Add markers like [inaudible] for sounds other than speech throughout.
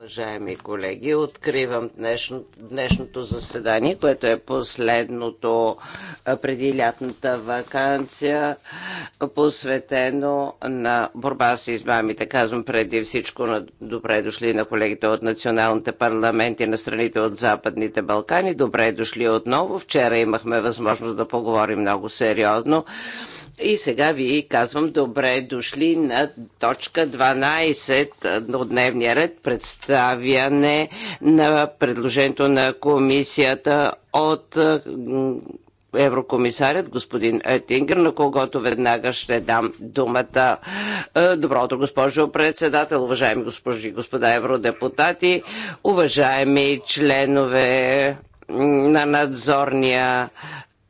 Уважаеми колеги, откривам днешно, днешното заседание, което е последното преди лятната вакансия, посветено на борба с измамите. Казвам преди всичко на добре дошли на колегите от националните парламенти на страните от Западните Балкани. Добре дошли отново. Вчера имахме възможност да поговорим много сериозно и сега ви казвам добре дошли на точка 12 от дневния ред представяне на предложението на комисията от еврокомисарят господин Етингер, на когото веднага ще дам думата. Е, добро утро, госпожо председател, уважаеми госпожи и господа евродепутати, уважаеми членове на надзорния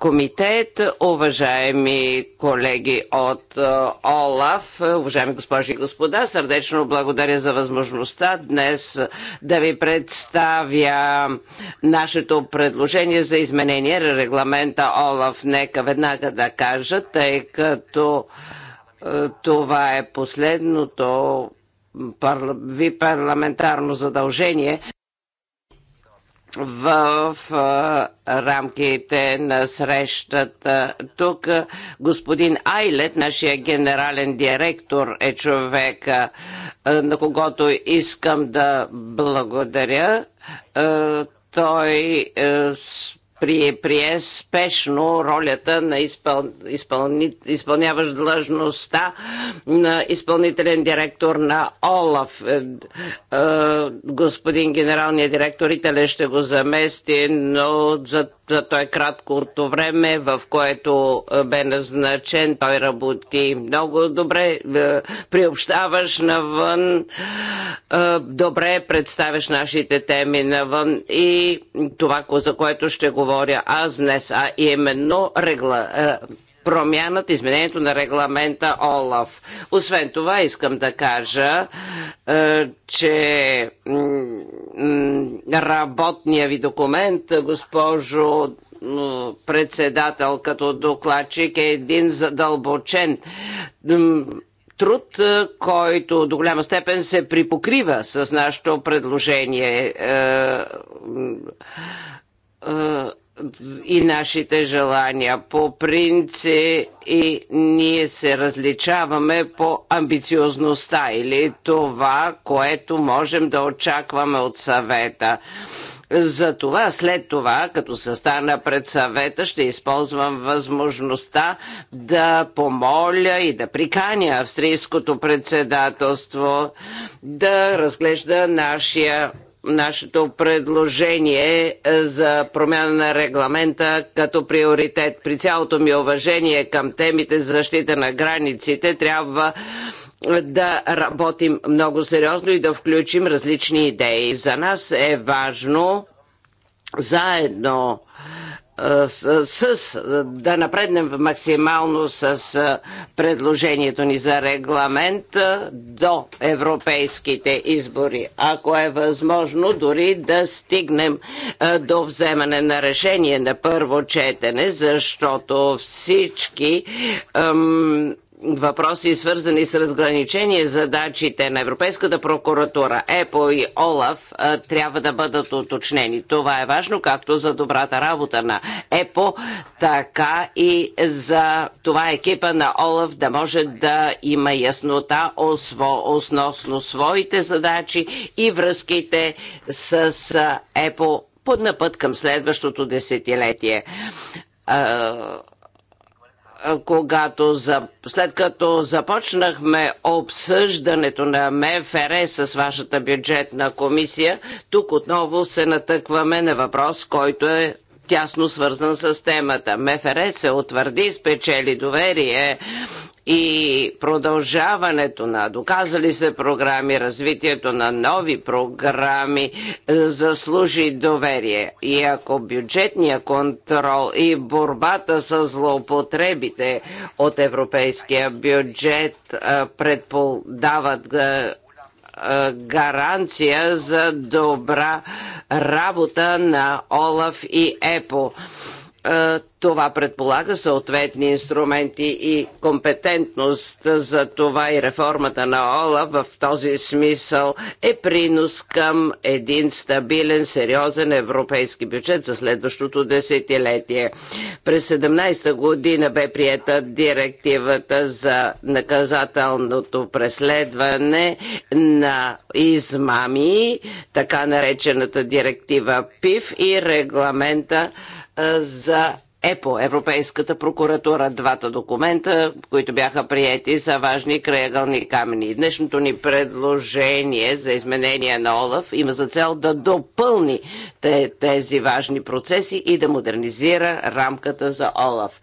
комитет, уважаеми колеги от е, ОЛАФ, е, уважаеми госпожи и господа, сърдечно благодаря за възможността днес да ви представя нашето предложение за изменение на регламента ОЛАФ. Нека веднага да кажа, тъй като е, това е последното ви парламентарно задължение в, рамките на срещата. Тук господин Айлет, нашия генерален директор, е човека, на когото искам да благодаря. Той е, прие, прие спешно ролята на изпъл, изпълни, изпълняващ длъжността на изпълнителен директор на ОЛАФ. Е, е, господин генералният директор Ителе ще го замести, но за той е краткото време, в което е, бе назначен. Той работи много добре, е, приобщаваш навън, добре представяш нашите теми навън и това, за което ще говоря аз днес, а именно регла, промяната, изменението на регламента ОЛАФ. Освен това, искам да кажа, е, че работния ви документ, госпожо председател като докладчик е един задълбочен труд, е, който до голяма степен се припокрива с нашето предложение е, и нашите желания. По принцип и ние се различаваме по амбициозността или това, което можем да очакваме от съвета. Затова след това, като се стана пред съвета, ще използвам възможността да помоля и да приканя австрийското председателство да разглежда нашия нашето предложение е, за промяна на регламента като приоритет. При цялото ми уважение към темите за защита на границите трябва да работим много сериозно и да включим различни идеи. За нас е важно заедно с, с, да напреднем максимално с предложението ни за регламент до европейските избори. Ако е възможно, дори да стигнем до вземане на решение на първо четене, защото всички въпроси, свързани с разграничение задачите на Европейската прокуратура, ЕПО и ОЛАФ, трябва да бъдат уточнени. Това е важно както за добрата работа на ЕПО, така и за това екипа на ОЛАФ да може да има яснота относно своите задачи и връзките с ЕПО под напът към следващото десетилетие когато за, след като започнахме обсъждането на МФР с вашата бюджетна комисия, тук отново се натъкваме на въпрос, който е тясно свързан с темата. МФР се утвърди, спечели доверие и продължаването на доказали се програми, развитието на нови програми е, заслужи доверие. И ако бюджетния контрол и борбата с злоупотребите от европейския бюджет е, предполагават е, гаранция за добра работа на Олаф и ЕПО това предполага съответни инструменти и компетентност. За това и реформата на ОЛА в този смисъл е принос към един стабилен, сериозен европейски бюджет за следващото десетилетие. През 17-та година бе приета директивата за наказателното преследване на измами, така наречената директива ПИФ и регламента за ЕПО, Европейската прокуратура. Двата документа, които бяха приети, са важни краегълни камени. Днешното ни предложение за изменение на ОЛАФ има за цел да допълни тези важни процеси и да модернизира рамката за ОЛАФ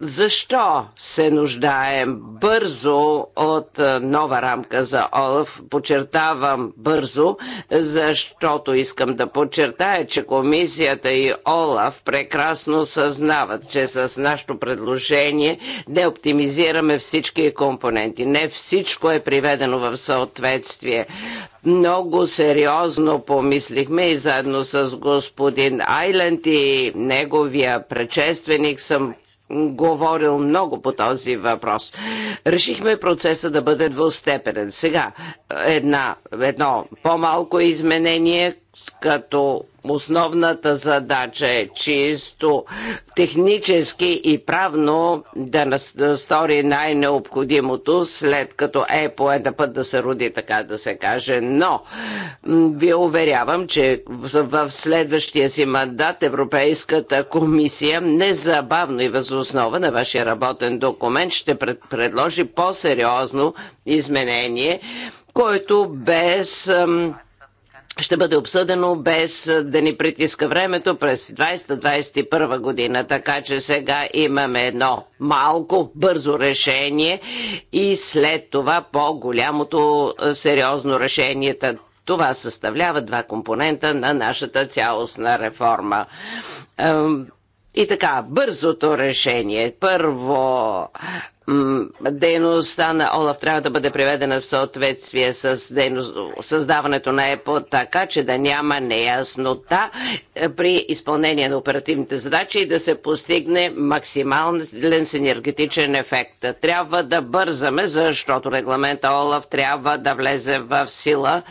защо се нуждаем бързо от е, нова рамка за ОЛАФ? Подчертавам бързо, защото искам да подчертая, че комисията и ОЛАФ прекрасно съзнават, че с нашето предложение не оптимизираме всички компоненти. Не всичко е приведено в съответствие много сериозно помислихме и заедно с господин Айленд и неговия предшественик съм говорил много по този въпрос. Решихме процеса да бъде двустепенен. Сега една, едно по-малко изменение, като основната задача е чисто технически и правно да стори най-необходимото, след като е една път да се роди, така да се каже. Но ви уверявам, че в следващия си мандат Европейската комисия незабавно и възоснова на вашия работен документ ще предложи по-сериозно изменение, което без ще бъде обсъдено без да ни притиска времето през 2021 година. Така че сега имаме едно малко бързо решение и след това по-голямото сериозно решение. Това съставлява два компонента на нашата цялостна реформа. И така, бързото решение. Първо, дейността на Олаф трябва да бъде приведена в съответствие с дейност, създаването на ЕПО, така че да няма неяснота е, при изпълнение на оперативните задачи и да се постигне максимален синергетичен ефект. Трябва да бързаме, защото регламента Олаф трябва да влезе в сила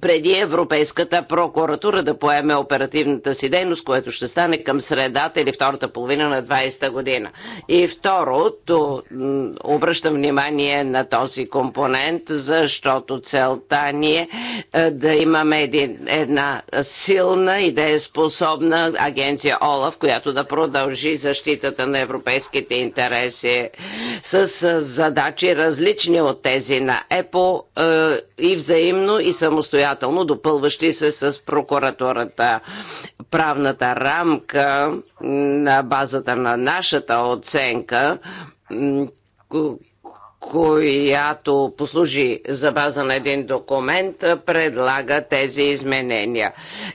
преди Европейската прокуратура да поеме оперативната си дейност, което ще стане към средата или втората половина на 20-та година. И второ, то, обръщам внимание на този компонент, защото целта ни е, е да имаме един, една силна и е способна агенция ОЛАВ, която да продължи защитата на европейските интереси с е, задачи различни от тези на ЕПО и взаимно и самостоятелно самостоятелно, допълващи се с прокуратурата. Правната рамка на базата на нашата оценка която послужи за база на един документ, предлага тези изменения.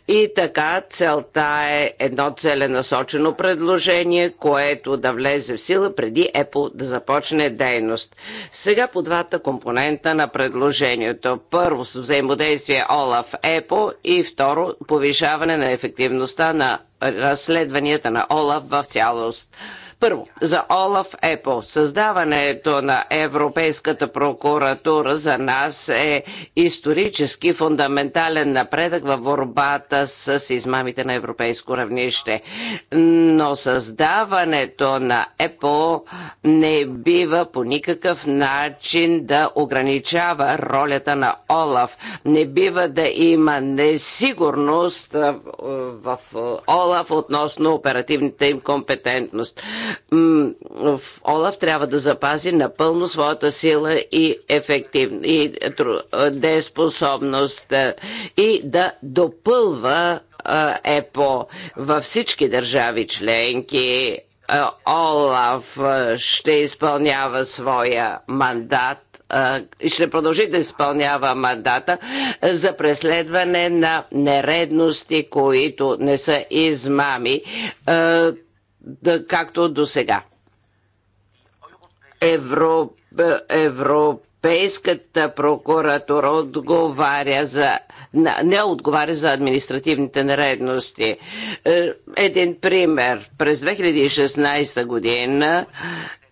И така целта е едно целенасочено предложение, което да влезе в сила преди ЕПО да започне дейност. Сега по двата компонента на предложението. Първо с взаимодействие ОЛАФ-ЕПО и второ повишаване на ефективността на разследванията на ОЛАФ в цялост. Първо, за Олаф Епо. Създаването на Европейската прокуратура за нас е исторически фундаментален напредък в борбата с измамите на европейско равнище. Но създаването на ЕПО не бива по никакъв начин да ограничава ролята на Олаф. Не бива да има несигурност в Олаф относно оперативната им компетентност. Олаф трябва да запази напълно своята сила и ефективност и дееспособност и да допълва ЕПО във всички държави членки. Олаф ще изпълнява своя мандат и ще продължи да изпълнява мандата за преследване на нередности, които не са измами, да, както до сега. Евро, Европейската прокуратура отговаря за, не отговаря за административните нередности. Е, един пример. През 2016 година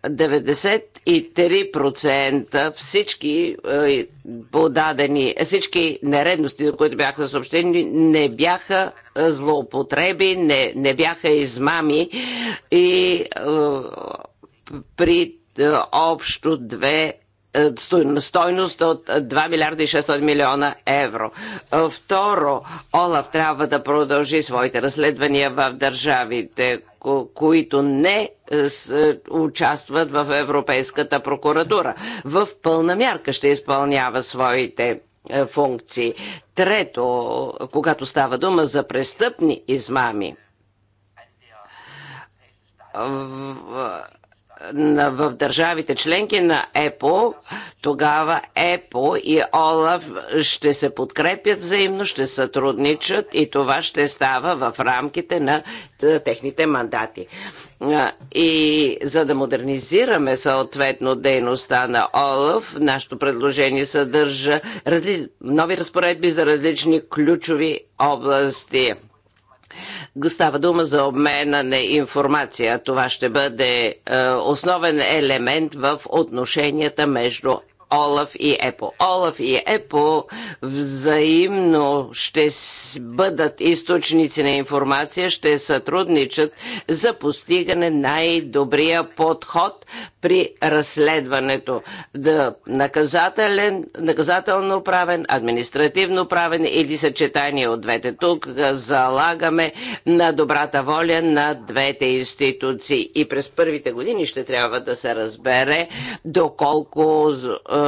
93% всички е, подадени, всички нередности, които бяха съобщени, не бяха е, злоупотреби, не, не бяха измами и е, при общо две стойност от 2 милиарда и 600 милиона евро. Второ, Олаф трябва да продължи своите разследвания в държавите, които не е, участват в Европейската прокуратура. В пълна мярка ще изпълнява своите е, функции. Трето, когато става дума за престъпни измами, в държавите членки на ЕПО, тогава ЕПО и ОЛАФ ще се подкрепят взаимно, ще сътрудничат и това ще става в рамките на техните мандати. И за да модернизираме съответно дейността на ОЛАФ, нашето предложение съдържа разли... нови разпоредби за различни ключови области Става дума за обмена на информация. Това ще бъде е, основен елемент в отношенията между Олаф и ЕПО. Олаф и ЕПО взаимно ще бъдат източници на информация, ще сътрудничат за постигане най-добрия подход при разследването. Да, наказателен, наказателно правен, административно правен или съчетание от двете. Тук залагаме на добрата воля на двете институции. И през първите години ще трябва да се разбере доколко е,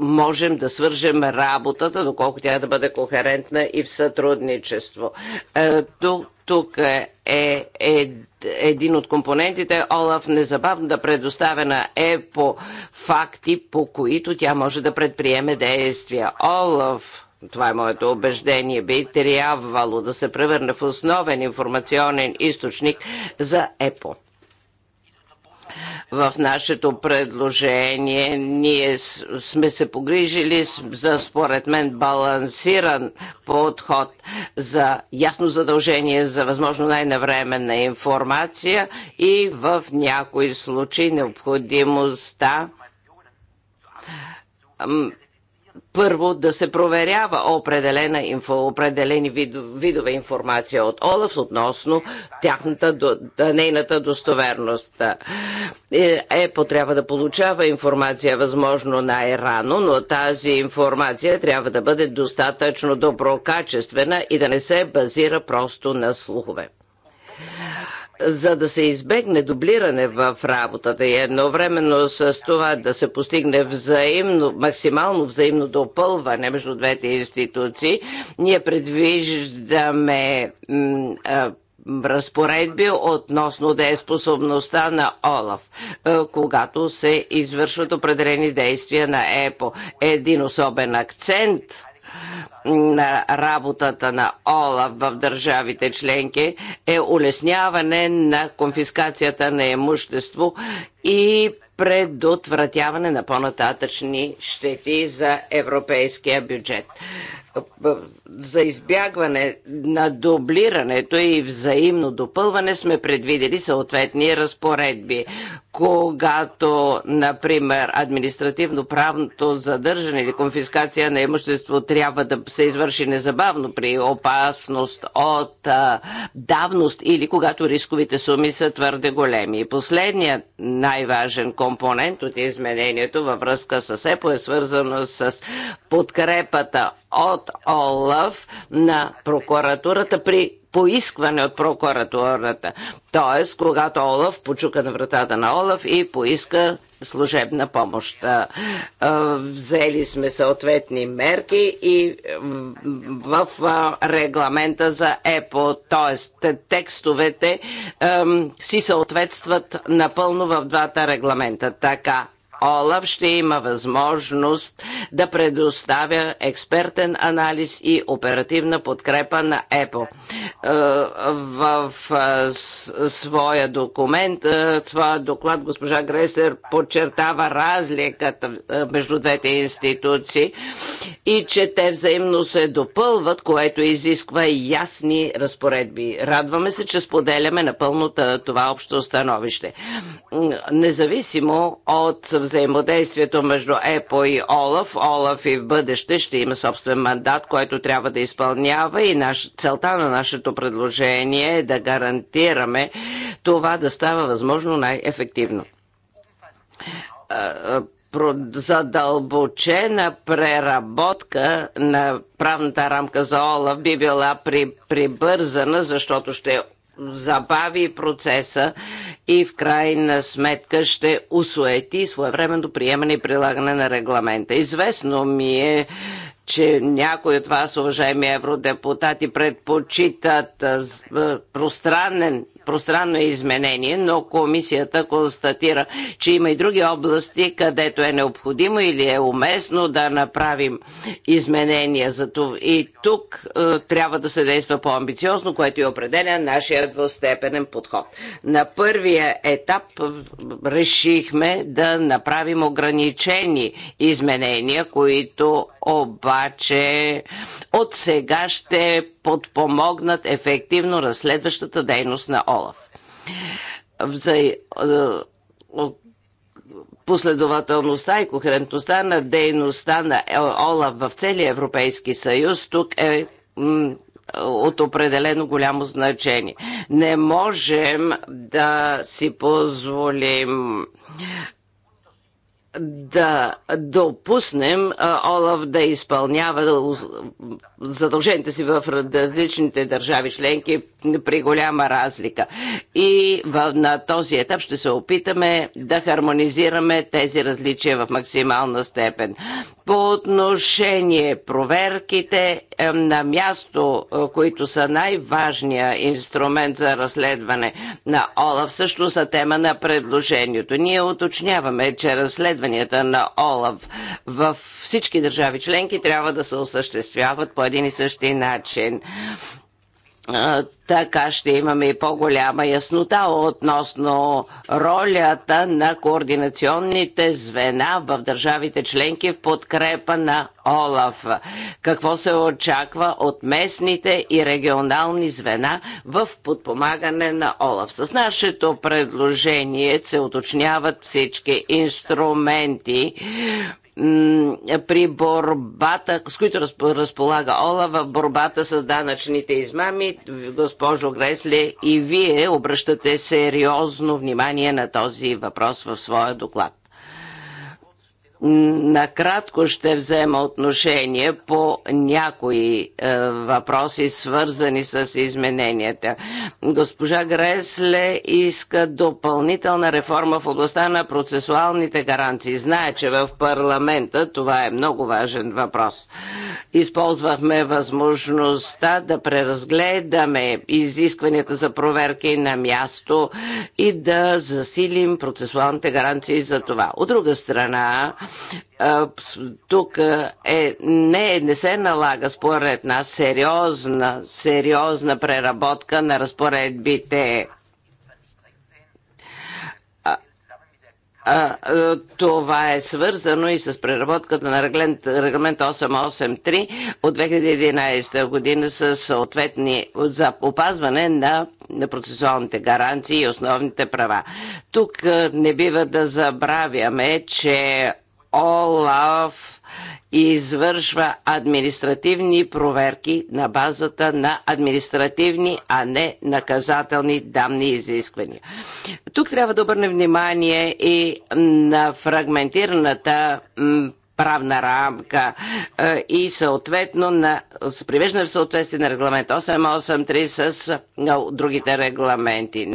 можем да свържем работата, доколко тя е да бъде кохерентна и в сътрудничество. Е, тук, тук е, е, е един от компонентите Олаф незабавно да предоставя на ЕПО факти, по които тя може да предприеме действия. Олаф това е моето убеждение, би трябвало да се превърне в основен информационен източник за ЕПО. В нашето предложение ние сме се погрижили за, според мен, балансиран подход за ясно задължение за възможно най-навременна информация и в някои случаи необходимостта първо да се проверява определена инфо, определени видове информация от Олаф относно тяхната, нейната достоверност. Е, ЕПО трябва да получава информация възможно най-рано, но тази информация трябва да бъде достатъчно доброкачествена и да не се базира просто на слухове за да се избегне дублиране в работата и едновременно с това да се постигне взаимно, максимално взаимно допълване между двете институции, ние предвиждаме разпоредби относно дееспособността на ОЛАФ, когато се извършват определени действия на ЕПО. Един особен акцент на работата на ОЛАВ в държавите членки е улесняване на конфискацията на имущество и предотвратяване на по-нататъчни щети за европейския бюджет за избягване на дублирането и взаимно допълване сме предвидели съответни разпоредби. Когато, например, административно-правното задържане или конфискация на имущество трябва да се извърши незабавно при опасност от а, давност или когато рисковите суми са твърде големи. И последният най-важен компонент от изменението във връзка с ЕПО е свързано с подкрепата от от ОЛАВ на прокуратурата при поискване от прокуратурата. Тоест, когато Олаф почука на вратата на Олаф и поиска служебна помощ. Взели сме съответни мерки и в регламента за ЕПО, т.е. текстовете си съответстват напълно в двата регламента. Така ОЛАВ ще има възможност да предоставя експертен анализ и оперативна подкрепа на ЕПО. В е, своя документ, е, своя доклад госпожа Гресер подчертава разликата е, между двете институции и че те взаимно се допълват, което изисква ясни разпоредби. Радваме се, че споделяме напълно това общо становище. Независимо от взаимодействието взаимодействието между ЕПО и ОЛАФ. ОЛАФ и в бъдеще ще има собствен мандат, който трябва да изпълнява и наш... целта на нашето предложение е да гарантираме това да става възможно най-ефективно задълбочена преработка на правната рамка за Олаф би била при, прибързана, защото ще забави процеса и в крайна сметка ще усуети своевременно приемане и прилагане на регламента. Известно ми е, че някои от вас, уважаеми евродепутати, предпочитат пространен пространно изменение, но комисията констатира, че има и други области, където е необходимо или е уместно да направим изменения. Зато И тук е, трябва да се действа по-амбициозно, което и определя нашия двустепенен подход. На първия етап решихме да направим ограничени изменения, които обаче от сега ще подпомогнат ефективно разследващата дейност на ОЛАФ. Вза... Е, последователността и кохерентността на дейността на ОЛАФ в целия Европейски съюз тук е от определено голямо значение. Не можем да си позволим да допуснем Олаф да изпълнява задължените си в различните държави членки при голяма разлика. И на този етап ще се опитаме да хармонизираме тези различия в максимална степен. По отношение проверките е, на място, е, които са най-важния инструмент за разследване на ОЛАФ, също са тема на предложението. Ние уточняваме, че разследванията на ОЛАФ във всички държави членки трябва да се осъществяват по един и същи начин така ще имаме и по-голяма яснота относно ролята на координационните звена в държавите членки в подкрепа на ОЛАФ. Какво се очаква от местните и регионални звена в подпомагане на ОЛАФ? С нашето предложение се уточняват всички инструменти при борбата, с които разполага Ола в борбата с данъчните измами. Госпожо Гресле, и вие обръщате сериозно внимание на този въпрос в своя доклад. Накратко ще взема отношение по някои е, въпроси, свързани с измененията. Госпожа Гресле иска допълнителна реформа в областта на процесуалните гаранции. Знае, че в парламента това е много важен въпрос. Използвахме възможността да преразгледаме изискванията за проверки на място и да засилим процесуалните гаранции за това. От друга страна, тук е, не, не се налага според нас сериозна, сериозна преработка на разпоредбите това е свързано и с преработката на регламент 883 от 2011 година с съответни за опазване на процесуалните гаранции и основните права. Тук не бива да забравяме, че ОЛАФ извършва административни проверки на базата на административни, а не наказателни данни и изисквания. Тук трябва да обърнем внимание и на фрагментираната правна рамка е, и съответно на, с привеждане в съответствие на регламент 883 с е, другите регламенти.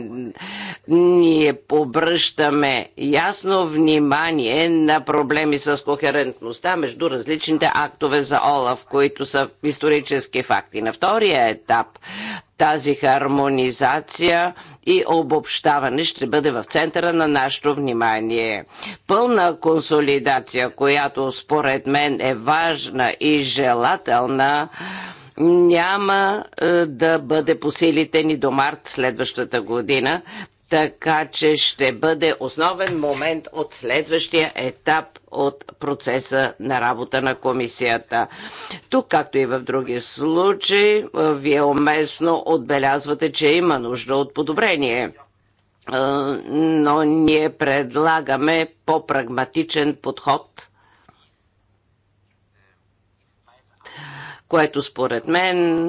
Ние обръщаме ясно внимание на проблеми с кохерентността между различните актове за ОЛАВ, които са исторически факти. На втория етап тази хармонизация и обобщаване ще бъде в центъра на нашето внимание. Пълна консолидация, която според мен е важна и желателна, няма е, да бъде по силите ни до март следващата година, така че ще бъде основен момент от следващия етап от процеса на работа на комисията. Тук, както и в други случаи, вие уместно отбелязвате, че има нужда от подобрение но ние предлагаме по-прагматичен подход, което според мен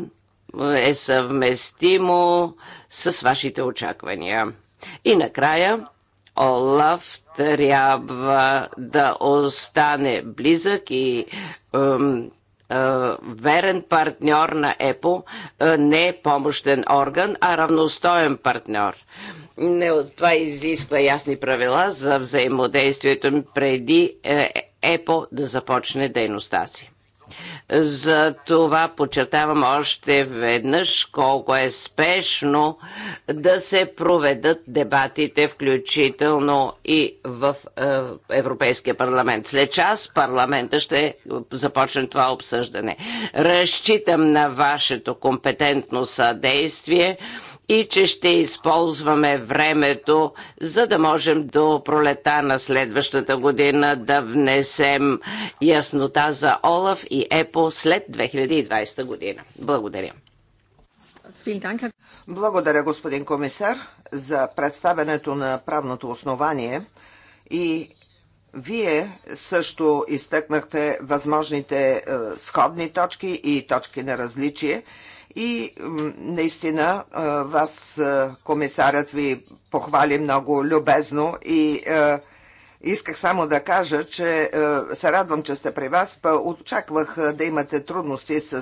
е съвместимо с вашите очаквания. И накрая Олаф трябва да остане близък и е, верен партньор на ЕПО, е, не помощен орган, а равностоен партньор. Не, това изисква ясни правила за взаимодействието преди е, ЕПО да започне дейността си. За това подчертавам още веднъж колко е спешно да се проведат дебатите, включително и в е, Европейския парламент. След час парламента ще започне това обсъждане. Разчитам на вашето компетентно съдействие и че ще използваме времето, за да можем до пролета на следващата година да внесем яснота за Олаф и ЕПО след 2020 година. Благодаря. Благодаря, господин комисар, за представенето на правното основание и вие също изтъкнахте възможните е, сходни точки и точки на различие. И наистина вас, комисарят ви похвали много любезно и Исках само да кажа, че се радвам, че сте при вас. Очаквах да имате трудности с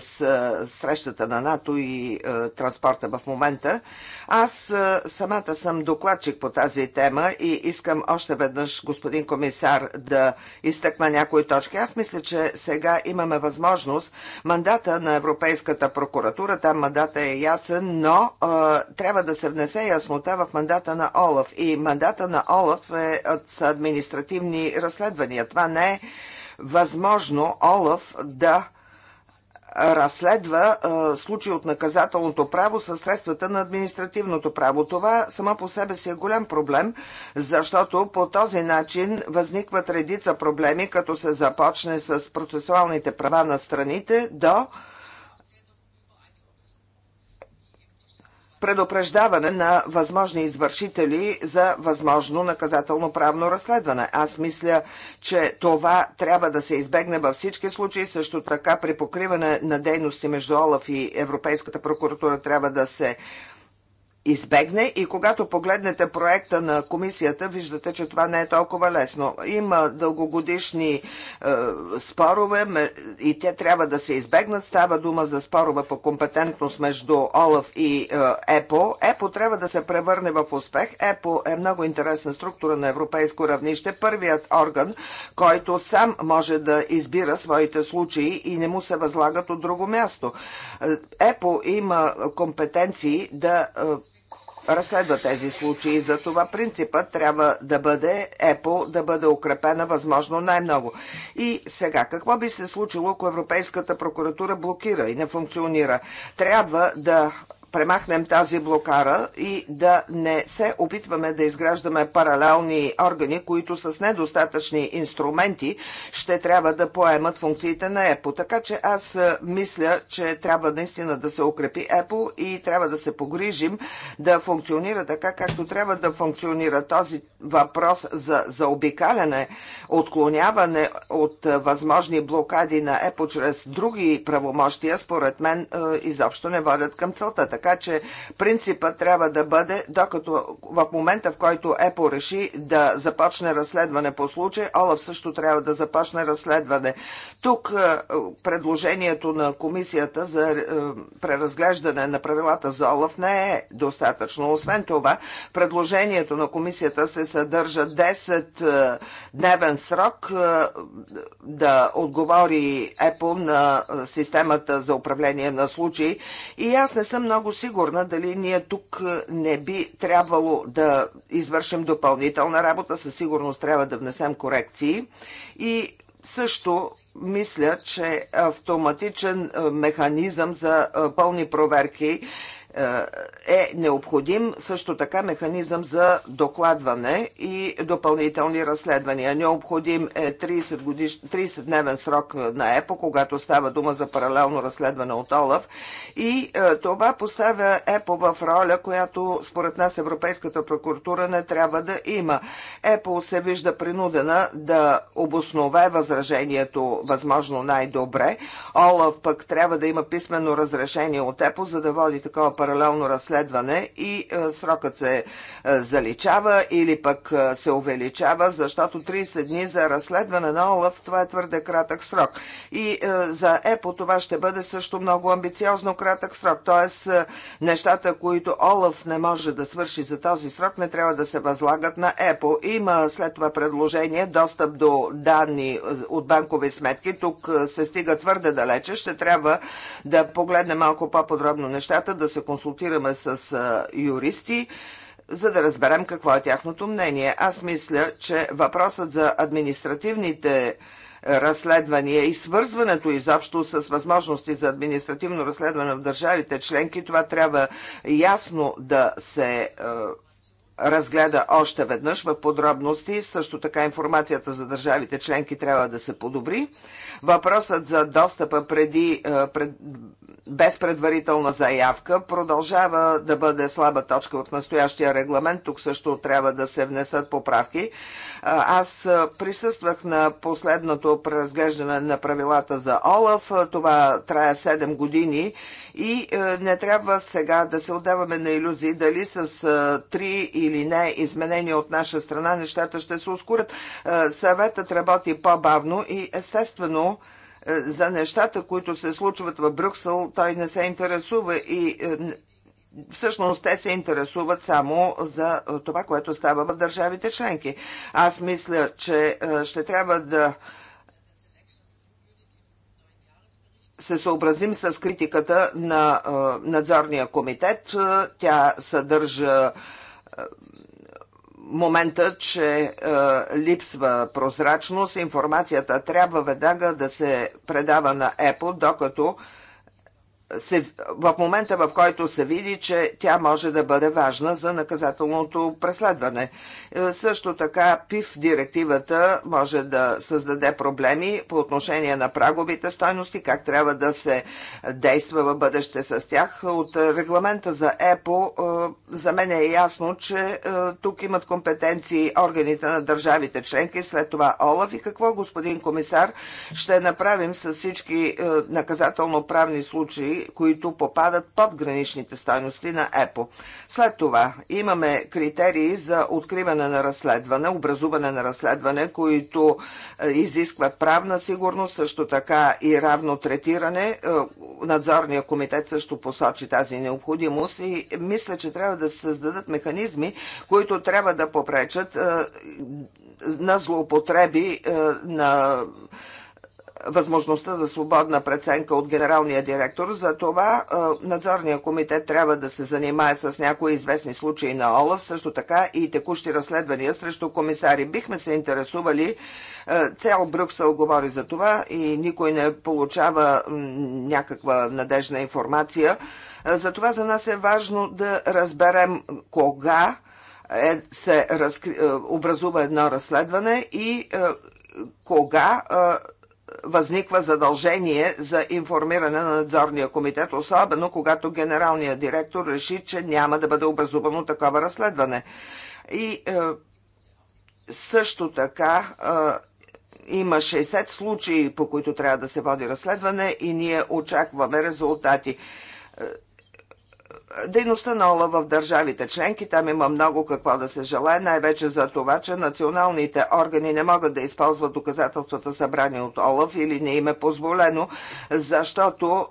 срещата на НАТО и транспорта в момента, аз самата съм докладчик по тази тема и искам още веднъж, господин комисар, да изтъкна някои точки. Аз мисля, че сега имаме възможност мандата на Европейската прокуратура, там мандата е ясен, но а, трябва да се внесе яснота в мандата на Олаф. И мандата на Олаф е от административни разследвания. Това не е възможно Олаф да разследва а, случаи от наказателното право със средствата на административното право. Това само по себе си е голям проблем, защото по този начин възникват редица проблеми, като се започне с процесуалните права на страните до предупреждаване на възможни извършители за възможно наказателно-правно разследване. Аз мисля, че това трябва да се избегне във всички случаи. Също така при покриване на дейности между ОЛАФ и Европейската прокуратура трябва да се избегне и когато погледнете проекта на комисията, виждате, че това не е толкова лесно. Има дългогодишни е, спорове и те трябва да се избегнат. Става дума за спорове по компетентност между ОЛАФ и е, ЕПО. ЕПО трябва да се превърне в успех. ЕПО е много интересна структура на европейско равнище. Първият орган, който сам може да избира своите случаи и не му се възлагат от друго място. Е, ЕПО има компетенции да е, разследва тези случаи. За това принципът трябва да бъде ЕПО да бъде укрепена възможно най-много. И сега, какво би се случило, ако Европейската прокуратура блокира и не функционира? Трябва да премахнем тази блокара и да не се опитваме да изграждаме паралелни органи, които с недостатъчни инструменти ще трябва да поемат функциите на ЕПО. Така че аз мисля, че трябва наистина да се укрепи ЕПО и трябва да се погрижим да функционира така, както трябва да функционира този въпрос за заобикаляне, отклоняване от възможни блокади на ЕПО чрез други правомощия, според мен изобщо не водят към целта. Така че принципът трябва да бъде, докато в момента, в който ЕПО реши да започне разследване по случай, Олаф също трябва да започне разследване. Тук е, предложението на комисията за е, преразглеждане на правилата за Олаф не е достатъчно. Освен това, предложението на комисията се съдържа 10-дневен е, срок да отговори ЕПО на системата за управление на случаи и аз не съм много сигурна дали ние тук е, не би трябвало да извършим допълнителна работа. Със сигурност трябва да внесем корекции. И също мисля, че автоматичен е, механизъм за е, пълни проверки е необходим също така механизъм за докладване и допълнителни разследвания. Необходим е 30-дневен 30 срок на ЕПО, когато става дума за паралелно разследване от ОЛАВ. И е, това поставя ЕПО в роля, която според нас Европейската прокуратура не трябва да има. ЕПО се вижда принудена да обоснове възражението възможно най-добре. ОЛАВ пък трябва да има писменно разрешение от ЕПО, за да води такова паралелно разследване и е, срокът се е, заличава или пък е, се увеличава, защото 30 дни за разследване на ОЛАФ това е твърде кратък срок. И за ЕПО това ще бъде също много амбициозно кратък срок, т.е. нещата, които ОЛАФ не може да свърши за този срок, не трябва да се възлагат на ЕПО. Има след това предложение достъп до данни от банкови сметки. Тук се стига твърде далече. Ще трябва да погледне малко по-подробно нещата, да се консултира консултираме с юристи, за да разберем какво е тяхното мнение. Аз мисля, че въпросът за административните разследвания и свързването изобщо с възможности за административно разследване в държавите членки, това трябва ясно да се разгледа още веднъж в подробности. Също така информацията за държавите членки трябва да се подобри. Въпросът за достъпа преди, е, пред, без предварителна заявка продължава да бъде слаба точка от настоящия регламент. Тук също трябва да се внесат поправки. Е, аз е, присъствах на последното преразглеждане на правилата за ОЛАФ. Това трая 7 години и не трябва сега да се отдаваме на иллюзии дали с 3 или не изменения от наша страна нещата ще се ускорят. Съветът работи по-бавно и естествено е, за нещата, които се случват в Брюксел, той не се интересува и е, всъщност те се интересуват само за е, това, което става в държавите членки. Аз мисля, че ще трябва да се съобразим с критиката на надзорния комитет. Тя съдържа момента, че е, липсва прозрачност, информацията трябва веднага да се предава на Apple, докато се, в момента, в който се види, че тя може да бъде важна за наказателното преследване. Е, също така ПИФ директивата може да създаде проблеми по отношение на праговите стойности, как трябва да се действа в бъдеще с тях. От регламента за ЕПО е, за мен е ясно, че е, тук имат компетенции органите на държавите членки, след това ОЛАФ и какво, господин комисар, ще направим с всички наказателно-правни случаи, които попадат под граничните стойности на ЕПО. След това имаме критерии за откриване на разследване, образуване на разследване, които е, изискват правна сигурност, също така и равно третиране. Е, надзорния комитет също посочи тази необходимост и мисля, че трябва да се създадат механизми, които трябва да попречат е, на злоупотреби на възможността за свободна преценка от генералния директор. За това надзорния комитет трябва да се занимае с някои известни случаи на ОЛАФ, също така и текущи разследвания срещу комисари. Бихме се интересували Цял Брюксел говори за това и никой не получава някаква надежна информация. Затова за нас е важно да разберем кога е, се разкри... образува едно разследване и е, кога е, възниква задължение за информиране на надзорния комитет, особено когато генералният директор реши, че няма да бъде образувано такова разследване. И е, също така е, има 60 случаи, по които трябва да се води разследване и ние очакваме резултати. Е, дейността на ОЛА в държавите членки. Там има много какво да се желае, най-вече за това, че националните органи не могат да използват доказателствата събрани от ОЛАФ или не им е позволено, защото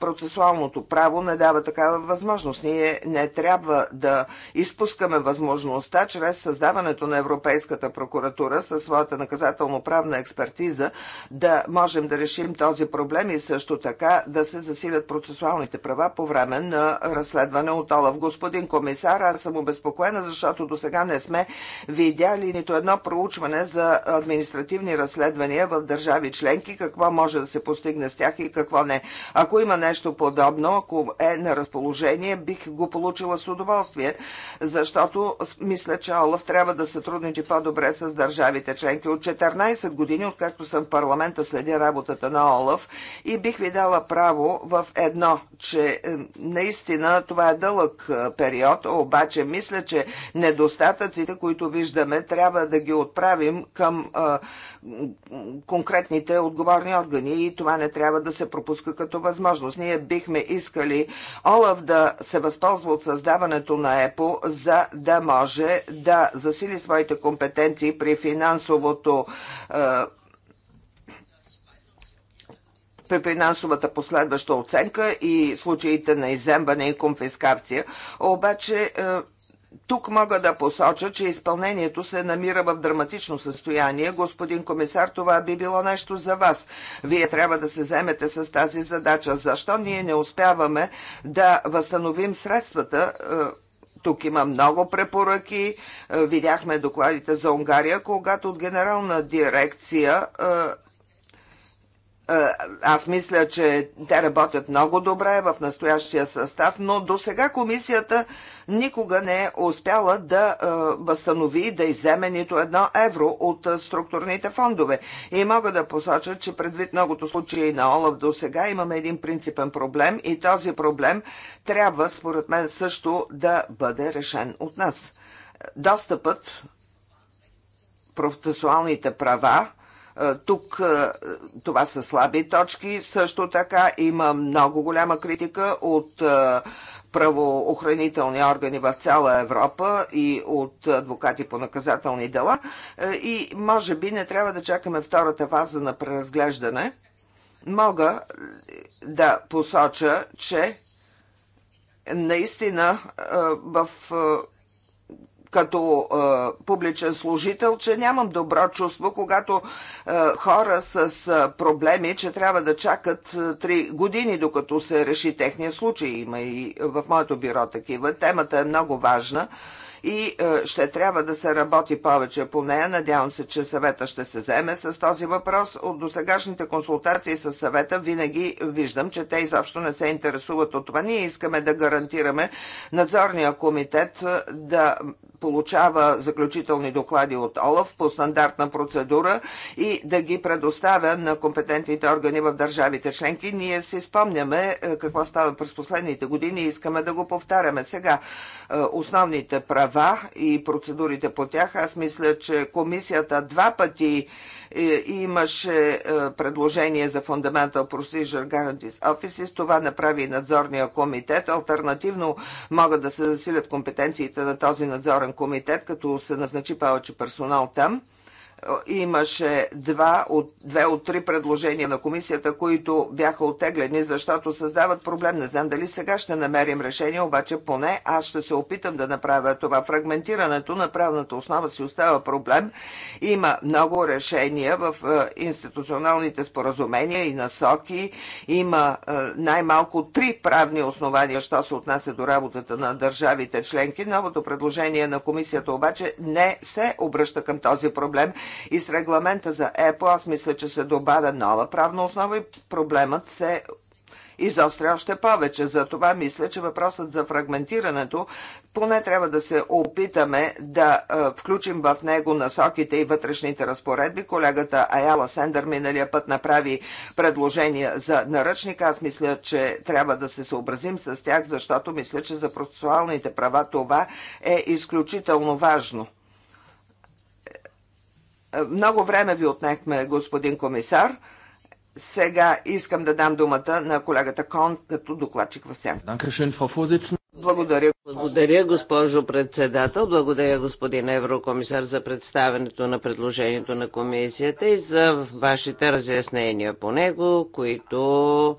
процесуалното право не дава такава възможност. Ние не трябва да изпускаме възможността чрез създаването на Европейската прокуратура със своята наказателно-правна експертиза да можем да решим този проблем и също така да се засилят процесуалните права по време на разследване от Олаф. Господин комисар, аз съм обезпокоена, защото до сега не сме видяли нито едно проучване за административни разследвания в държави членки, какво може да се постигне с тях и какво не. Ако има нещо подобно, ако е на разположение, бих го получила с удоволствие, защото мисля, че Олаф трябва да сътрудничи по-добре с държавите членки. От 14 години, откакто съм в парламента, следя работата на Олаф и бих ви дала право в едно, че е, наистина Наистина това е дълъг период, обаче мисля, че недостатъците, които виждаме, трябва да ги отправим към а, конкретните отговорни органи и това не трябва да се пропуска като възможност. Ние бихме искали Олаф да се възползва от създаването на ЕПО, за да може да засили своите компетенции при финансовото а, при финансовата последваща оценка и случаите на иземване и конфискация. Обаче е, тук мога да посоча, че изпълнението се намира в драматично състояние. Господин комисар, това би било нещо за вас. Вие трябва да се вземете с тази задача. Защо ние не успяваме да възстановим средствата? Е, тук има много препоръки. Е, видяхме докладите за Унгария, когато от генерална дирекция е, аз мисля, че те работят много добре в настоящия състав, но до сега комисията никога не е успяла да е, възстанови, да изземе нито едно евро от е, структурните фондове. И мога да посоча, че предвид многото случаи на Олаф до сега имаме един принципен проблем и този проблем трябва, според мен, също да бъде решен от нас. Достъпът, процесуалните права, тук това са слаби точки. Също така има много голяма критика от правоохранителни органи в цяла Европа и от адвокати по наказателни дела. И може би не трябва да чакаме втората фаза на преразглеждане. Мога да посоча, че наистина в като е, публичен служител, че нямам добро чувство, когато е, хора с е, проблеми, че трябва да чакат е, години, докато се реши техния случай. Има и в моето бюро такива. Темата е много важна. Е, и е, ще трябва да се работи повече по нея. Надявам се, че съвета ще се заеме с този въпрос. От досегашните консултации с съвета винаги виждам, че те изобщо не се интересуват от това. Ние искаме да гарантираме надзорния комитет е, да получава заключителни доклади от ОЛАФ по стандартна процедура и да ги предоставя на компетентните органи в държавите членки. Ние си спомняме е, какво става през последните години и искаме да го повтаряме сега. Е, основните права и процедурите по тях. Аз мисля, че комисията два пъти е, имаше е, предложение за Fundamental Procedure Guarantees Offices. Това направи и надзорния комитет. Альтернативно могат да се засилят компетенциите на този надзорен комитет, като се назначи повече персонал там имаше два от, две от три предложения на комисията, които бяха отеглени, защото създават проблем. Не знам дали сега ще намерим решение, обаче поне аз ще се опитам да направя това. Фрагментирането на правната основа си остава проблем. Има много решения в е, институционалните споразумения и насоки. Има е, най-малко три правни основания, що се отнася до работата на държавите членки. Новото предложение на комисията обаче не се обръща към този проблем и с регламента за ЕПО, аз мисля, че се добавя нова правна основа и проблемът се изостря още повече. За това мисля, че въпросът за фрагментирането поне трябва да се опитаме да е, включим в него насоките и вътрешните разпоредби. Колегата Аяла Сендър миналия път направи предложения за наръчника. Аз мисля, че трябва да се съобразим с тях, защото мисля, че за процесуалните права това е изключително важно. Много време ви отнехме, господин комисар. Сега искам да дам думата на колегата Кон като докладчик в СЕМ. Благодаря. Благодаря, госпожо председател. Благодаря, господин еврокомисар, за представенето на предложението на комисията и за вашите разяснения по него, които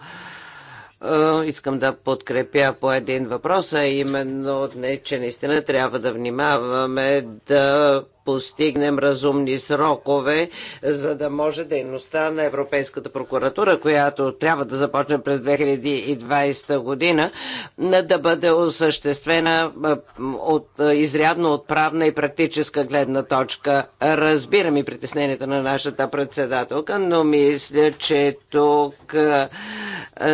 е, искам да подкрепя по един въпрос, а именно, не, че наистина трябва да внимаваме да постигнем разумни срокове, за да може дейността на Европейската прокуратура, която трябва да започне през 2020 година, да бъде осъществена от, изрядно от правна и практическа гледна точка. Разбирам и притесненията на нашата председателка, но мисля, че тук,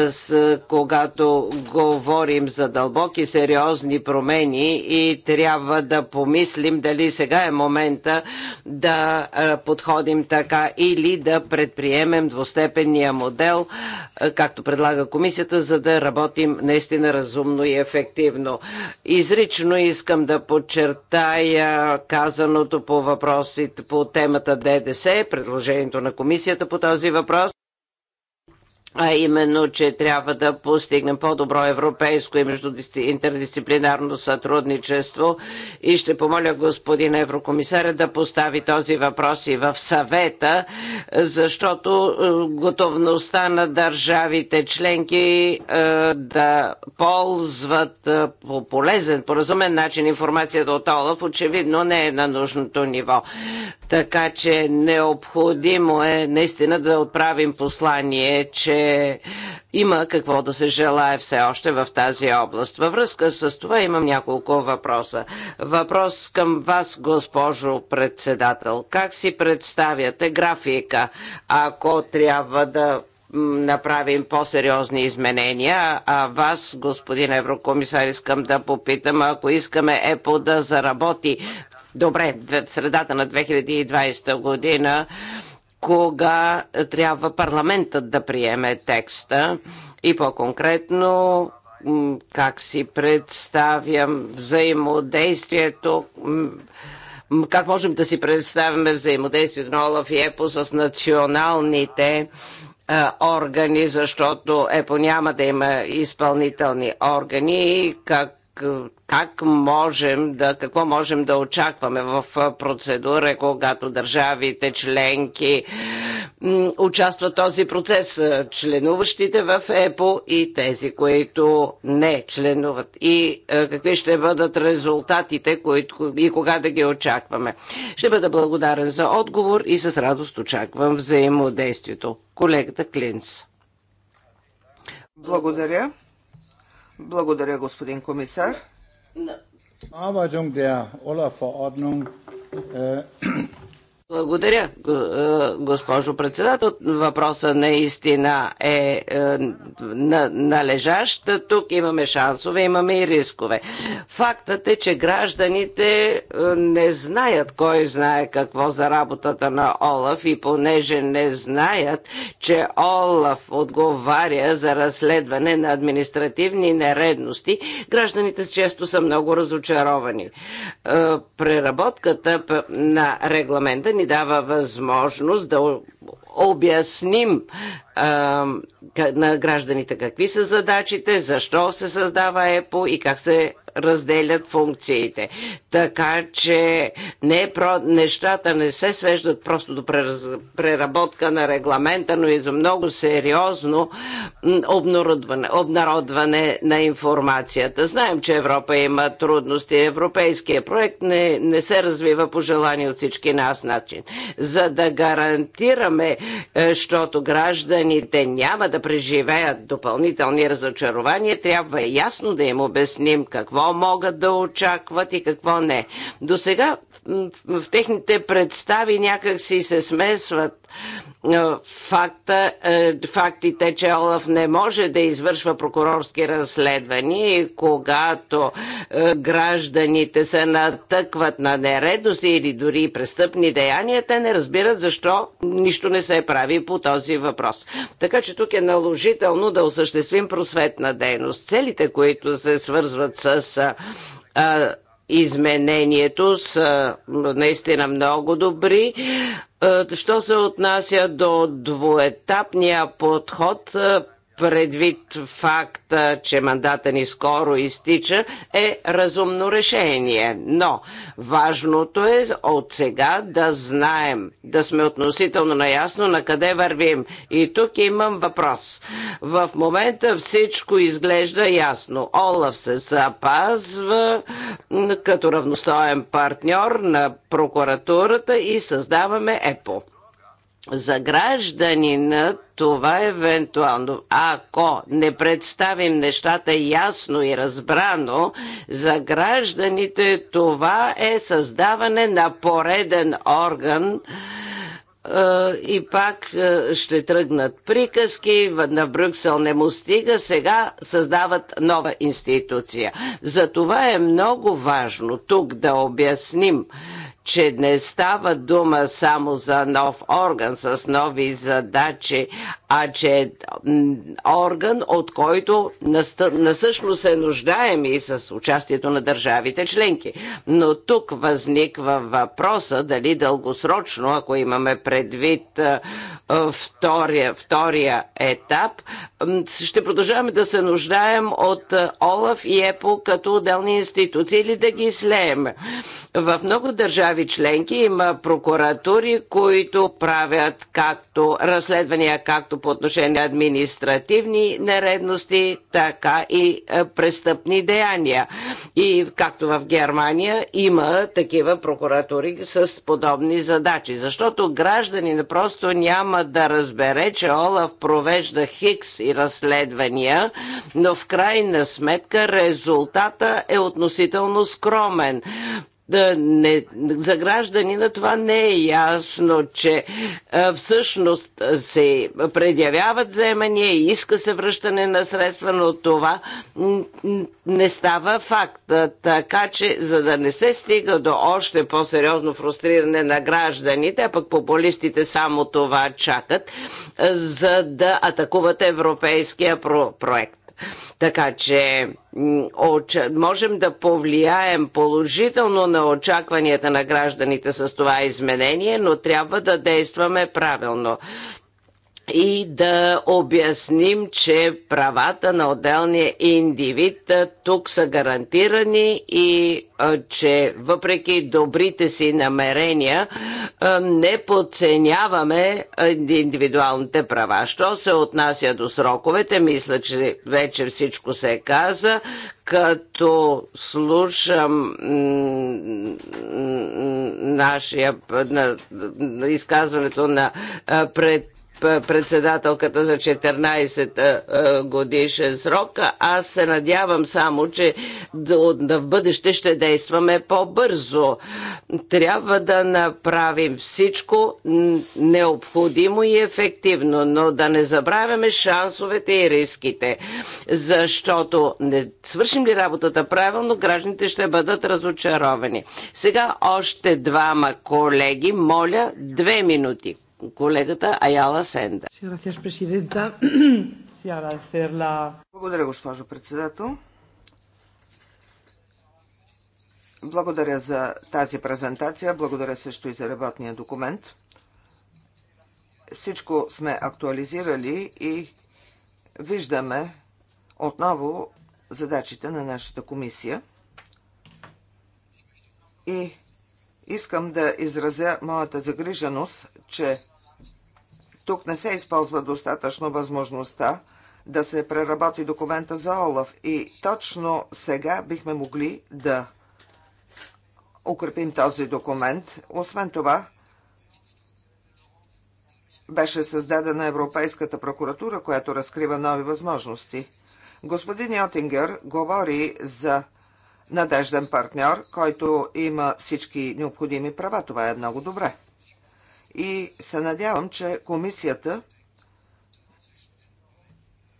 с, когато говорим за дълбоки, сериозни промени и трябва да помислим дали сега е момент момента да подходим така или да предприемем двустепенния модел, както предлага комисията, за да работим наистина разумно и ефективно. Изрично искам да подчертая казаното по въпросите по темата ДДС, предложението на комисията по този въпрос а именно, че трябва да постигнем по-добро европейско и междуинтердисциплинарно интердисциплинарно сътрудничество и ще помоля господин еврокомисаря да постави този въпрос и в съвета, защото е, готовността на държавите членки е, да ползват е, по полезен, по разумен начин информацията от ОЛАФ очевидно не е на нужното ниво. Така че необходимо е наистина да отправим послание, че има какво да се желае все още в тази област. Във връзка с това имам няколко въпроса. Въпрос към вас, госпожо председател. Как си представяте графика, ако трябва да направим по-сериозни изменения. А вас, господин еврокомисар, искам да попитам, ако искаме ЕПО да заработи добре в средата на 2020 година, кога трябва парламентът да приеме текста и по-конкретно как си представям взаимодействието как можем да си представяме взаимодействието на Олаф и ЕПО с националните органи, защото ЕПО няма да има изпълнителни органи и как как можем да, какво можем да очакваме в процедура, когато държавите членки участват този процес, членуващите в ЕПО и тези, които не членуват. И какви ще бъдат резултатите които, и кога да ги очакваме. Ще бъда благодарен за отговор и с радост очаквам взаимодействието. Колегата Клинц. Благодаря. Благодаря, господин комисар. Arbeitung der Olaf-Verordnung благодаря, е, госпожо председател. Въпроса наистина е, е належащ. Тук имаме шансове, имаме и рискове. Фактът е, че гражданите е, не знаят кой знае какво за работата на Олаф и понеже не знаят, че Олаф отговаря за разследване на административни нередности, гражданите често са много разочаровани. Преработката на регламента ни дава възможност да обясним на гражданите какви са задачите, защо се създава ЕПО и как се разделят функциите. Така че не, про, нещата не се свеждат просто до преработка на регламента, но и до много сериозно обнародване, обнародване на информацията. Знаем, че Европа има трудности. Европейския проект не, не се развива по желание от всички нас начин. За да гарантираме, защото е, граждани гражданите няма да преживеят допълнителни разочарования, трябва ясно да им обясним какво могат да очакват и какво не. До сега в, в техните представи някак си се смесват факта, е, фактите, че Олаф не може да извършва прокурорски разследвания и когато е, гражданите се натъкват на нередности или дори престъпни деяния, те не разбират защо нищо не се прави по този въпрос. Така че тук е наложително да осъществим просветна дейност. Целите, които се свързват с изменението са наистина много добри. Е, що се отнася до двуетапния подход, е, предвид факта, че мандата ни скоро изтича, е разумно решение. Но важното е от сега да знаем, да сме относително наясно на къде вървим. И тук имам въпрос. В момента всичко изглежда ясно. Олаф се запазва като равностоен партньор на прокуратурата и създаваме ЕПО за гражданина това евентуално, ако не представим нещата ясно и разбрано, за гражданите това е създаване на пореден орган, и пак ще тръгнат приказки, на Брюксел не му стига, сега създават нова институция. За това е много важно тук да обясним че не става дума само за нов орган с нови задачи, а че е орган, от който насъщно се нуждаем и с участието на държавите членки. Но тук възниква въпроса дали дългосрочно, ако имаме предвид втория, втория етап, ще продължаваме да се нуждаем от ОЛАФ и ЕПО като отделни институции или да ги слеем. В много държави държави членки има прокуратури, които правят както разследвания както по отношение на административни нередности, така и е, престъпни деяния. И както в Германия има такива прокуратури с подобни задачи, защото гражданин просто няма да разбере, че Олаф провежда хикс и разследвания, но в крайна сметка резултата е относително скромен да не, за гражданина това не е ясно, че а, всъщност се предявяват вземания и иска се връщане на средства, но това не става факт. Така че, за да не се стига до още по-сериозно фрустриране на гражданите, а пък популистите само това чакат, а, за да атакуват европейския про- проект. Така че можем да повлияем положително на очакванията на гражданите с това изменение, но трябва да действаме правилно и да обясним, че правата на отделния индивид тук са гарантирани и че въпреки добрите си намерения не подценяваме индивидуалните права. Що се отнася до сроковете, мисля, че вече всичко се каза, като слушам нашия на, на изказването на пред председателката за 14 е, е, годишен срок. Аз се надявам само, че в бъдеще ще действаме по-бързо. Трябва да направим всичко необходимо и ефективно, но да не забравяме шансовете и риските, защото не свършим ли работата правилно, гражданите ще бъдат разочаровани. Сега още двама колеги, моля, две минути колегата Аяла Сенда. [clears throat] Благодаря, госпожо председател. Благодаря за тази презентация, благодаря също и за работния документ. Всичко сме актуализирали и виждаме отново задачите на нашата комисия. И искам да изразя моята загриженост, че тук не се използва достатъчно възможността да се преработи документа за Олаф и точно сега бихме могли да укрепим този документ. Освен това, беше създадена Европейската прокуратура, която разкрива нови възможности. Господин Йотингер говори за надежден партньор, който има всички необходими права. Това е много добре и се надявам, че комисията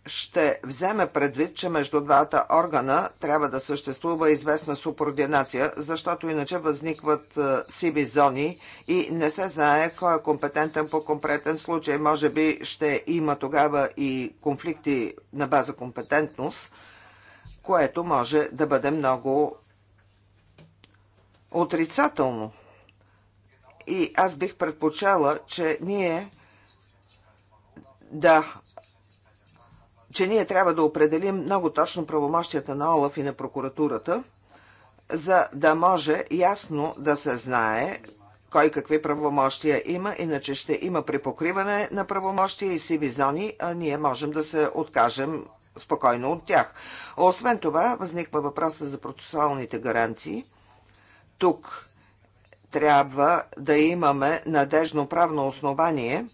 ще вземе предвид, че между двата органа трябва да съществува известна субординация, защото иначе възникват е, сиви зони и не се знае кой е компетентен по конкретен случай. Може би ще има тогава и конфликти на база компетентност, което може да бъде много отрицателно. И аз бих предпочела, че ние да че ние трябва да определим много точно правомощията на ОЛАФ и на прокуратурата, за да може ясно да се знае кой какви правомощия има, иначе ще има припокриване на правомощия и сиви зони, а ние можем да се откажем спокойно от тях. Освен това, възниква въпроса за процесуалните гаранции. Тук трябва да имаме надежно правно основание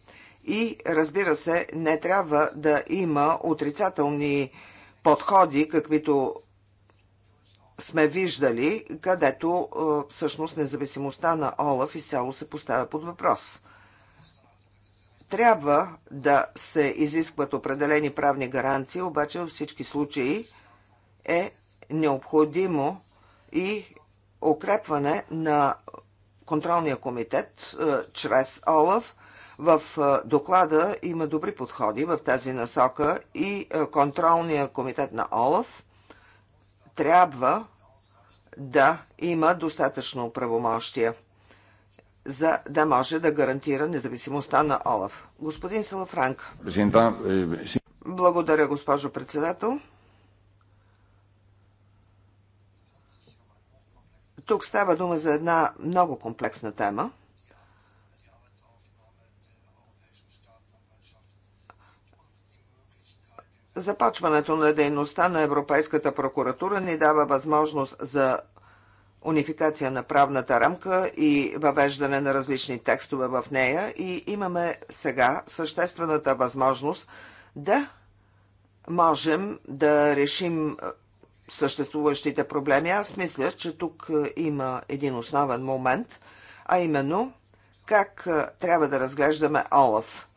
и, разбира се, не трябва да има отрицателни подходи, каквито сме виждали, където е, всъщност независимостта на Олаф изцяло се поставя под въпрос. Трябва да се изискват определени правни гаранции, обаче във всички случаи е необходимо и укрепване на контролния комитет е, чрез ОЛАФ. В е, доклада има добри подходи в тази насока и е, контролния комитет на ОЛАФ трябва да има достатъчно правомощия, за да може да гарантира независимостта на ОЛАФ. Господин Салафранк. Благодаря, госпожо председател. Тук става дума за една много комплексна тема. Започването на дейността на Европейската прокуратура ни дава възможност за унификация на правната рамка и въвеждане на различни текстове в нея и имаме сега съществената възможност да можем да решим съществуващите проблеми. Аз мисля, че тук е, има един основен момент, а именно как е, трябва да разглеждаме Олаф.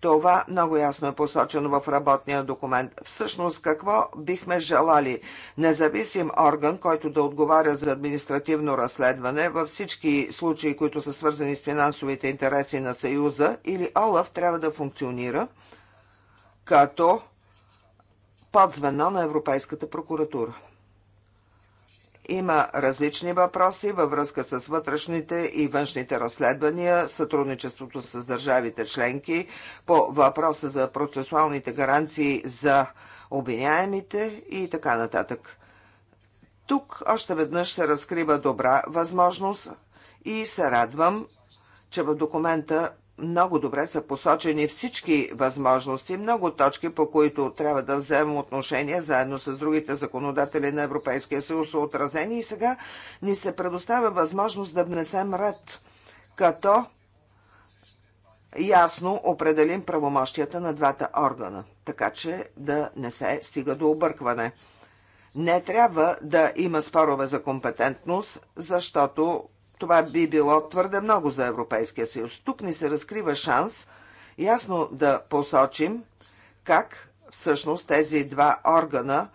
Това много ясно е посочено в работния документ. Всъщност, какво бихме желали? Независим орган, който да отговаря за административно разследване във всички случаи, които са свързани с финансовите интереси на Съюза, или ОЛАФ трябва да функционира като подзвено на Европейската прокуратура. Има различни въпроси във връзка с вътрешните и външните разследвания, сътрудничеството с държавите членки, по въпроса за процесуалните гаранции за обвиняемите и така нататък. Тук още веднъж се разкрива добра възможност и се радвам, че в документа много добре са посочени всички възможности, много точки, по които трябва да вземем отношение заедно с другите законодатели на Европейския съюз са отразени и сега ни се предоставя възможност да внесем ред, като ясно определим правомощията на двата органа, така че да не се стига до объркване. Не трябва да има спорове за компетентност, защото това би било твърде много за Европейския съюз. Тук ни се разкрива шанс ясно да посочим как всъщност тези два органа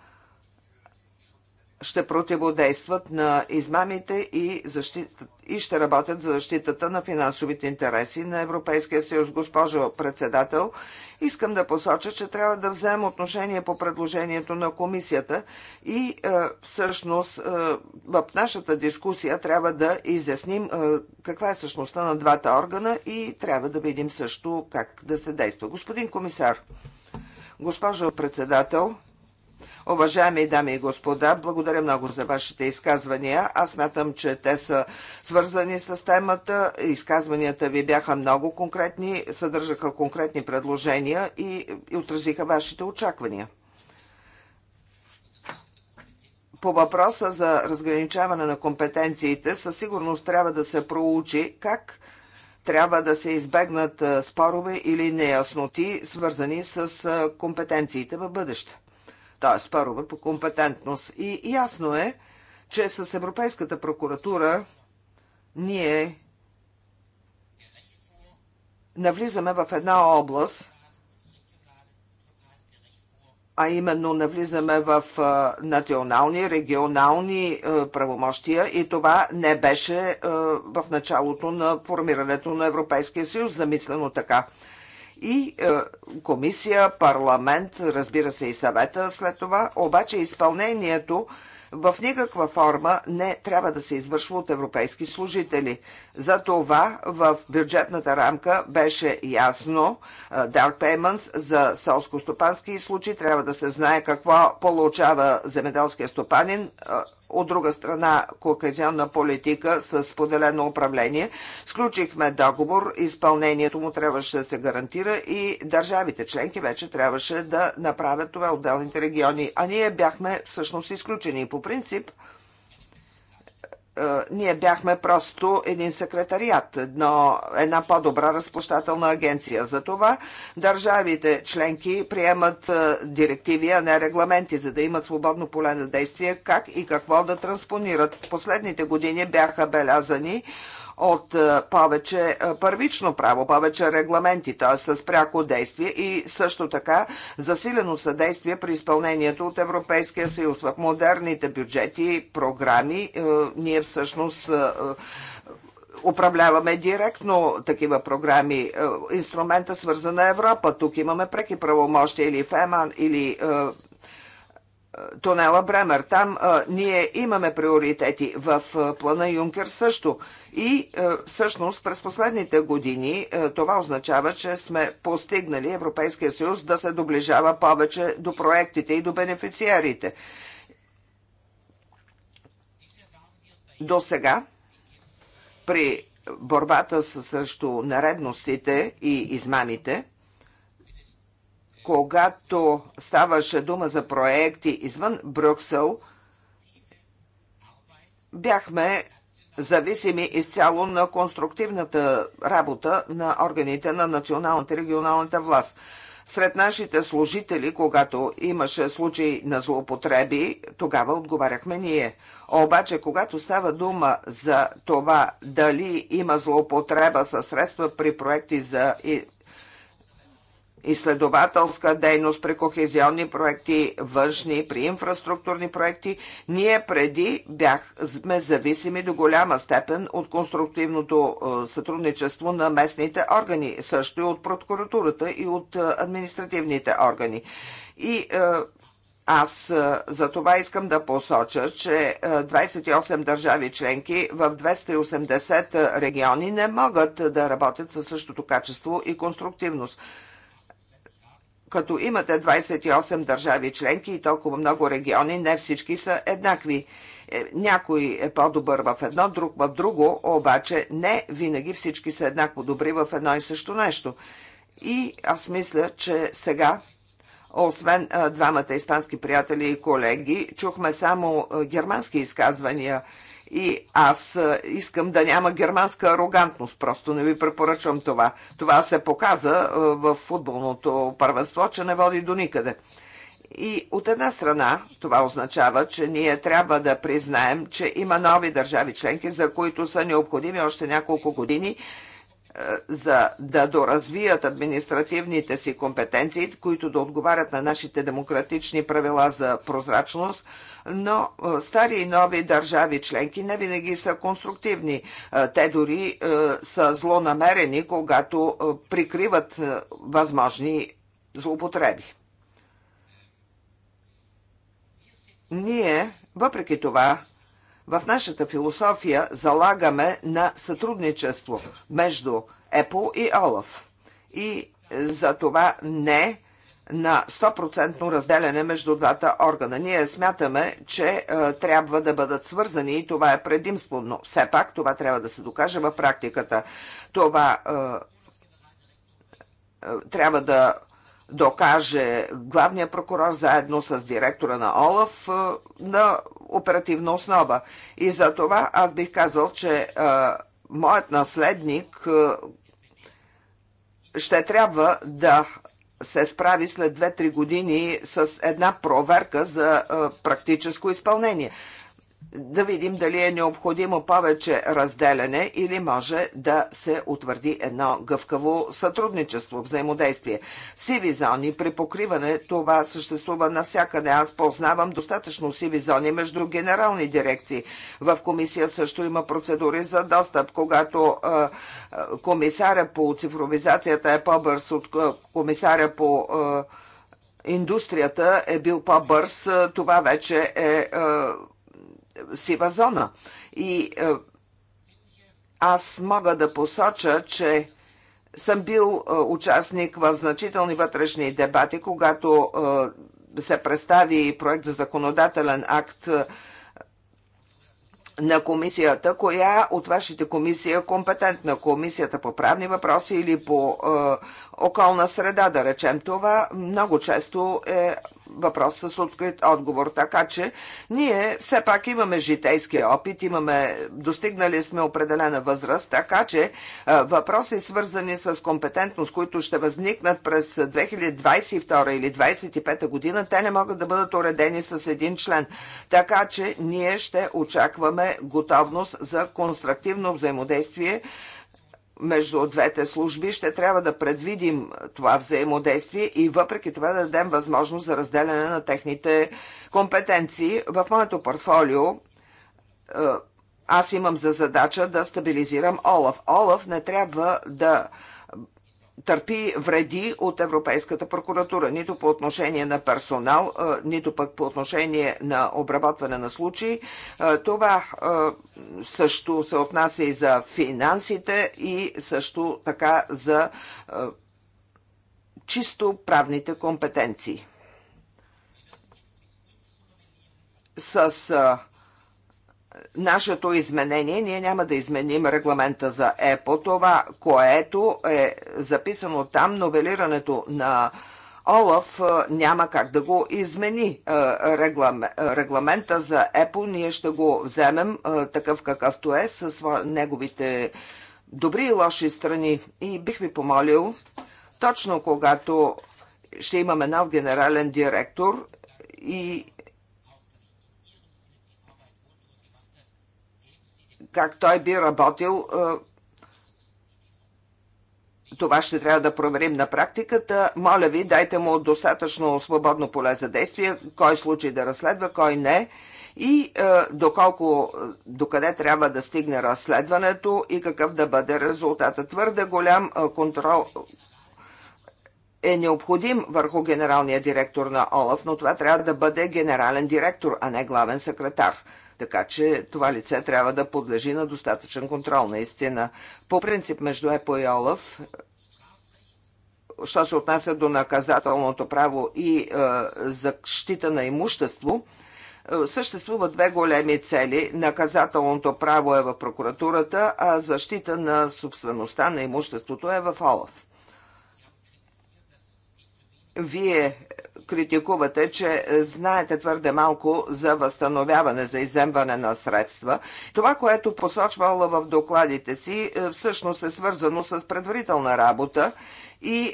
ще противодействат на измамите и, и ще работят за защитата на финансовите интереси на Европейския съюз. Госпожо председател, Искам да посоча, че трябва да взема отношение по предложението на комисията и е, всъщност е, в нашата дискусия трябва да изясним е, каква е същността на двата органа и трябва да видим също как да се действа. Господин комисар, госпожо председател, Уважаеми дами и господа, благодаря много за вашите изказвания. Аз мятам, че те са свързани с темата. Изказванията ви бяха много конкретни, съдържаха конкретни предложения и, и отразиха вашите очаквания. По въпроса за разграничаване на компетенциите, със сигурност трябва да се проучи как трябва да се избегнат спорове или неясноти, свързани с компетенциите в бъдеще т.е. спорове по компетентност. И ясно е, че с Европейската прокуратура ние навлизаме в една област, а именно навлизаме в национални, регионални правомощия и това не беше в началото на формирането на Европейския съюз замислено така и е, комисия, парламент, разбира се и съвета след това, обаче изпълнението в никаква форма не трябва да се извършва от европейски служители. За това в бюджетната рамка беше ясно е, Dark Payments за селско-стопански случаи трябва да се знае какво получава земеделския стопанин е, от друга страна кохезионна политика с поделено управление. Сключихме договор, изпълнението му трябваше да се гарантира и държавите членки вече трябваше да направят това отделните региони, а ние бяхме всъщност изключени. По принцип, е, ние бяхме просто един секретариат, но една по-добра разплащателна агенция. За това държавите членки приемат е, директиви, а не регламенти, за да имат свободно поле на действие как и какво да транспонират. Последните години бяха белязани от е, повече е, първично право, повече регламенти, т.е. с пряко действие и също така засилено съдействие при изпълнението от Европейския съюз. В модерните бюджети, програми, е, ние всъщност управляваме директно такива програми. Инструмента свързана Европа. Тук имаме преки правомощи или ФЕМА или тунела Бремер. Там а, ние имаме приоритети в а, плана Юнкер също. И а, всъщност през последните години а, това означава, че сме постигнали Европейския съюз да се доближава повече до проектите и до бенефициарите. До сега при борбата срещу наредностите и измамите – когато ставаше дума за проекти извън Брюксел, бяхме зависими изцяло на конструктивната работа на органите на националната и регионалната власт. Сред нашите служители, когато имаше случаи на злоупотреби, тогава отговаряхме ние. Обаче, когато става дума за това дали има злоупотреба със средства при проекти за изследователска дейност, при кохезионни проекти, външни, при инфраструктурни проекти, ние преди бяхме зависими до голяма степен от конструктивното е, сътрудничество на местните органи, също и от прокуратурата и от е, административните органи. И е, аз за това искам да посоча, че 28 държави членки в 280 региони не могат да работят със същото качество и конструктивност като имате 28 държави членки и толкова много региони, не всички са еднакви. Е, някой е по-добър в едно, друг в друго, обаче не винаги всички са еднакво добри в едно и също нещо. И аз мисля, че сега, освен двамата испански приятели и колеги, чухме само германски изказвания – и аз е, искам да няма германска арогантност, просто не ви препоръчвам това. Това се показа е, в футболното първенство, че не води до никъде. И от една страна това означава, че ние трябва да признаем, че има нови държави членки, за които са необходими още няколко години, за да доразвият административните си компетенции, които да отговарят на нашите демократични правила за прозрачност, но стари и нови държави членки не винаги са конструктивни. Те дори са злонамерени, когато прикриват възможни злоупотреби. Ние, въпреки това, в нашата философия залагаме на сътрудничество между Apple и Олаф. И е, за това не на 100% разделяне между двата органа. Ние смятаме, че е, трябва да бъдат свързани и това е предимство, но все пак това трябва да се докаже в практиката. Това е, е, трябва да докаже главния прокурор заедно с директора на ОЛАФ е, на оперативна основа. И за това аз бих казал, че а, е, моят наследник а, е, ще трябва да се справи след 2-3 години с една проверка за а, практическо изпълнение да видим дали е необходимо повече разделяне или може да се утвърди едно гъвкаво сътрудничество, взаимодействие. Сиви зони при покриване, това съществува навсякъде. Аз познавам достатъчно сиви зони между генерални дирекции. В комисия също има процедури за достъп, когато комисаря по цифровизацията е по-бърз от комисаря по индустрията е бил по-бърз, това вече е сива зона. И е, аз мога да посоча, че съм бил е, участник в значителни вътрешни дебати, когато е, се представи проект за законодателен акт на комисията, коя от вашите комисии е компетентна? Комисията по правни въпроси или по е, околна среда, да речем това, много често е въпрос с открит отговор. Така че ние все пак имаме житейски опит, имаме, достигнали сме определена възраст, така че е, въпроси свързани с компетентност, които ще възникнат през 2022 или 2025 година, те не могат да бъдат уредени с един член. Така че ние ще очакваме готовност за конструктивно взаимодействие между двете служби, ще трябва да предвидим това взаимодействие и въпреки това да дадем възможност за разделяне на техните компетенции. В моето портфолио е, аз имам за задача да стабилизирам Олаф. Олаф не трябва да търпи вреди от Европейската прокуратура, нито по отношение на персонал, нито пък по отношение на обработване на случаи. Това също се отнася и за финансите и също така за чисто правните компетенции. С нашето изменение, ние няма да изменим регламента за ЕПО. Това, което е записано там, новелирането на Олаф е, няма как да го измени. Е, регламента за ЕПО ние ще го вземем е, такъв какъвто е, с неговите добри и лоши страни. И бих ви помолил, точно когато ще имаме нов генерален директор и как той би работил. Е, това ще трябва да проверим на практиката. Моля ви, дайте му достатъчно свободно поле за действие, кой случай да разследва, кой не и е, доколко, докъде трябва да стигне разследването и какъв да бъде резултата. Твърде голям е, контрол е необходим върху генералния директор на ОЛАФ, но това трябва да бъде генерален директор, а не главен секретар. Така че това лице трябва да подлежи на достатъчен контрол, наистина. По принцип между ЕПО и ОЛАФ що се отнася до наказателното право и е, защита на имущество, е, съществуват две големи цели. Наказателното право е в прокуратурата, а защита на собствеността на имуществото е в ОЛАФ. Вие е, критикувате, че знаете твърде малко за възстановяване, за иземване на средства. Това, което посочвала в докладите си, е, всъщност е свързано с предварителна работа. И е,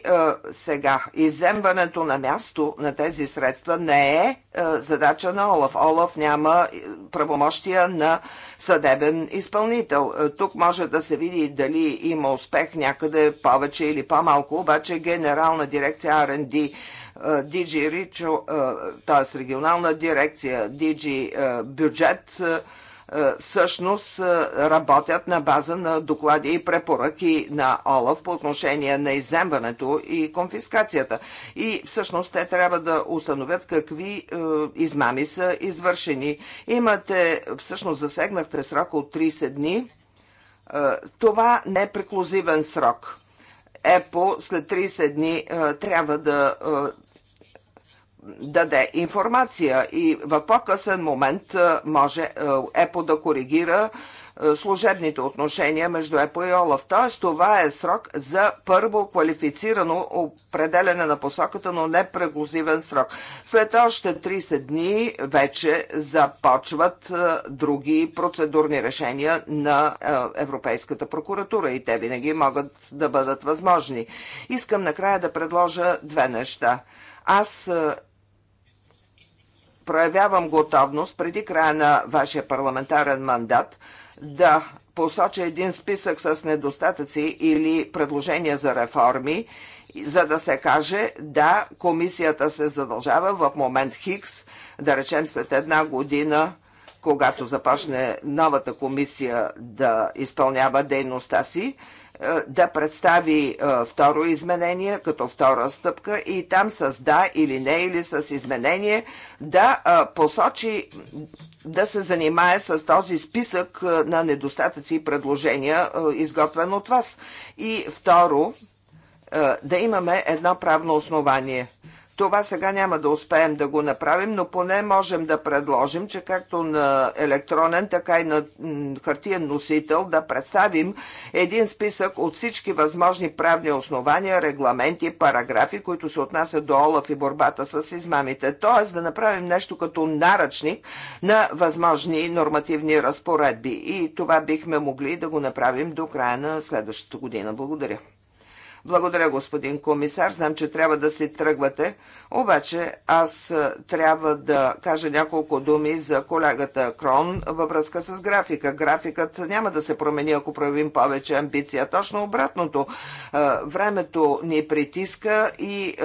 сега, иземването на място на тези средства не е, е задача на Олаф. Олаф няма е, правомощия на съдебен изпълнител. Е, тук може да се види дали има успех някъде повече или по-малко, обаче Генерална дирекция R&D DG Ричо, т.е. регионална дирекция, DG бюджет, всъщност работят на база на доклади и препоръки на ОЛАВ по отношение на иземването и конфискацията. И всъщност те трябва да установят какви измами са извършени. Имате, всъщност засегнахте срок от 30 дни. това не е преклузивен срок. ЕПО след 30 дни е, трябва да е, даде информация и в по-късен момент е, може ЕПО да коригира е, служебните отношения между ЕПО и ОЛАФ. Т.е. това е срок за първо квалифицирано определене на посоката, но не преглозивен срок. След още 30 дни вече започват е, други процедурни решения на е, Европейската прокуратура и те винаги могат да бъдат възможни. Искам накрая да предложа две неща. Аз проявявам готовност преди края на вашия парламентарен мандат – да посоча един списък с недостатъци или предложения за реформи, за да се каже да, комисията се задължава в момент Хикс, да речем след една година, когато започне новата комисия да изпълнява дейността си, е, да представи е, второ изменение като втора стъпка и там с да или не или с изменение да е, посочи да се занимае с този списък на недостатъци и предложения, изготвен от вас. И второ, да имаме едно правно основание. Това сега няма да успеем да го направим, но поне можем да предложим, че както на електронен, така и на хартиен носител да представим един списък от всички възможни правни основания, регламенти, параграфи, които се отнасят до Олаф и борбата с измамите. Тоест да направим нещо като наръчник на възможни нормативни разпоредби. И това бихме могли да го направим до края на следващата година. Благодаря. Благодаря, господин комисар. Знам, че трябва да си тръгвате, обаче аз трябва да кажа няколко думи за колегата Крон във връзка с графика. Графикът няма да се промени, ако проявим повече амбиция. Точно обратното. Времето ни притиска и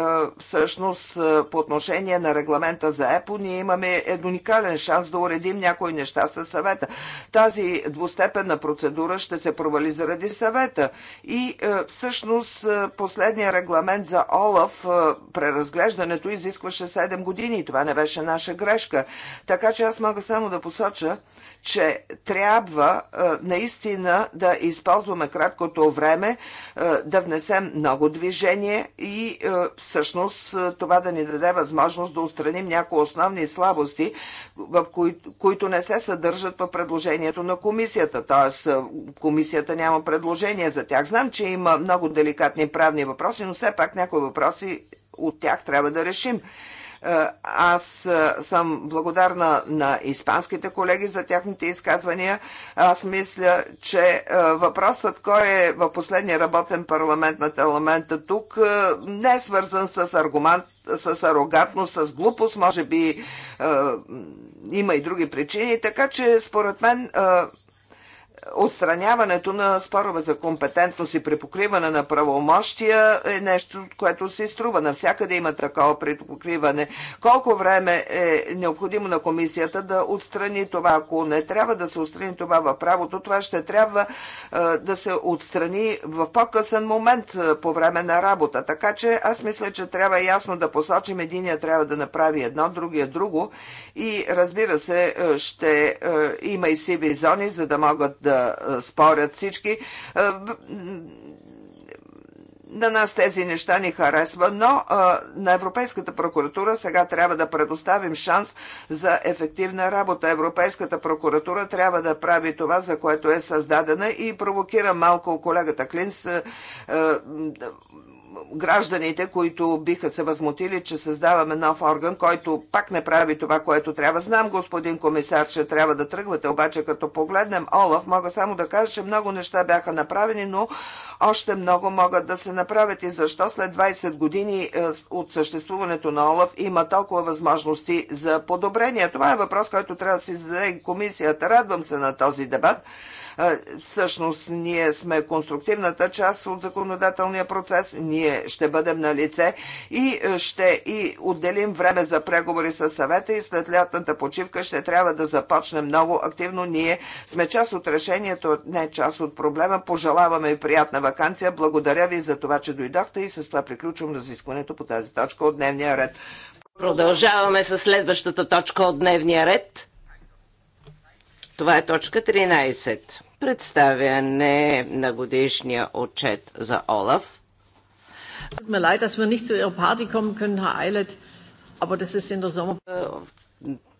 всъщност по отношение на регламента за ЕПО ние имаме едоникален шанс да уредим някои неща със съвета. Тази двустепенна процедура ще се провали заради съвета и всъщност последния регламент за ОЛАФ, е, преразглеждането изискваше 7 години. Това не беше наша грешка. Така че аз мога само да посоча, че трябва е, наистина да използваме краткото време, е, да внесем много движение и е, всъщност това да ни даде възможност да устраним някои основни слабости, в кои, които не се съдържат в предложението на комисията. Тоест, комисията няма предложение за тях. Знам, че има много деликатни правни въпроси, но все пак някои въпроси от тях трябва да решим. Е, аз е, съм благодарна на испанските колеги за тяхните изказвания. Аз мисля, че е, въпросът кой е в последния работен парламент на парламента тук не е свързан с аргумент, с арогантност, с глупост, може би има и други причини, така че според мен отстраняването на спорове за компетентност и припокриване на правомощия е нещо, което се струва. Навсякъде има такова припокриване. Колко време е необходимо на комисията да отстрани това? Ако не трябва да се отстрани това в правото, това ще трябва е, да се отстрани в по-късен момент е, по време на работа. Така че аз мисля, че трябва ясно да посочим единия трябва да направи едно, другия друго и разбира се е, ще е, има и сиви зони, за да могат да да спорят всички. На нас тези неща ни харесва, но а, на Европейската прокуратура сега трябва да предоставим шанс за ефективна работа. Европейската прокуратура трябва да прави това, за което е създадена и провокира малко колегата Клинс. А, а, гражданите, които биха се възмутили, че създаваме нов орган, който пак не прави това, което трябва. Знам, господин комисар, че трябва да тръгвате, обаче като погледнем Олаф, мога само да кажа, че много неща бяха направени, но още много могат да се направят и защо след 20 години е, от съществуването на Олаф има толкова възможности за подобрение. Това е въпрос, който трябва да си зададе комисията. Радвам се на този дебат. Всъщност ние сме конструктивната част от законодателния процес, ние ще бъдем на лице и ще и отделим време за преговори с съвета и след лятната почивка ще трябва да започнем много активно. Ние сме част от решението, не част от проблема. Пожелаваме и приятна вакансия. Благодаря ви за това, че дойдохте и с това приключвам разискването по тази точка от дневния ред. Продължаваме с следващата точка от дневния ред. Това е точка 13. Представяне на годишния отчет за ОЛАФ.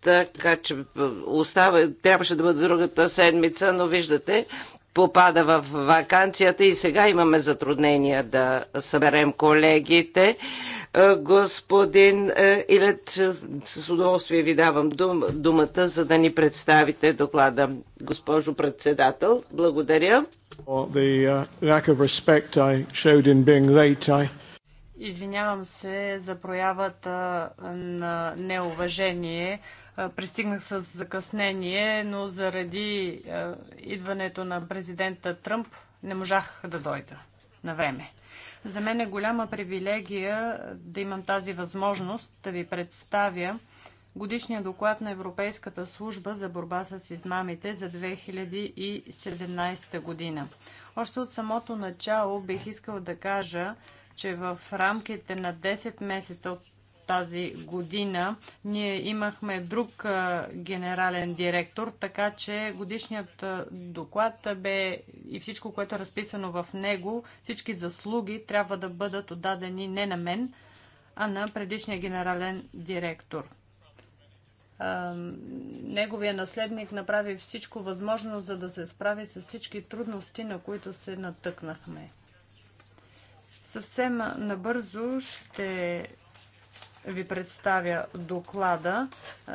Е, така че е, остава, трябваше да бъде другата седмица, но виждате, попада в вакансията и сега имаме затруднения да съберем колегите. Е, господин е, Илет, с удоволствие ви давам дум, думата, за да ни представите доклада. Госпожо председател, благодаря. Uh, Извинявам се за проявата на неуважение, пристигнах с закъснение, но заради идването на президента Тръмп не можах да дойда на време. За мен е голяма привилегия да имам тази възможност да ви представя годишния доклад на Европейската служба за борба с измамите за 2017 година. Още от самото начало бих искал да кажа, че в рамките на 10 месеца от тази година. Ние имахме друг генерален директор, така че годишният доклад бе и всичко, което е разписано в него, всички заслуги трябва да бъдат отдадени не на мен, а на предишния генерален директор неговия наследник направи всичко възможно, за да се справи с всички трудности, на които се натъкнахме. Съвсем набързо ще ви представя доклада.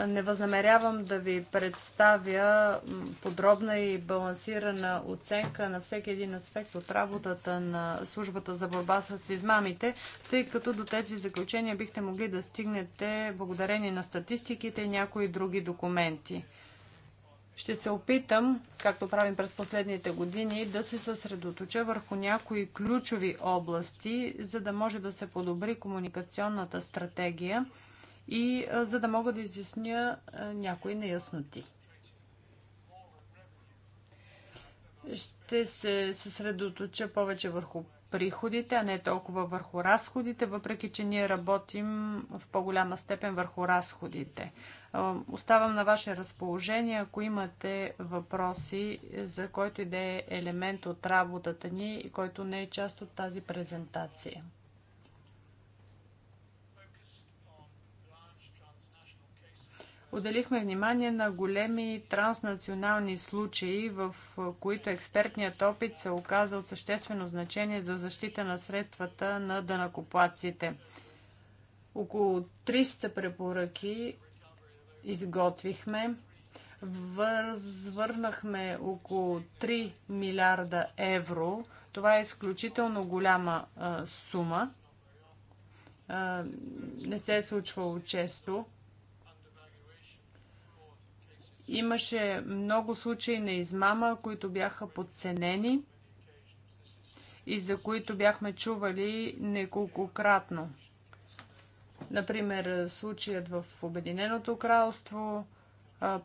Не възнамерявам да ви представя подробна и балансирана оценка на всеки един аспект от работата на службата за борба с измамите, тъй като до тези заключения бихте могли да стигнете благодарение на статистиките и някои други документи. Ще се опитам, както правим през последните години, да се съсредоточа върху някои ключови области, за да може да се подобри комуникационната стратегия и за да мога да изясня някои неясноти. Ще се съсредоточа повече върху приходите, а не толкова върху разходите, въпреки че ние работим в по-голяма степен върху разходите. Оставам на ваше разположение, ако имате въпроси за който и да е елемент от работата ни който не е част от тази презентация. Отделихме внимание на големи транснационални случаи, в които експертният опит се оказа от съществено значение за защита на средствата на данакоплаците. Около 300 препоръки изготвихме. Възвърнахме около 3 милиарда евро. Това е изключително голяма а, сума. А, не се е случвало често. Имаше много случаи на измама, които бяха подценени и за които бяхме чували неколкократно. Например, случаят в Обединеното кралство,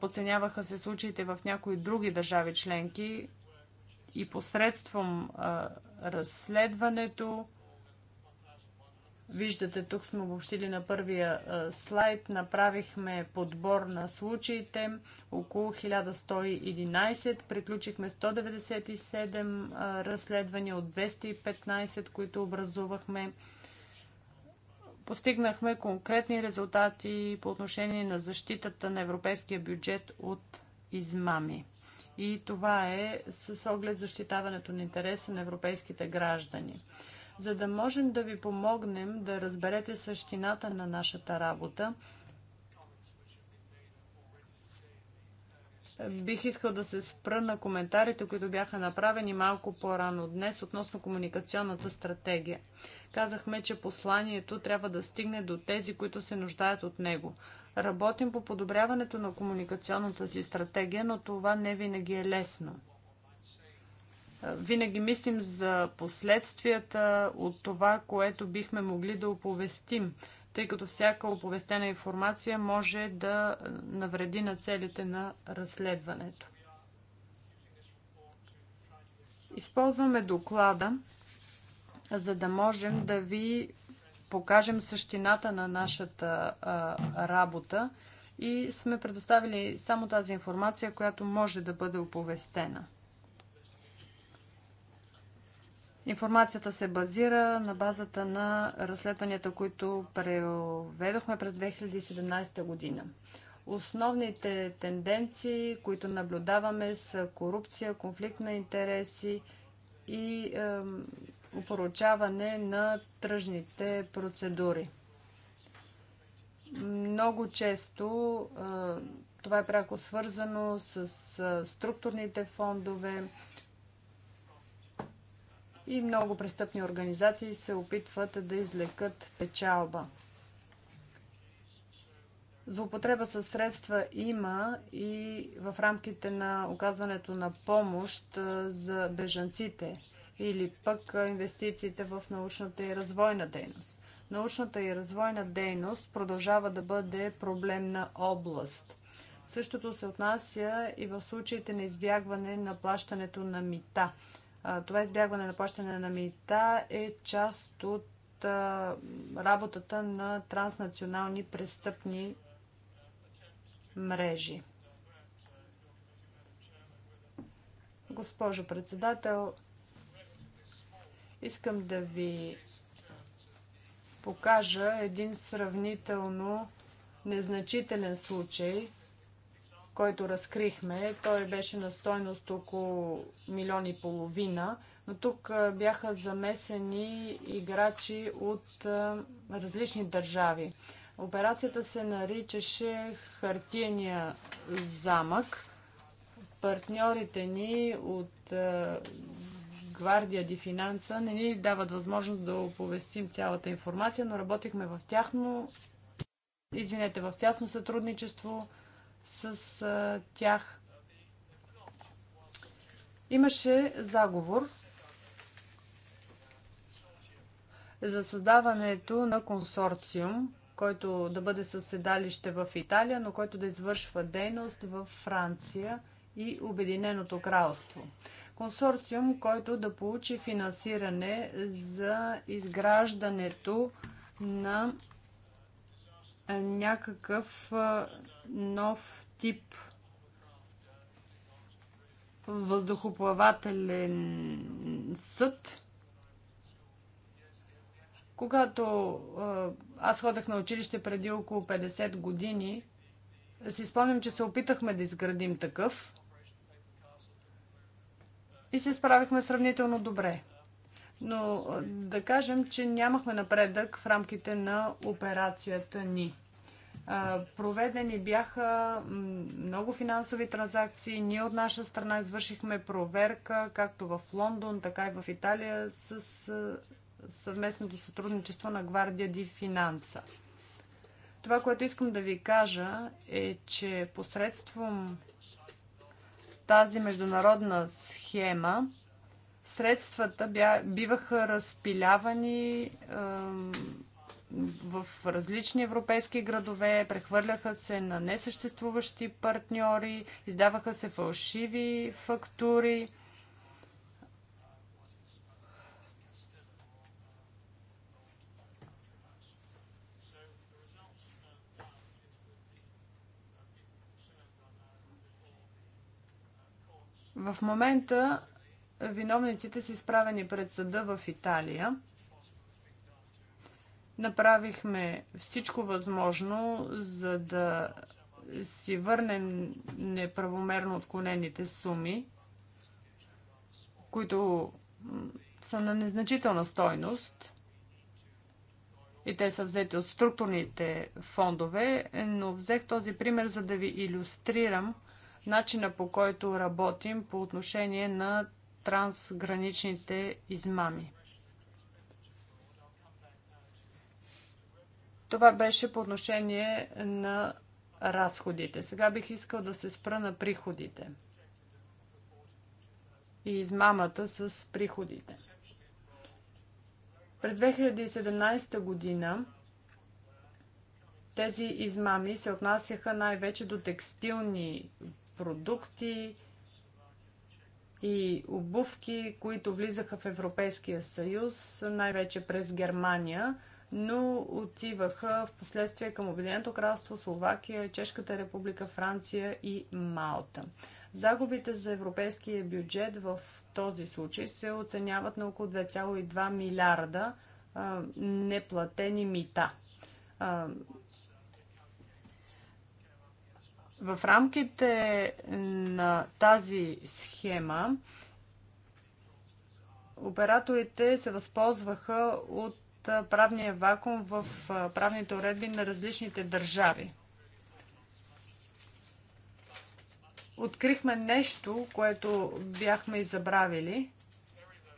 подценяваха се случаите в някои други държави членки и посредством разследването Виждате, тук сме обобщили на първия слайд. Направихме подбор на случаите, около 1111. Приключихме 197 разследвания от 215, които образувахме. Постигнахме конкретни резултати по отношение на защитата на европейския бюджет от измами. И това е с оглед защитаването на интереса на европейските граждани за да можем да ви помогнем да разберете същината на нашата работа. Бих искал да се спра на коментарите, които бяха направени малко по-рано днес относно комуникационната стратегия. Казахме, че посланието трябва да стигне до тези, които се нуждаят от него. Работим по подобряването на комуникационната си стратегия, но това не винаги е лесно. Винаги мислим за последствията от това, което бихме могли да оповестим, тъй като всяка оповестена информация може да навреди на целите на разследването. Използваме доклада, за да можем да ви покажем същината на нашата а, работа и сме предоставили само тази информация, която може да бъде оповестена. Информацията се базира на базата на разследванията, които преведохме през 2017 година. Основните тенденции, които наблюдаваме са корупция, конфликт на интереси и е, упоручаване на тръжните процедури. Много често е, това е пряко свързано с е, структурните фондове, и много престъпни организации се опитват да извлекат печалба. Злоупотреба със средства има и в рамките на оказването на помощ за бежанците или пък инвестициите в научната и развойна дейност. Научната и развойна дейност продължава да бъде проблемна област. Същото се отнася и в случаите на избягване на плащането на мита – това избягване на плащане на мита е част от работата на транснационални престъпни мрежи. Госпожо председател, искам да ви покажа един сравнително незначителен случай, който разкрихме, той беше на стойност около милион и половина, но тук бяха замесени играчи от различни държави. Операцията се наричаше Хартиения замък. Партньорите ни от Гвардия Ди не ни дават възможност да оповестим цялата информация, но работихме в тяхно, извинете, в тясно сътрудничество с а, тях. Имаше заговор за създаването на консорциум, който да бъде със седалище в Италия, но който да извършва дейност в Франция и Обединеното кралство. Консорциум, който да получи финансиране за изграждането на някакъв нов тип въздухоплавателен съд. Когато аз ходех на училище преди около 50 години, си спомням, че се опитахме да изградим такъв и се справихме сравнително добре. Но да кажем, че нямахме напредък в рамките на операцията ни. Проведени бяха много финансови транзакции. Ние от наша страна извършихме проверка както в Лондон, така и в Италия с съвместното сътрудничество на Гвардия Ди Финанса. Това, което искам да ви кажа е, че посредством тази международна схема средствата биваха разпилявани в различни европейски градове, прехвърляха се на несъществуващи партньори, издаваха се фалшиви фактури. В момента виновниците са изправени пред съда в Италия. Направихме всичко възможно, за да си върнем неправомерно отклонените суми, които са на незначителна стойност и те са взети от структурните фондове, но взех този пример, за да ви иллюстрирам начина по който работим по отношение на трансграничните измами. Това беше по отношение на разходите. Сега бих искал да се спра на приходите и измамата с приходите. През 2017 година тези измами се отнасяха най-вече до текстилни продукти и обувки, които влизаха в Европейския съюз, най-вече през Германия – но отиваха в последствие към Обединеното кралство, Словакия, Чешката република, Франция и Малта. Загубите за европейския бюджет в този случай се оценяват на около 2,2 милиарда а, неплатени мита. А, в рамките на тази схема операторите се възползваха от правния вакуум в правните уредби на различните държави. Открихме нещо, което бяхме и забравили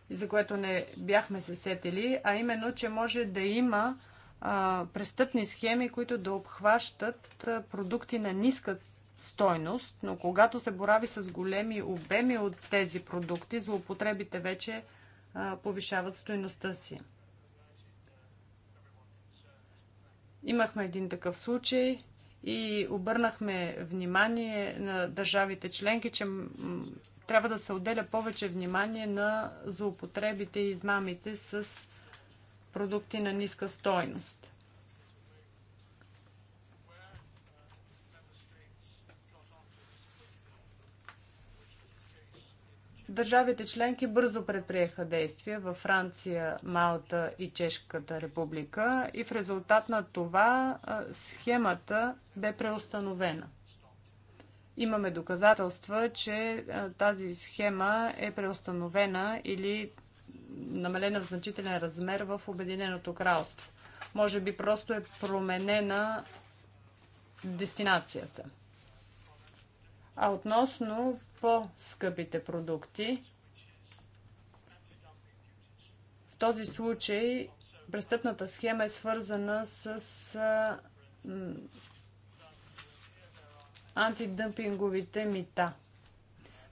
и за което не бяхме се сетили, а именно, че може да има а, престъпни схеми, които да обхващат продукти на ниска стойност, но когато се борави с големи обеми от тези продукти, злоупотребите вече а, повишават стойността си. Имахме един такъв случай и обърнахме внимание на държавите членки, че трябва да се отделя повече внимание на злоупотребите и измамите с продукти на ниска стойност. Държавите членки бързо предприеха действия във Франция, Малта и Чешката република и в резултат на това схемата бе преустановена. Имаме доказателства, че тази схема е преустановена или намалена в значителен размер в Обединеното кралство. Може би просто е променена дестинацията. А относно по-скъпите продукти. В този случай престъпната схема е свързана с антидъмпинговите мита.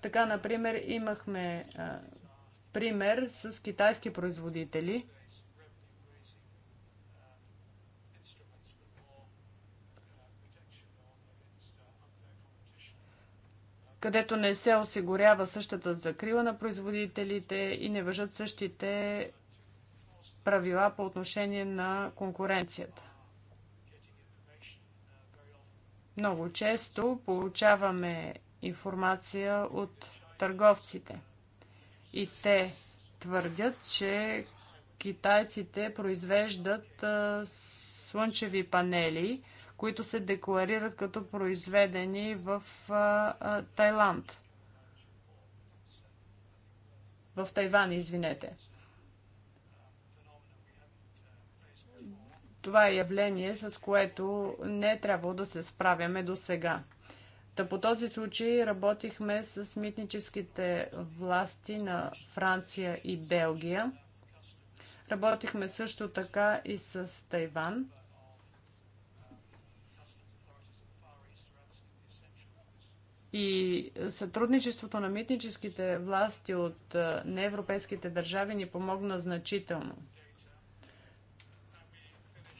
Така, например, имахме пример с китайски производители – където не се осигурява същата закрила на производителите и не въжат същите правила по отношение на конкуренцията. Много често получаваме информация от търговците и те твърдят, че китайците произвеждат слънчеви панели, които се декларират като произведени в Тайланд. В Тайван, извинете. Това е явление, с което не е трябвало да се справяме до сега. Та по този случай работихме с митническите власти на Франция и Белгия. Работихме също така и с Тайван. И сътрудничеството на митническите власти от неевропейските държави ни помогна значително.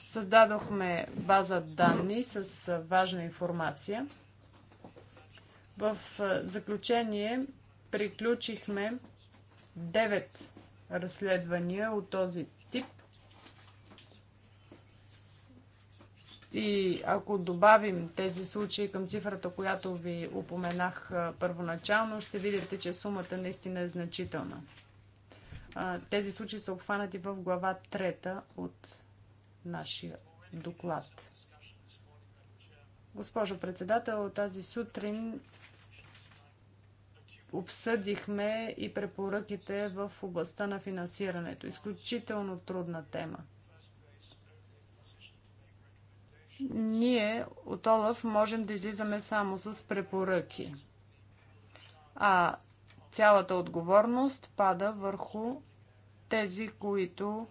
Създадохме база данни с важна информация. В заключение приключихме 9 разследвания от този И ако добавим тези случаи към цифрата, която ви упоменах първоначално, ще видите, че сумата наистина е значителна. Тези случаи са обхванати в глава 3 от нашия доклад. Госпожо председател, тази сутрин обсъдихме и препоръките в областта на финансирането. Изключително трудна тема. Ние от Олаф можем да излизаме само с препоръки. А цялата отговорност пада върху тези, които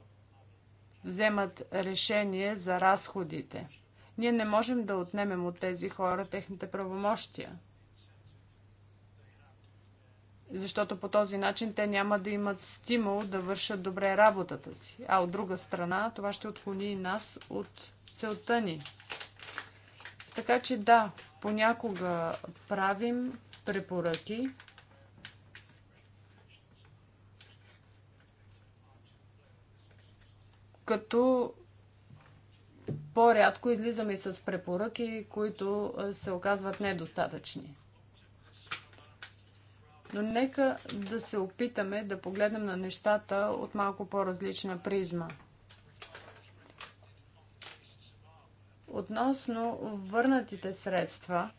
вземат решение за разходите. Ние не можем да отнемем от тези хора техните правомощия. Защото по този начин те няма да имат стимул да вършат добре работата си. А от друга страна, това ще отклони и нас от целта ни. Така че да, понякога правим препоръки, като по-рядко излизаме с препоръки, които се оказват недостатъчни. Но нека да се опитаме да погледнем на нещата от малко по-различна призма – Относно върнатите средства,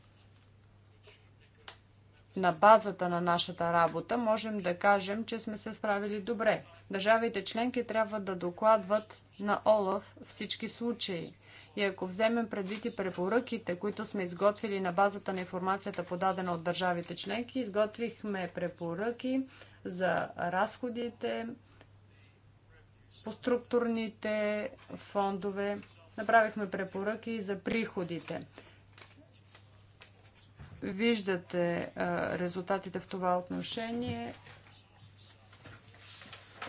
на базата на нашата работа, можем да кажем, че сме се справили добре. Държавите членки трябва да докладват на ОЛАФ всички случаи. И ако вземем предвид и препоръките, които сме изготвили на базата на информацията подадена от държавите членки, изготвихме препоръки за разходите по структурните фондове Направихме препоръки за приходите. Виждате резултатите в това отношение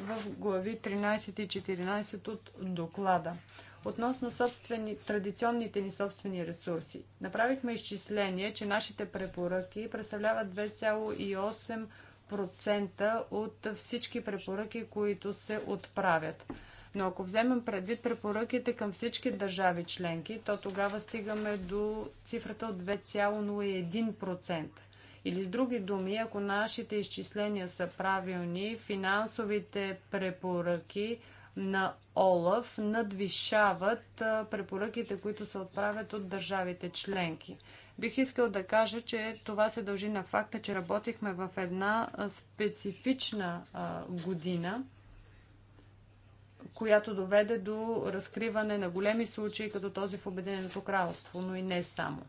в глави 13 и 14 от доклада. Относно собствени, традиционните ни собствени ресурси. Направихме изчисление, че нашите препоръки представляват 2,8% от всички препоръки, които се отправят. Но ако вземем предвид препоръките към всички държави членки, то тогава стигаме до цифрата от 2,01%. Или с други думи, ако нашите изчисления са правилни, финансовите препоръки на ОЛАФ надвишават препоръките, които се отправят от държавите членки. Бих искал да кажа, че това се дължи на факта, че работихме в една специфична година – която доведе до разкриване на големи случаи, като този в Обединеното кралство, но и не само.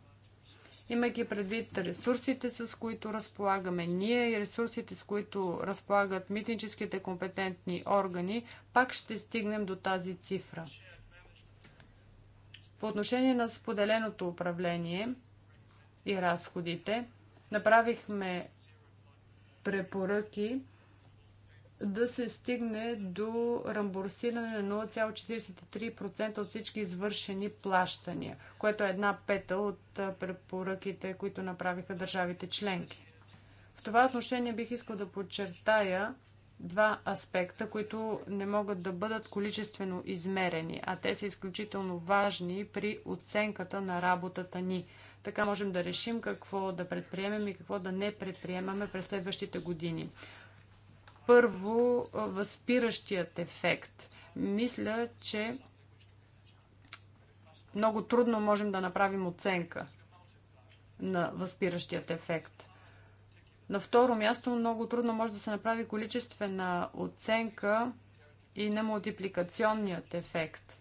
Имайки предвид ресурсите, с които разполагаме ние и ресурсите, с които разполагат митническите компетентни органи, пак ще стигнем до тази цифра. По отношение на споделеното управление и разходите, направихме препоръки да се стигне до рамбурсиране на 0,43% от всички извършени плащания, което е една пета от препоръките, които направиха държавите членки. В това отношение бих искал да подчертая два аспекта, които не могат да бъдат количествено измерени, а те са изключително важни при оценката на работата ни. Така можем да решим какво да предприемем и какво да не предприемаме през следващите години. Първо, възпиращият ефект. Мисля, че много трудно можем да направим оценка на възпиращият ефект. На второ място, много трудно може да се направи количествена оценка и на мултипликационният ефект –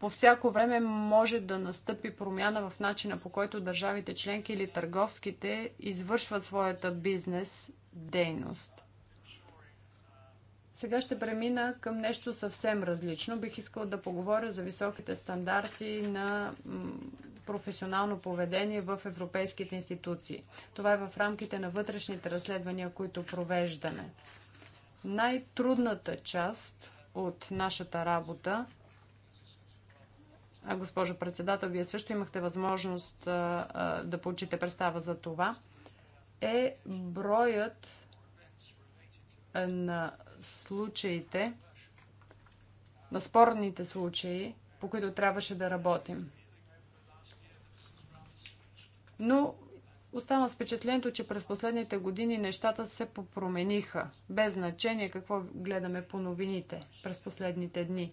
по всяко време може да настъпи промяна в начина по който държавите членки или търговските извършват своята бизнес дейност. Сега ще премина към нещо съвсем различно. Бих искала да поговоря за високите стандарти на професионално поведение в европейските институции. Това е в рамките на вътрешните разследвания, които провеждаме. Най-трудната част от нашата работа Госпожо председател, вие също имахте възможност да получите представа за това. Е броят на случаите, на спорните случаи, по които трябваше да работим. Но остана с впечатлението, че през последните години нещата се попромениха, без значение какво гледаме по новините през последните дни.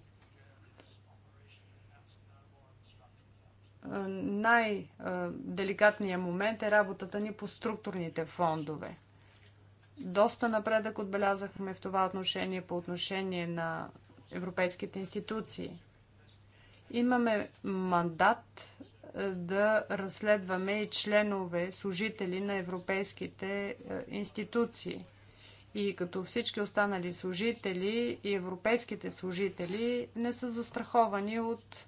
най-деликатният момент е работата ни по структурните фондове. Доста напредък отбелязахме в това отношение по отношение на европейските институции. Имаме мандат е, да разследваме и членове, служители на европейските е, институции. И като всички останали служители и европейските служители не са застраховани от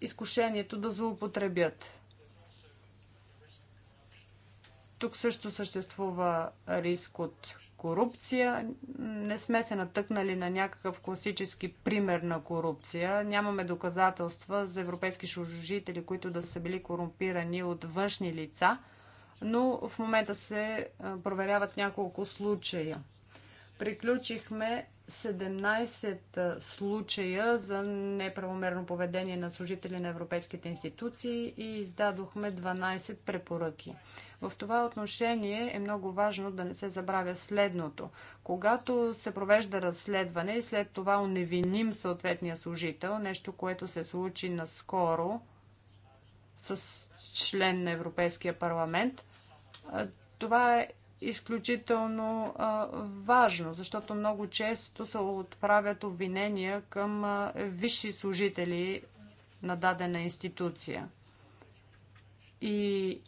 изкушението да злоупотребят. Тук също съществува риск от корупция. Не сме се натъкнали на някакъв класически пример на корупция. Нямаме доказателства за европейски служители, които да са били корумпирани от външни лица, но в момента се проверяват няколко случая. Приключихме 17 случая за неправомерно поведение на служители на европейските институции и издадохме 12 препоръки. В това отношение е много важно да не се забравя следното. Когато се провежда разследване и след това оневиним съответния служител, нещо, което се случи наскоро с член на Европейския парламент, това е изключително а, важно, защото много често се отправят обвинения към а, висши служители на дадена институция. И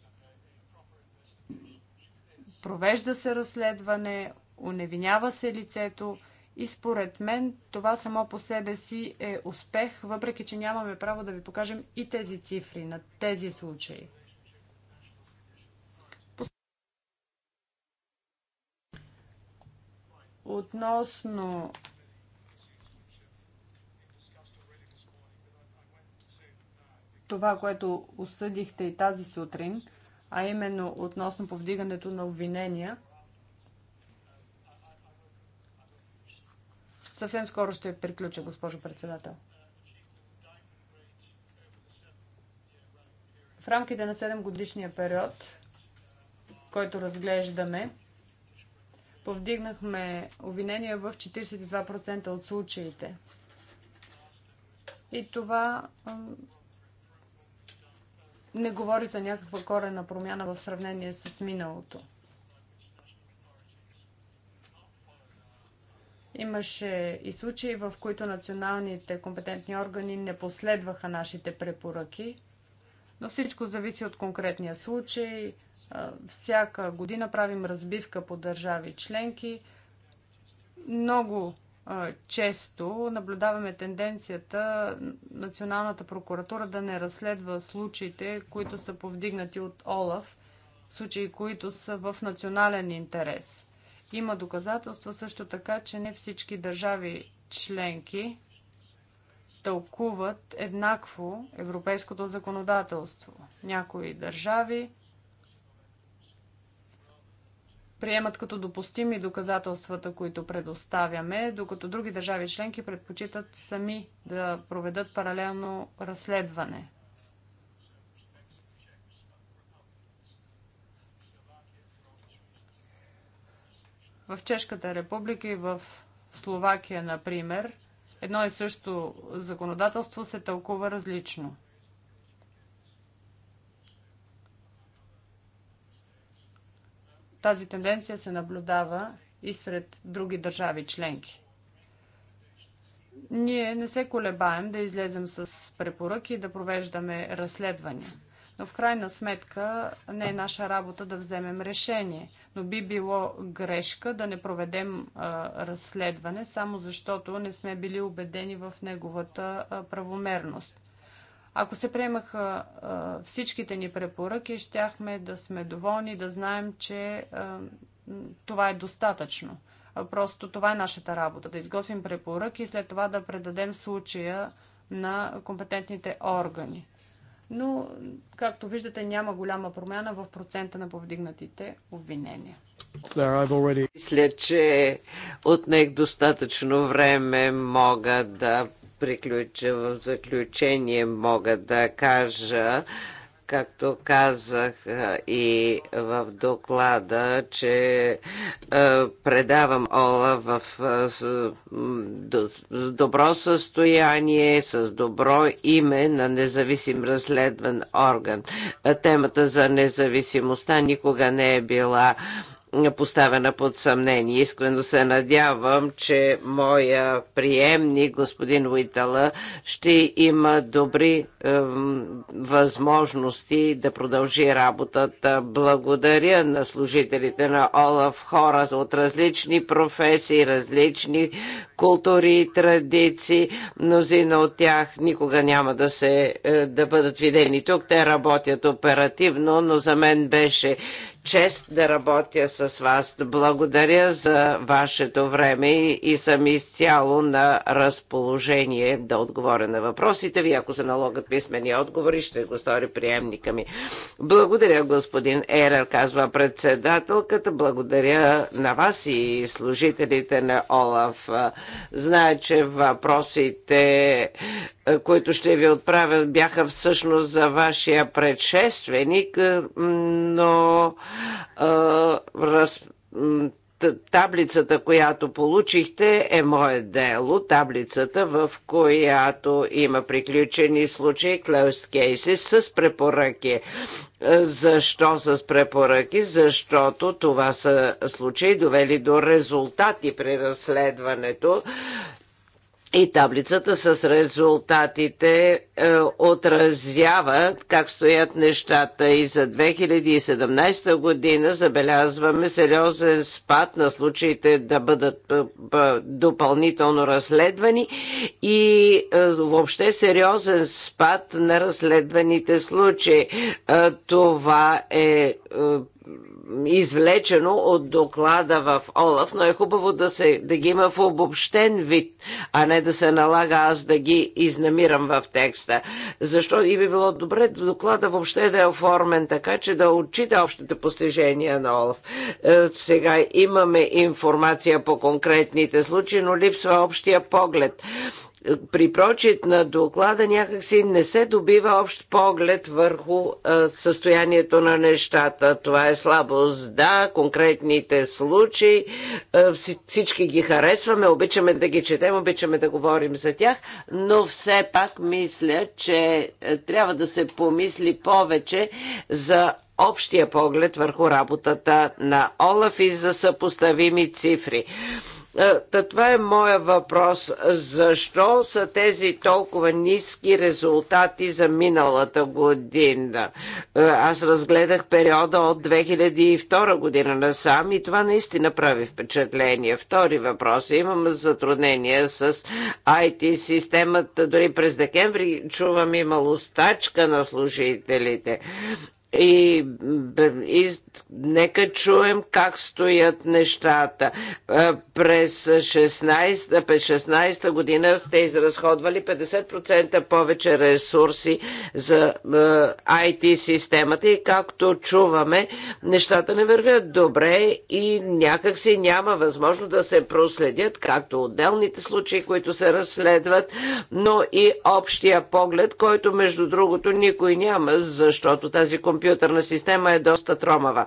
провежда се разследване, уневинява се лицето и според мен това само по себе си е успех, въпреки че нямаме право да ви покажем и тези цифри на тези случаи. Относно това, което осъдихте и тази сутрин, а именно относно повдигането на обвинения, съвсем скоро ще приключа, госпожо председател. В рамките на 7 годишния период, който разглеждаме, Повдигнахме обвинения в 42% от случаите. И това не говори за някаква корена промяна в сравнение с миналото. Имаше и случаи, в които националните компетентни органи не последваха нашите препоръки, но всичко зависи от конкретния случай, всяка година правим разбивка по държави членки. Много често наблюдаваме тенденцията Националната прокуратура да не разследва случаите, които са повдигнати от ОЛАФ, случаи, които са в национален интерес. Има доказателства също така, че не всички държави членки тълкуват еднакво европейското законодателство. Някои държави приемат като допустими доказателствата, които предоставяме, докато други държави членки предпочитат сами да проведат паралелно разследване. В Чешката република и в Словакия, например, едно и също законодателство се тълкува различно – Тази тенденция се наблюдава и сред други държави членки. Ние не се колебаем да излезем с препоръки и да провеждаме разследвания. Но в крайна сметка не е наша работа да вземем решение. Но би било грешка да не проведем а, разследване, само защото не сме били убедени в неговата а, правомерност. Ако се приемаха а, всичките ни препоръки, щяхме да сме доволни, да знаем, че а, това е достатъчно. А, просто това е нашата работа. Да изготвим препоръки и след това да предадем случая на компетентните органи. Но, както виждате, няма голяма промяна в процента на повдигнатите обвинения. Мисля, че отнех достатъчно време мога да приключа. В заключение мога да кажа, както казах и в доклада, че предавам Ола в добро състояние, с добро име на независим разследван орган. Темата за независимостта никога не е била поставена под съмнение. Искрено се надявам, че моя приемник, господин Уитала, ще има добри е, възможности да продължи работата. Благодаря на служителите на Олаф, хора от различни професии, различни култури и традиции. Мнозина от тях никога няма да, се, е, да бъдат видени тук. Те работят оперативно, но за мен беше чест да работя с вас. Благодаря за вашето време и съм изцяло на разположение да отговоря на въпросите ви. Ако се налогат писмени отговори, ще го стори приемника ми. Благодаря, господин Ерер, казва председателката. Благодаря на вас и служителите на ОЛАФ. Знае, че въпросите е, които ще ви отправя, бяха всъщност за вашия предшественик, е, но а, е, раз, таблицата, която получихте, е мое дело. Таблицата, в която има приключени случаи, closed cases, с препоръки. Защо с препоръки? Защото това са случаи довели до резултати при разследването и таблицата с резултатите е, отразява как стоят нещата и за 2017 година забелязваме сериозен спад на случаите да бъдат е, е, допълнително разследвани и е, въобще сериозен спад на разследваните случаи. Е, това е, е извлечено от доклада в Олаф, но е хубаво да, се, да ги има в обобщен вид, а не да се налага аз да ги изнамирам в текста. Защо и би било добре доклада въобще да е оформен така, че да отчита общите постижения на Олаф. Е, сега имаме информация по конкретните случаи, но липсва общия поглед при прочит на доклада някакси не се добива общ поглед върху а, състоянието на нещата. Това е слабост, да, конкретните случаи, а, всички ги харесваме, обичаме да ги четем, обичаме да говорим за тях, но все пак мисля, че трябва да се помисли повече за общия поглед върху работата на Олаф и за съпоставими цифри. Е, та това е моя въпрос. Защо са тези толкова ниски резултати за миналата година? Е, аз разгледах периода от 2002 година насам и това наистина прави впечатление. Втори въпрос. Имам затруднения с IT системата. Дори през декември чувам имало стачка на служителите. И, и Нека чуем как стоят нещата. Е, през 16, 16 е, година сте изразходвали 50% повече ресурси за IT е, системата и както чуваме, нещата не вървят добре и някакси няма възможно да се проследят както отделните случаи, които се разследват, но и общия поглед, който между другото никой няма, защото тази компютърна система е доста тромава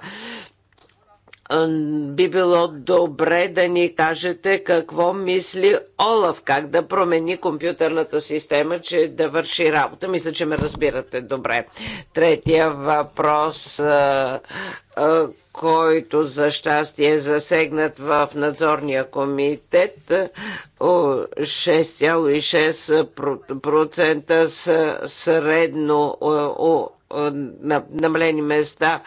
би било добре да ни кажете какво мисли Олаф, как да промени компютърната система, че да върши работа. Мисля, че ме разбирате добре. Третия въпрос, който за щастие е засегнат в надзорния комитет, 6,6% средно на намалени места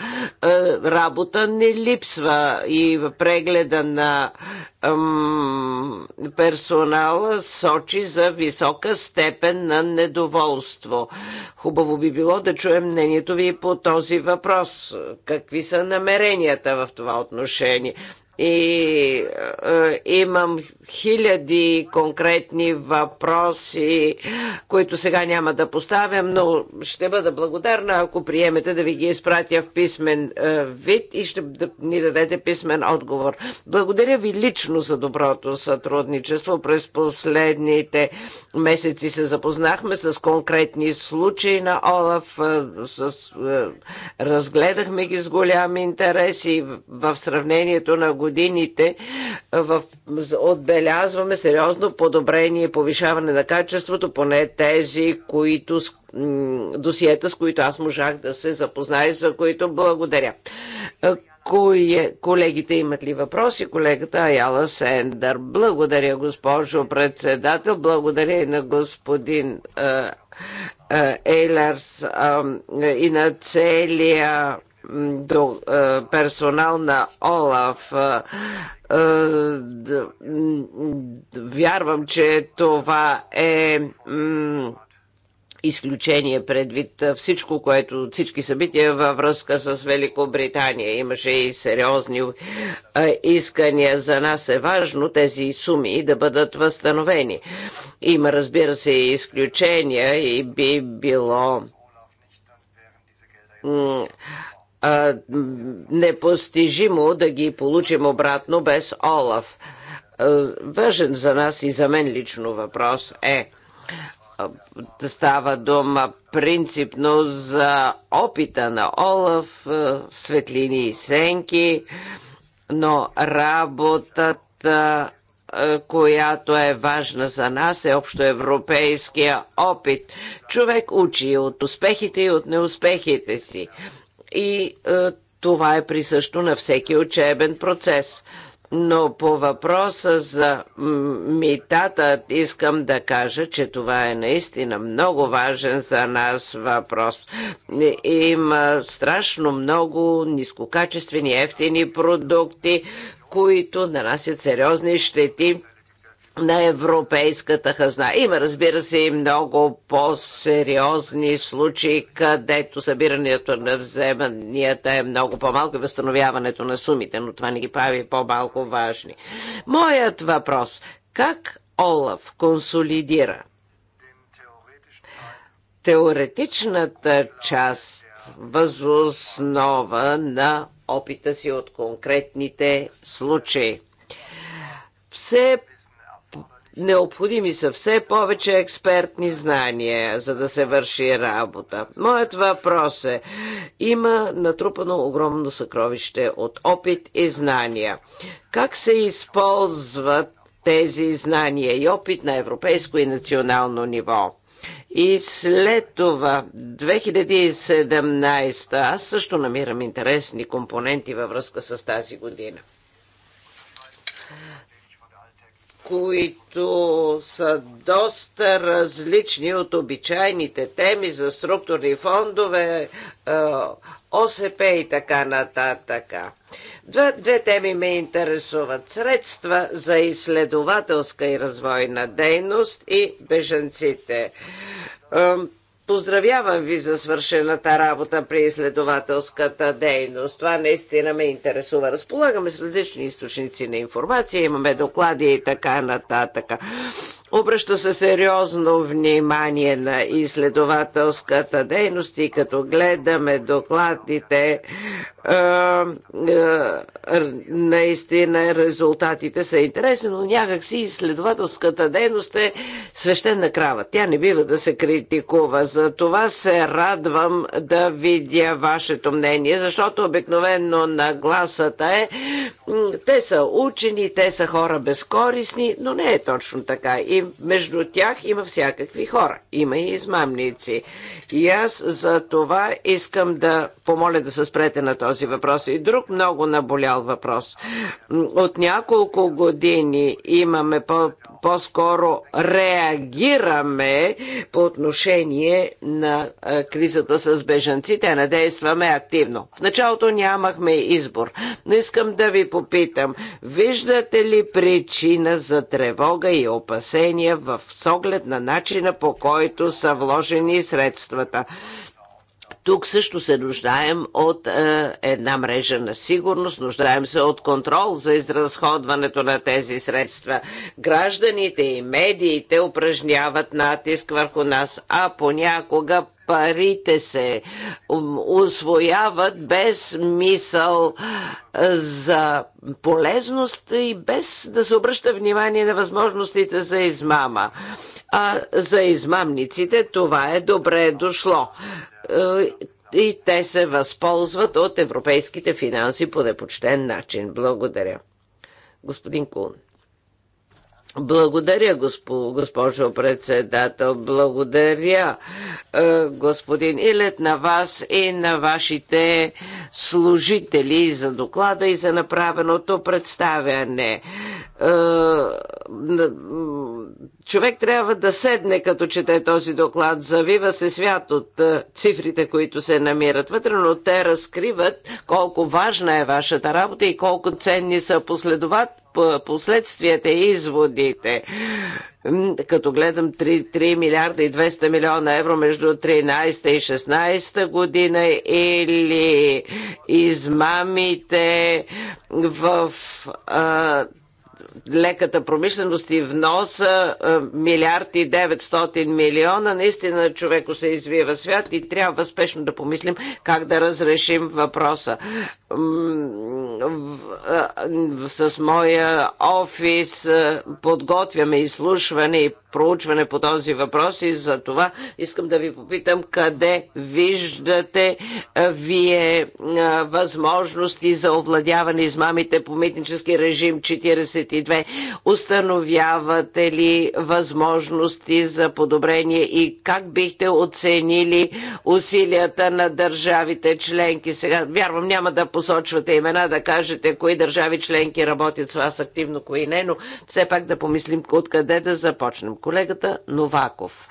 работа не липсва и в прегледа на персонала сочи за висока степен на недоволство. Хубаво би било да чуем мнението ви по този въпрос. Какви са намеренията в това отношение? и е, имам хиляди конкретни въпроси, които сега няма да поставям, но ще бъда благодарна, ако приемете да ви ги изпратя в писмен е, вид и ще да, ни дадете писмен отговор. Благодаря ви лично за доброто сътрудничество. През последните месеци се запознахме с конкретни случаи на Олаф, е, с, е, разгледахме ги с голям интерес и в, в сравнението на годината годините е, в, отбелязваме сериозно подобрение и повишаване на качеството, поне тези, които досиета, с които аз можах да се запозная и за които благодаря. Е, Кое, колегите имат ли въпроси? Колегата Аяла Сендър. Благодаря, госпожо председател. Благодаря и на господин а, е, а, Ейлерс а, и на целия до е, персонал на Олаф. Е, е, вярвам, че това е изключение предвид всичко, което всички събития във връзка с Великобритания. Имаше и сериозни искания. За нас е важно тези суми да бъдат възстановени. Има, разбира се, и изключения и би било а, непостижимо да ги получим обратно без Олаф. Важен за нас и за мен лично въпрос е става дума принципно за опита на Олаф, светлини и сенки, но работата която е важна за нас, е общоевропейския опит. Човек учи от успехите и от неуспехите си и е, това е присъщо на всеки учебен процес. Но по въпроса за митата искам да кажа, че това е наистина много важен за нас въпрос. Има страшно много нискокачествени, ефтини продукти, които нанасят сериозни щети на европейската хазна. Има, разбира се, и много по-сериозни случаи, където събирането на вземанията е много по-малко и възстановяването на сумите, но това не ги прави по-малко важни. Моят въпрос. Как Олаф консолидира теоретичната част възоснова на опита си от конкретните случаи? Все Необходими са все повече експертни знания, за да се върши работа. Моят въпрос е, има натрупано огромно съкровище от опит и знания. Как се използват тези знания и опит на европейско и национално ниво? И след това, 2017, аз също намирам интересни компоненти във връзка с тази година. които са доста различни от обичайните теми за структурни фондове, е, ОСП и така нататък. Две, две теми ме интересуват. Средства за изследователска и развойна дейност и беженците. Поздравявам ви за свършената работа при изследователската дейност. Това наистина ме интересува. Разполагаме с различни източници на информация, имаме доклади и така нататък. Обръща се сериозно внимание на изследователската дейност и като гледаме докладите, е, е, наистина резултатите са интересни, но някакси изследователската дейност е свещена крава. Тя не бива да се критикува. За това се радвам да видя вашето мнение, защото обикновено нагласата е те са учени, те са хора безкорисни, но не е точно така. И и между тях има всякакви хора. Има и измамници. И аз за това искам да помоля да се спрете на този въпрос. И друг много наболял въпрос. От няколко години имаме по по-скоро реагираме по отношение на кризата с бежанците, а не действаме активно. В началото нямахме избор, но искам да ви попитам, виждате ли причина за тревога и опасения в соглед на начина по който са вложени средствата? Тук също се нуждаем от е, една мрежа на сигурност, нуждаем се от контрол за изразходването на тези средства. Гражданите и медиите упражняват натиск върху нас, а понякога парите се освояват без мисъл за полезност и без да се обръща внимание на възможностите за измама. А за измамниците това е добре дошло. И те се възползват от европейските финанси по непочтен начин. Благодаря. Господин Кун. Благодаря, госпожо председател. Благодаря, е, господин Илет, на вас и на вашите служители за доклада и за направеното представяне. Е, човек трябва да седне, като чете този доклад, завива се свят от е, цифрите, които се намират вътре, но те разкриват колко важна е вашата работа и колко ценни са последоват, последствията и изводите. Като гледам 3, 3 милиарда и 200 милиона евро между 13 и 16 година или измамите в а, леката промишленост и вноса е, милиард и 900 милиона. Наистина човеко се извива свят и трябва спешно да помислим как да разрешим въпроса. Е, с моя офис е, подготвяме изслушване и проучване по този въпрос и за това искам да ви попитам къде виждате вие възможности за овладяване измамите по митнически режим 42. Установявате ли възможности за подобрение и как бихте оценили усилията на държавите членки? Сега, вярвам, няма да посочвате имена, да кажете кои държави членки работят с вас активно, кои не, но все пак да помислим откъде да започнем колегата Новаков.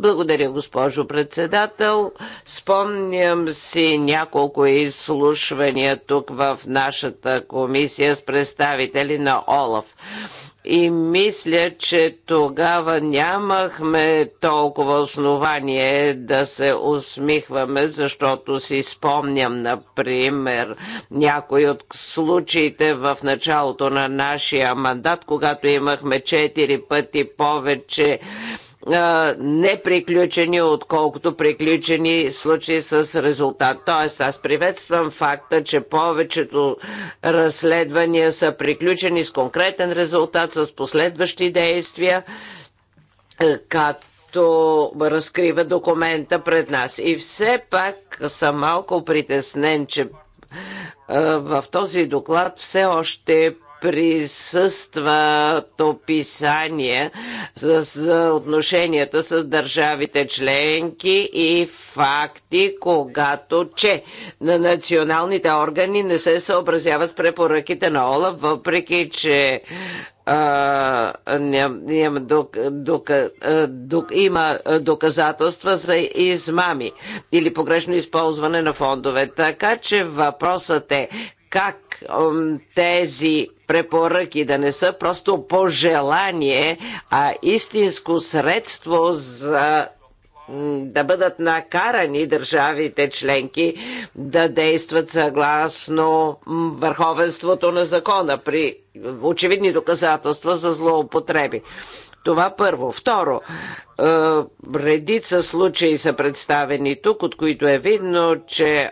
Благодаря, госпожо председател. Спомням си няколко изслушвания тук в нашата комисия с представители на ОЛАФ. И мисля, че тогава нямахме толкова основание да се усмихваме, защото си спомням, например, някои от случаите в началото на нашия мандат, когато имахме четири пъти повече неприключени, отколкото приключени случаи с резултат. Тоест, аз приветствам факта, че повечето разследвания са приключени с конкретен резултат, с последващи действия, е, като който разкрива документа пред нас. И все пак съм малко притеснен, че е, в този доклад все още присъстват описания за, за отношенията с държавите членки и факти, когато че на националните органи не се съобразяват с препоръките на ОЛА, въпреки че има доказателства за измами или погрешно използване на фондове. Така че въпросът е как тези препоръки, да не са просто пожелание, а истинско средство за да бъдат накарани държавите членки да действат съгласно върховенството на закона при очевидни доказателства за злоупотреби. Това първо. Второ, е, редица случаи са представени тук, от които е видно, че е,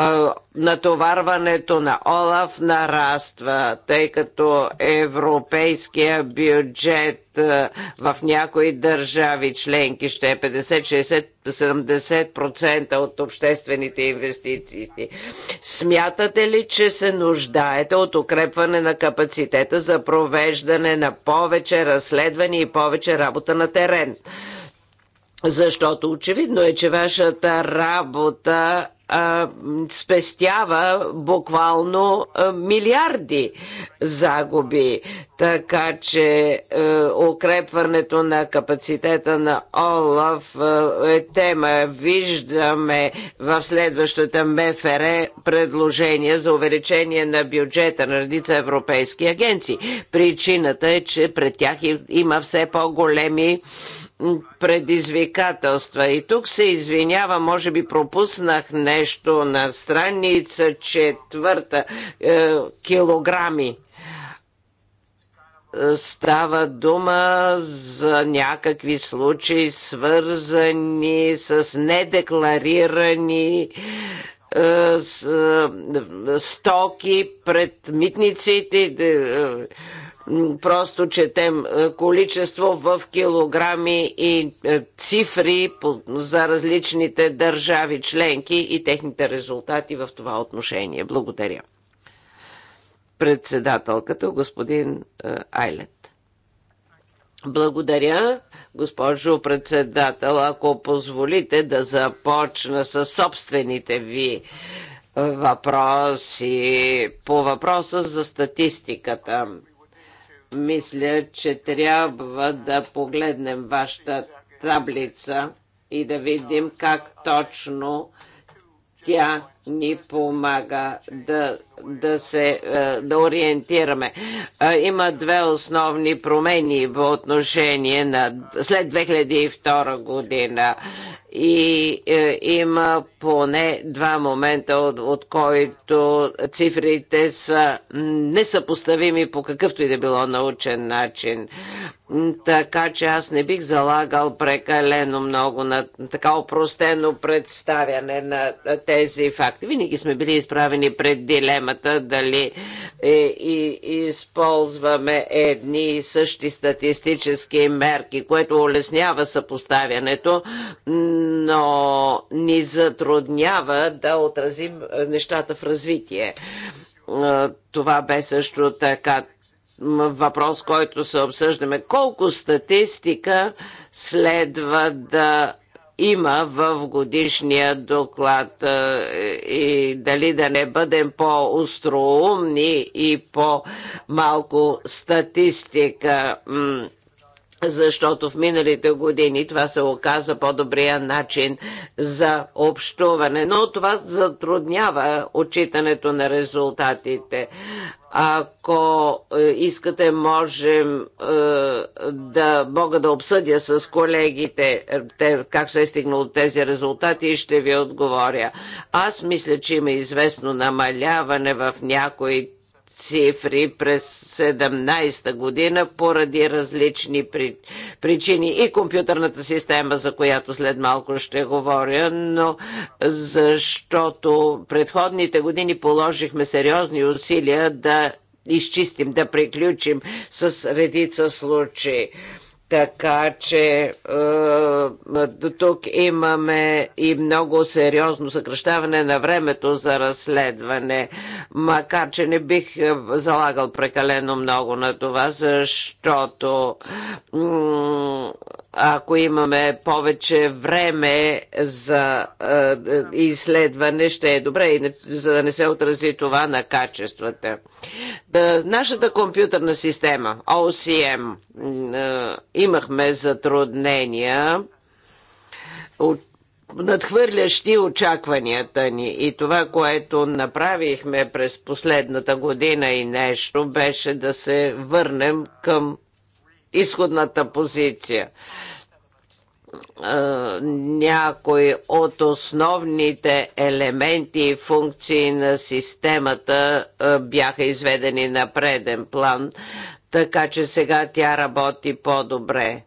е, натоварването на Олаф нараства, тъй като европейския бюджет в някои държави членки ще е 50, 60, 70% от обществените инвестиции. Смятате ли, че се нуждаете от укрепване на капацитета за провеждане на повече разследвания и повече работа на терен. Защото очевидно е, че вашата работа спестява буквално милиарди загуби. Така че укрепването на капацитета на ОЛАФ е тема. Виждаме в следващата МФР предложение за увеличение на бюджета на редица европейски агенции. Причината е, че пред тях има все по-големи предизвикателства. И тук се извинява, може би пропуснах нещо на страница четвърта, е, килограми става дума за някакви случаи, свързани с недекларирани е, с, е, стоки пред митниците. Е, просто четем е, количество в килограми и е, цифри за различните държави членки и техните резултати в това отношение. Благодаря. Председателката господин е, Айлет. Благодаря, госпожо председател. Ако позволите да започна с собствените ви въпроси по въпроса за статистиката мисля, че трябва да погледнем вашата таблица и да видим как точно тя ни помага да да се е, да ориентираме. Е, има две основни промени по отношение на след 2002 година и е, има поне два момента, от, от които цифрите са несъпоставими по какъвто и да било научен начин. Така че аз не бих залагал прекалено много на така опростено представяне на тези факти. Винаги сме били изправени пред дилема темата дали е, и, използваме едни и същи статистически мерки, което улеснява съпоставянето, но ни затруднява да отразим нещата в развитие. Това бе също така въпрос, който се обсъждаме. Колко статистика следва да има в годишния доклад и дали да не бъдем по-остроумни и по-малко статистика защото в миналите години това се оказа по-добрия начин за общуване, но това затруднява отчитането на резултатите. Ако е, искате, можем е, да мога да обсъдя с колегите как се е стигнало тези резултати и ще ви отговоря. Аз мисля, че има известно намаляване в някои цифри през 17-та година поради различни причини и компютърната система, за която след малко ще говоря, но защото предходните години положихме сериозни усилия да изчистим, да приключим с редица случаи. Така че е, тук имаме и много сериозно съкръщаване на времето за разследване, макар че не бих е, залагал прекалено много на това, защото ако имаме повече време за е, е изследване, ще е добре, за да не се отрази това на качествата. Да, е, нашата компютърна система, OCM, е, имахме затруднения от надхвърлящи очакванията ни. И това, което направихме през последната година и нещо, беше да се върнем към изходната позиция някои от основните елементи и функции на системата бяха изведени на преден план, така че сега тя работи по-добре.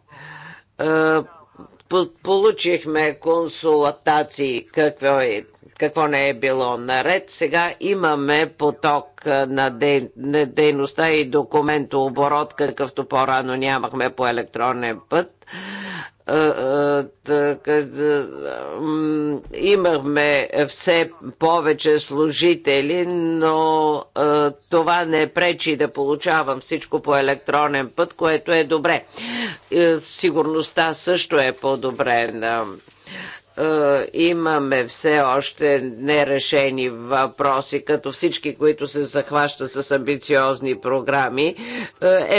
Получихме консултации какво е какво не е било наред. Сега имаме поток на, дейността и документооборот, какъвто по-рано нямахме по електронен път имахме все повече служители, но това не пречи да получавам всичко по електронен път, което е добре. Сигурността също е по-добре на е, имаме все още нерешени въпроси, като всички, които се захващат с амбициозни програми, е,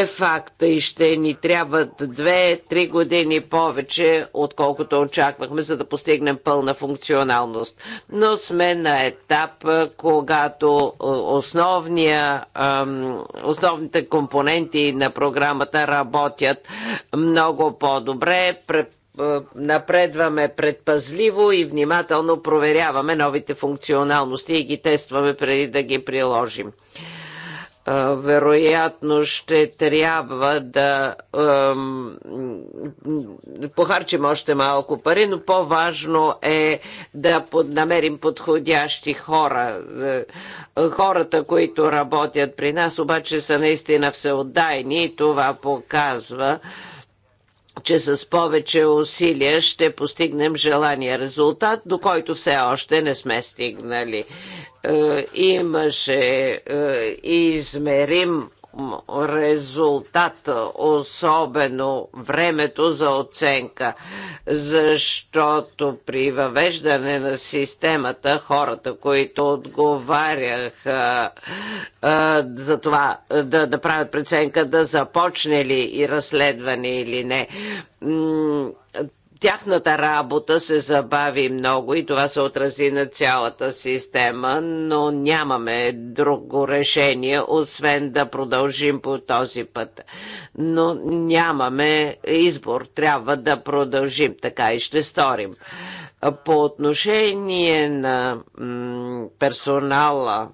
е факт и ще ни трябват две-три години повече, отколкото очаквахме, за да постигнем пълна функционалност. Но сме на етап, е, когато основния, основните компоненти на програмата работят много по-добре, е, напредваме предпазливо и внимателно проверяваме новите функционалности и ги тестваме преди да ги приложим е, вероятно ще трябва да е, похарчим още малко пари, но по-важно е да намерим подходящи хора. Е, хората, които работят при нас, обаче са наистина всеотдайни и това показва, че с повече усилия ще постигнем желания резултат, до който все още не сме стигнали. Е, имаше е, измерим резултат, особено времето за оценка, защото при въвеждане на системата хората, които отговаряха а, за това да, да правят преценка да започне ли и разследване или не, Тяхната работа се забави много и това се отрази на цялата система, но нямаме друго решение, освен да продължим по този път. Но нямаме избор, трябва да продължим, така и ще сторим. По отношение на персонала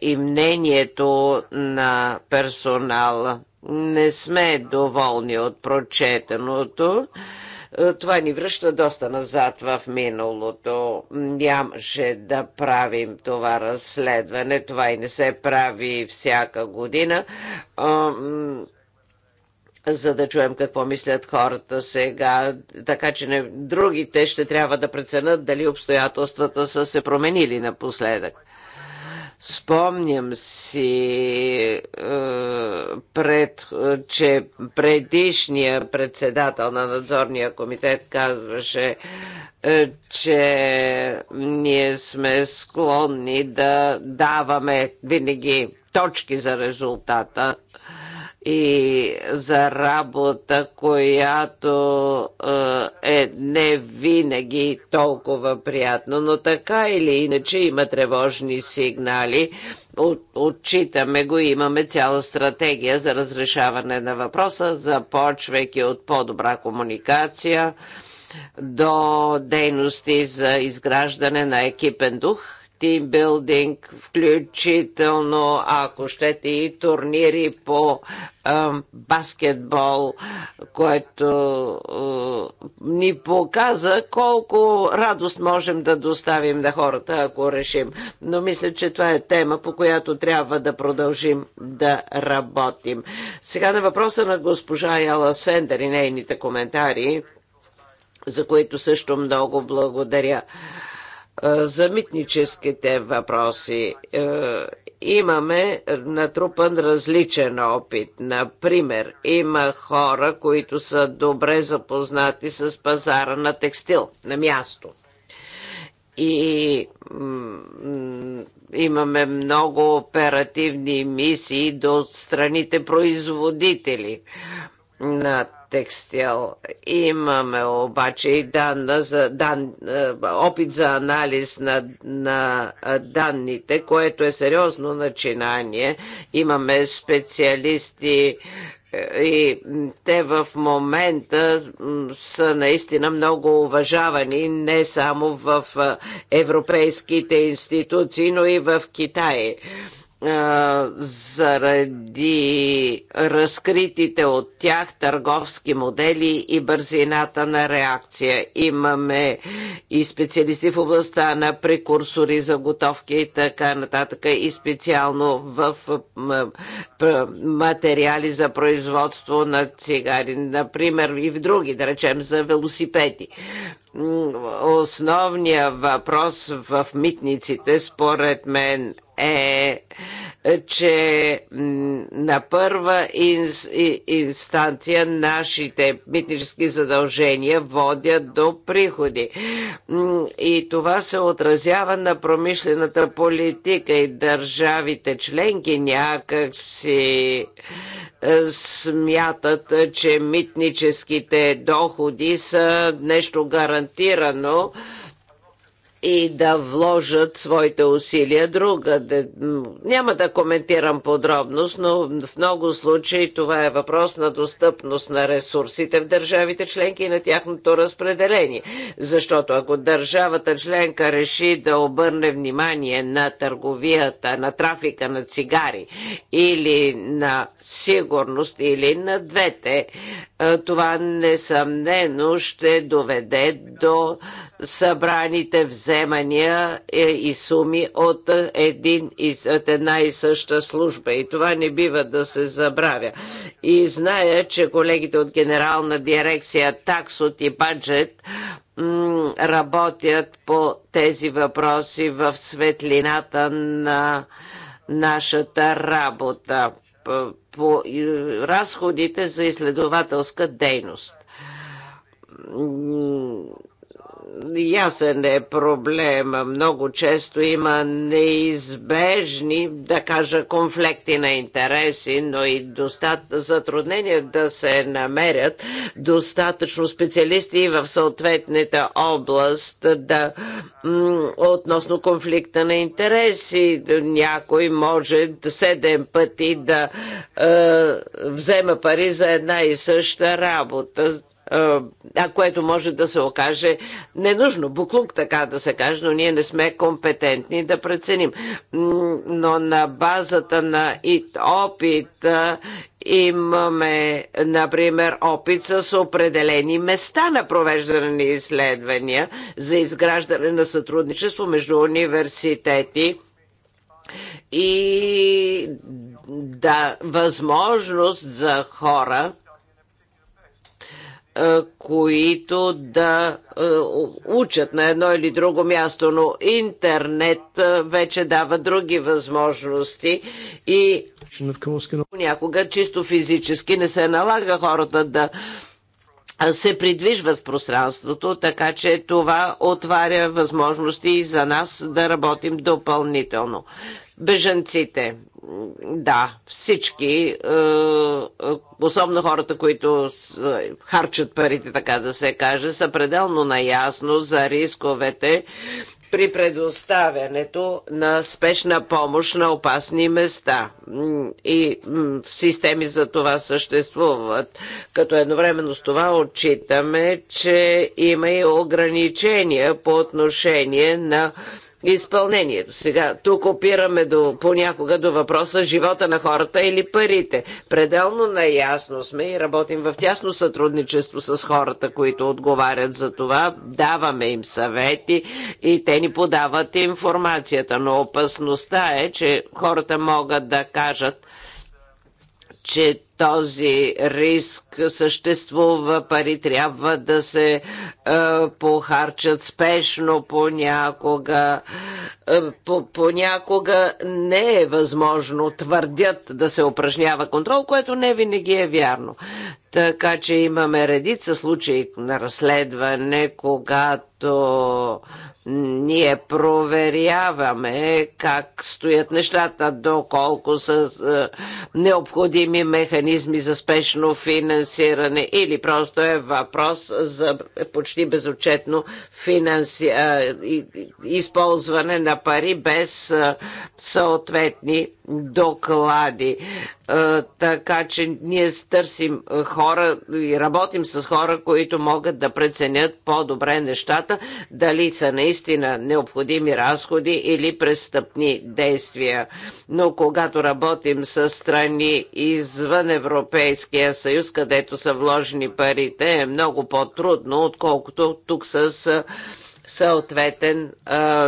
и мнението на персонала, не сме доволни от прочетеното. Е, това ни връща доста назад в миналото. Нямаше да правим това разследване. Това и не се прави всяка година е, за да чуем какво мислят хората сега, така че не, другите ще трябва да преценят дали обстоятелствата са се променили напоследък. Спомням си, е, пред, че предишния председател на надзорния комитет казваше, е, че ние сме склонни да даваме винаги точки за резултата и за работа, която е, е не винаги толкова приятно, но така или иначе има тревожни сигнали. Отчитаме го, имаме цяла стратегия за разрешаване на въпроса, започвайки от по-добра комуникация до дейности за изграждане на екипен дух тимбилдинг, включително, ако щете, и турнири по а, баскетбол, което а, ни показа колко радост можем да доставим на хората, ако решим. Но мисля, че това е тема, по която трябва да продължим да работим. Сега на въпроса на госпожа Яла Сендер и нейните коментари, за които също много благодаря за митническите въпроси е, имаме натрупан различен опит. Например, има хора, които са добре запознати с пазара на текстил на място. И имаме много оперативни мисии до страните производители на текстил. Имаме обаче и данна за, дан, е, опит за анализ на, на е, данните, което е сериозно начинание. Имаме специалисти е, и те в момента са наистина много уважавани не само в европейските институции, но и в Китай заради разкритите от тях търговски модели и бързината на реакция. Имаме и специалисти в областта на прекурсори, заготовки и така нататък, и специално в материали за производство на цигари, например, и в други, да речем, за велосипеди. Основният въпрос в митниците, според мен, е че на първа инстанция нашите митнически задължения водят до приходи. И това се отразява на промишлената политика и държавите членки някак си е, смятат, че митническите доходи са нещо гарантирано и да вложат своите усилия друга. Няма да коментирам подробност, но в много случаи това е въпрос на достъпност на ресурсите в държавите членки и на тяхното разпределение. Защото ако държавата членка реши да обърне внимание на търговията, на трафика на цигари или на сигурност или на двете, е, това несъмнено ще доведе до събраните вземания вземания е, и суми от, е, един, от една и съща служба. И това не бива да се забравя. И зная, че колегите от Генерална дирекция Таксот и Баджет работят по тези въпроси в светлината на нашата работа по разходите за изследователска дейност ясен е проблем. Много често има неизбежни, да кажа, конфликти на интереси, но и достат... затруднения да се намерят достатъчно специалисти в съответната област да... относно конфликта на интереси. Някой може седем пъти да е, взема пари за една и съща работа а което може да се окаже ненужно, буклук така да се каже, но ние не сме компетентни да преценим. Но на базата на опит имаме, например, опит с определени места на провеждане на изследвания за изграждане на сътрудничество между университети и да, възможност за хора които да учат на едно или друго място, но интернет вече дава други възможности и понякога чисто физически не се налага хората да се придвижват в пространството, така че това отваря възможности и за нас да работим допълнително. Бежанците да, всички, е, е, особено хората, които е, харчат парите, така да се каже, са пределно наясно за рисковете при предоставянето на спешна помощ на опасни места. И системи за това съществуват. Като едновременно с това отчитаме, че има и ограничения по отношение на изпълнението. Сега тук опираме до, понякога до въпроса живота на хората или парите. Пределно наясно сме и работим в тясно сътрудничество с хората, които отговарят за това. Даваме им съвети и те ни подават информацията. Но опасността е, че хората могат да кажат, че този риск съществува, пари трябва да се е, похарчат спешно понякога. Е, по, понякога не е възможно, твърдят да се упражнява контрол, което не винаги е вярно. Така че имаме редица случаи на разследване, когато ние проверяваме как стоят нещата, доколко са е, необходими механизми механизми за спешно финансиране или просто е въпрос за почти безотчетно финанси... използване на пари без съответни доклади. Така че ние търсим хора и работим с хора, които могат да преценят по-добре нещата, дали са наистина необходими разходи или престъпни действия. Но когато работим с страни извън Европейския съюз, където са вложени парите, е много по-трудно, отколкото тук с съответен,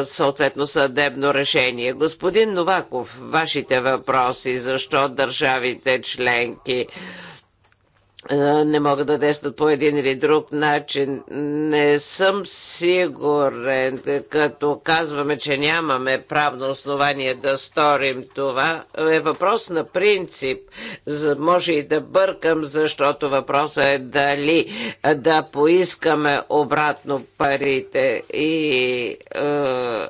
съответно съдебно решение. Господин Новаков, вашите въпроси, защо държавите членки не могат да действат по един или друг начин. Не съм сигурен, като казваме, че нямаме правно основание да сторим това. Е въпрос на принцип. Може и да бъркам, защото въпросът е дали да поискаме обратно парите и е,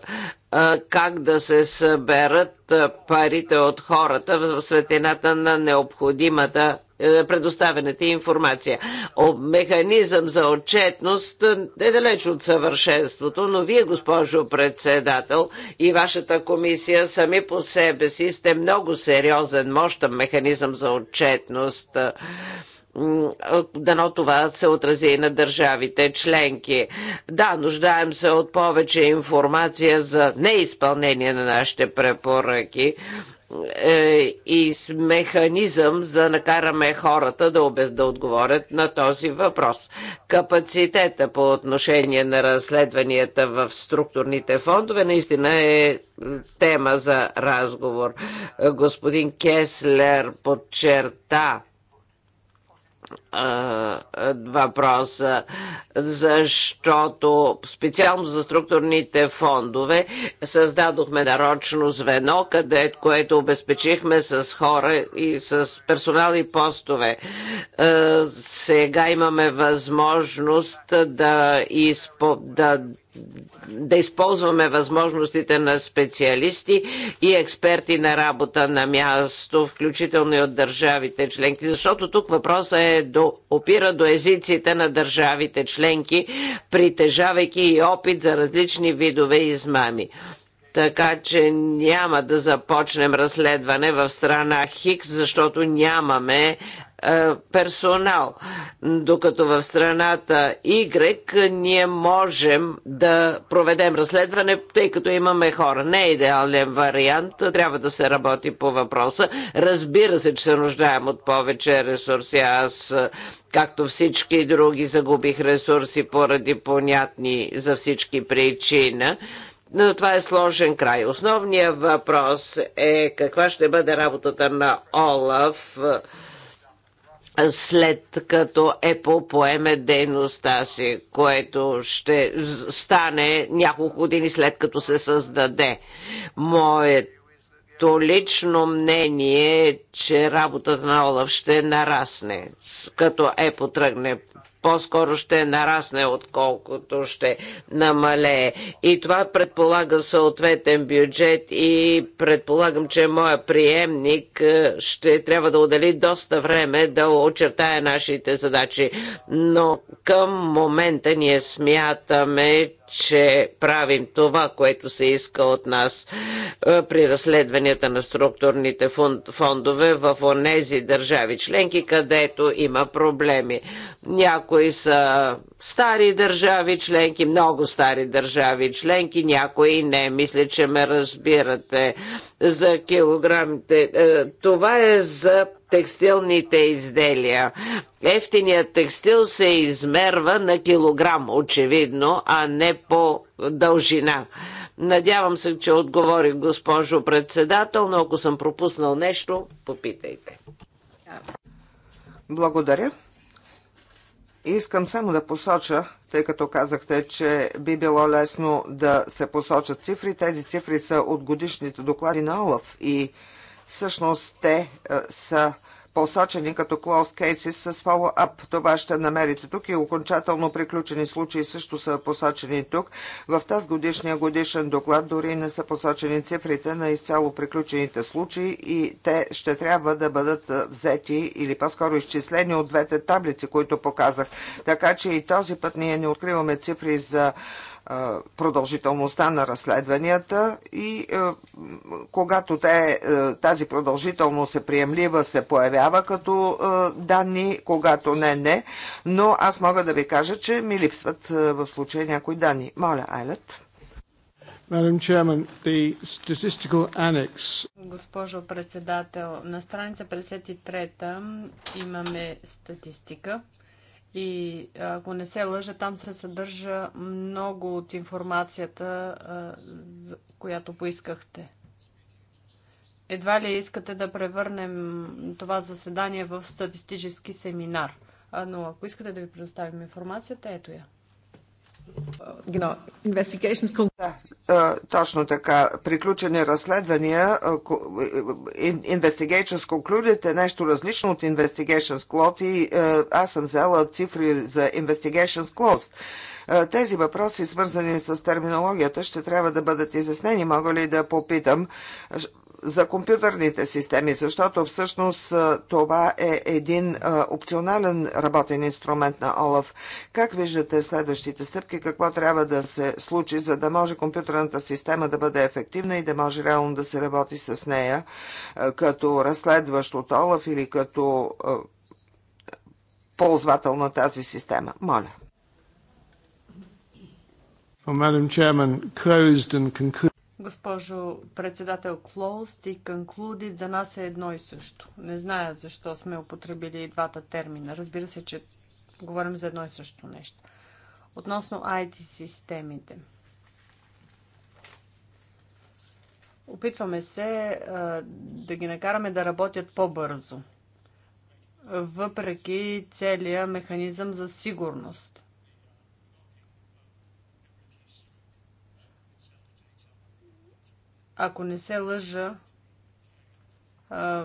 как да се съберат парите от хората в светлината на необходимата е, предоставената информация. Механизъм за отчетност е далеч от съвършенството, но вие, госпожо председател, и вашата комисия сами по себе си сте много сериозен, мощен механизъм за отчетност дано това се отрази и на държавите членки. Да, нуждаем се от повече информация за неизпълнение на нашите препоръки е, и с механизъм за да накараме хората да, обез, да отговорят на този въпрос. Капацитета по отношение на разследванията в структурните фондове наистина е тема за разговор. Господин Кеслер подчерта, въпроса, защото специално за структурните фондове създадохме нарочно звено, къде, което обезпечихме с хора и с персонал и постове. Сега имаме възможност да, изпо, да да използваме възможностите на специалисти и експерти на работа на място, включително и от държавите членки, защото тук въпросът е до, опира до езиците на държавите членки, притежавайки и опит за различни видове измами. Така че няма да започнем разследване в страна Хикс, защото нямаме е, персонал. Докато в страната Y ние можем да проведем разследване, тъй като имаме хора. Не е идеален вариант, трябва да се работи по въпроса. Разбира се, че се нуждаем от повече ресурси. Аз, е, както всички други, загубих ресурси поради понятни за всички причина. Но това е сложен край. Основният въпрос е каква ще бъде работата на Олаф след като ЕПО поеме дейността си, което ще стане няколко години след като се създаде. моето лично мнение е, че работата на Олаф ще нарасне, като е тръгне по-скоро ще нарасне, отколкото ще намалее. И това предполага съответен бюджет и предполагам, че моя приемник е, ще трябва да отдели доста време да очертая нашите задачи. Но към момента ние смятаме, че правим това, което се иска от нас е, при разследванията на структурните фондове в онези държави членки, където има проблеми. Някои са Стари държави членки, много стари държави членки, някои не, мисля, че ме разбирате за килограмите. Е, това е за текстилните изделия. Ефтиният текстил се измерва на килограм, очевидно, а не по дължина. Надявам се, че отговорих, госпожо председател, но ако съм пропуснал нещо, попитайте. Благодаря. Искам само да посоча, тъй като казахте, че би било лесно да се посочат цифри. Тези цифри са от годишните доклади на ОЛАФ и всъщност те е, са посочени като close cases с follow-up. Това ще намерите тук и окончателно приключени случаи също са посочени тук. В тази годишния годишен доклад дори не са посочени цифрите на изцяло приключените случаи и те ще трябва да бъдат взети или по-скоро изчислени от двете таблици, които показах. Така че и този път ние не откриваме цифри за продължителността на разследванията и когато те, тази продължителност е приемлива, се появява като данни, когато не, не. Но аз мога да ви кажа, че ми липсват в случая някои данни. Моля, Айлет. Госпожо председател, на страница 53 имаме статистика. И ако не се лъжа, там се съдържа много от информацията, която поискахте. Едва ли искате да превърнем това заседание в статистически семинар? Но ако искате да ви предоставим информацията, ето я точно така. Приключени разследвания, Investigations Concluded е нещо различно от Investigations Closed и аз съм взела цифри за Investigations Closed. Тези въпроси, свързани с терминологията, ще трябва да бъдат изяснени. Мога ли да попитам, за компютърните системи, защото всъщност това е един опционален работен инструмент на ОЛАФ. Как виждате следващите стъпки, какво трябва да се случи, за да може компютърната система да бъде ефективна и да може реално да се работи с нея като разследващ от ОЛАФ или като ползвател на тази система? Моля. Well, Madam Chairman, closed and concluded. Госпожо председател, closed и concluded за нас е едно и също. Не зная защо сме употребили и двата термина. Разбира се, че говорим за едно и също нещо. Относно IT системите. Опитваме се а, да ги накараме да работят по-бързо, въпреки целия механизъм за сигурност – Ако не се лъжа,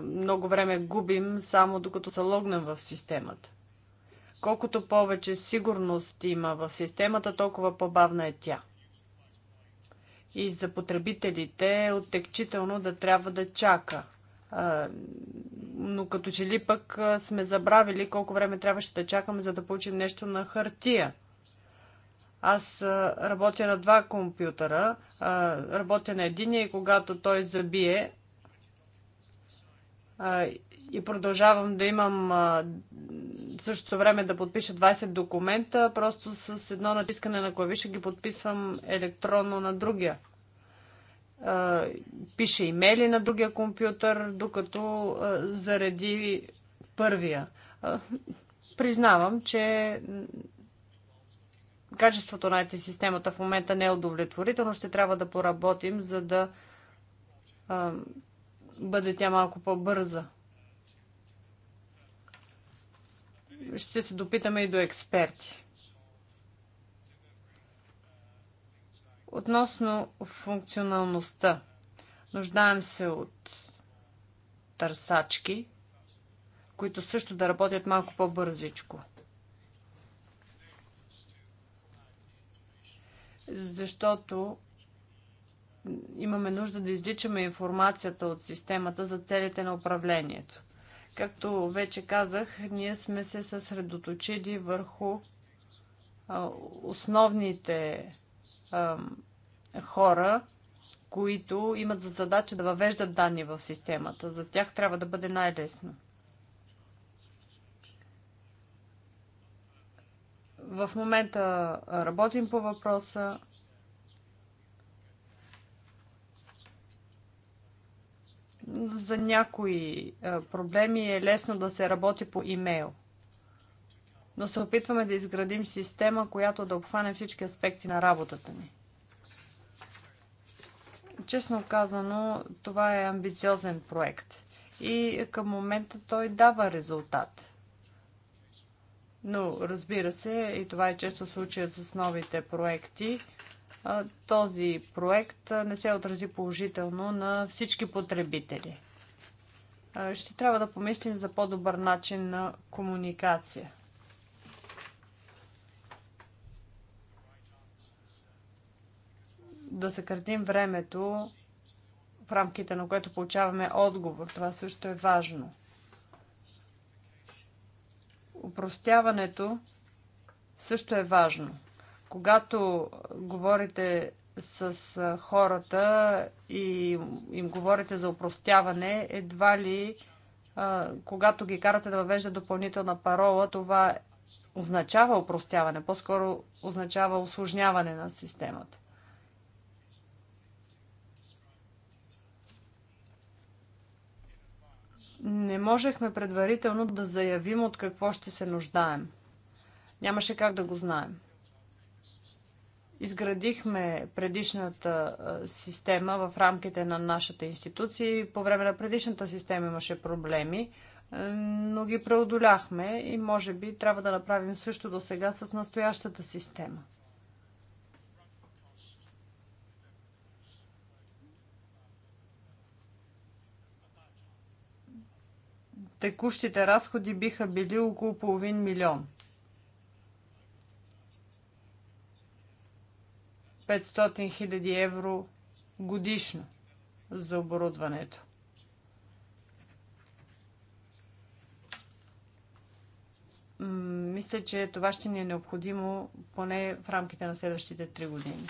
много време губим, само докато се логнем в системата. Колкото повече сигурност има в системата, толкова по-бавна е тя. И за потребителите е оттекчително да трябва да чака. Но като че ли пък сме забравили колко време трябваше да чакаме, за да получим нещо на хартия. Аз работя на два компютъра. Работя на един и когато той забие и продължавам да имам същото време да подпиша 20 документа, просто с едно натискане на клавиша ги подписвам електронно на другия. Пише имейли на другия компютър, докато зареди първия. Признавам, че качеството на IT-системата в момента не е удовлетворително. Ще трябва да поработим, за да а, бъде тя малко по-бърза. Ще се допитаме и до експерти. Относно функционалността. Нуждаем се от търсачки, които също да работят малко по-бързичко. защото имаме нужда да изличаме информацията от системата за целите на управлението. Както вече казах, ние сме се съсредоточили върху основните хора, които имат за задача да въвеждат данни в системата. За тях трябва да бъде най-лесно. В момента работим по въпроса. За някои проблеми е лесно да се работи по имейл. Но се опитваме да изградим система, която да обхване всички аспекти на работата ни. Честно казано, това е амбициозен проект. И към момента той дава резултат но разбира се, и това е често случая с новите проекти, този проект не се отрази положително на всички потребители. Ще трябва да помислим за по-добър начин на комуникация. Да съкратим времето, в рамките на което получаваме отговор. Това също е важно. Упростяването също е важно. Когато говорите с хората и им говорите за упростяване, едва ли когато ги карате да въвеждат допълнителна парола, това означава упростяване, по-скоро означава осложняване на системата. не можехме предварително да заявим от какво ще се нуждаем. Нямаше как да го знаем. Изградихме предишната система в рамките на нашата институция и по време на предишната система имаше проблеми, но ги преодоляхме и може би трябва да направим също до сега с настоящата система. текущите разходи биха били около половин милион. 500 хиляди евро годишно за оборудването. Мисля, че това ще ни е необходимо поне в рамките на следващите 3 години.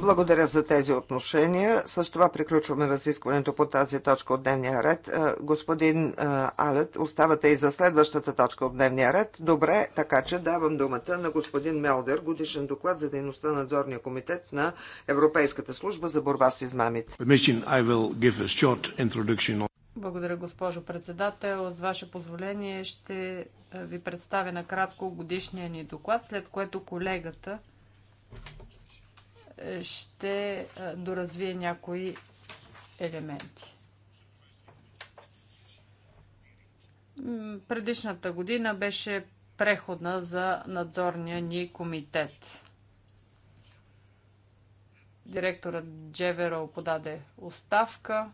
Благодаря за тези отношения. С това приключваме разискването по тази точка от дневния ред. Е, господин е, Алет, оставате и за следващата точка от дневния ред. Добре, така че давам думата на господин Мелдер, годишен доклад за дейността на надзорния комитет на Европейската служба за борба с измамите. Благодаря, госпожо председател. С ваше позволение ще е, ви представя накратко годишния ни доклад, след което колегата ще доразвие някои елементи. Предишната година беше преходна за надзорния ни комитет. Директорът Джеверо подаде оставка.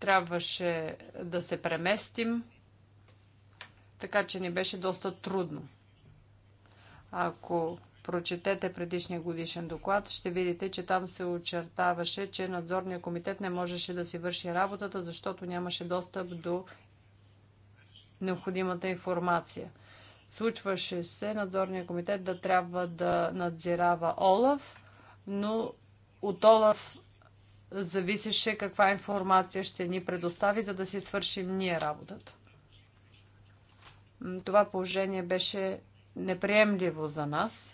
Трябваше да се преместим, така че ни беше доста трудно. Ако прочетете предишния годишен доклад, ще видите, че там се очертаваше, че надзорният комитет не можеше да си върши работата, защото нямаше достъп до необходимата информация. Случваше се надзорният комитет да трябва да надзирава Олаф, но от Олаф зависеше каква информация ще ни предостави, за да си свършим ние работата. Това положение беше неприемливо за нас –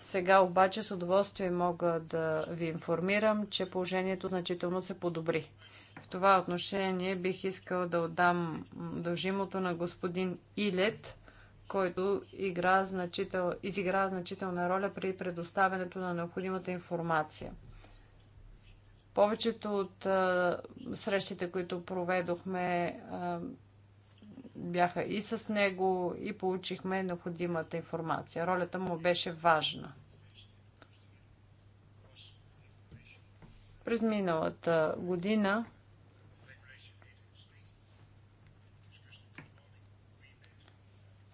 сега обаче с удоволствие мога да ви информирам, че положението значително се подобри. В това отношение бих искал да отдам дължимото на господин Илет, който игра значител, изигра значителна роля при предоставянето на необходимата информация. Повечето от а, срещите, които проведохме, а, бяха и с него и получихме необходимата информация. Ролята му беше важна. През миналата година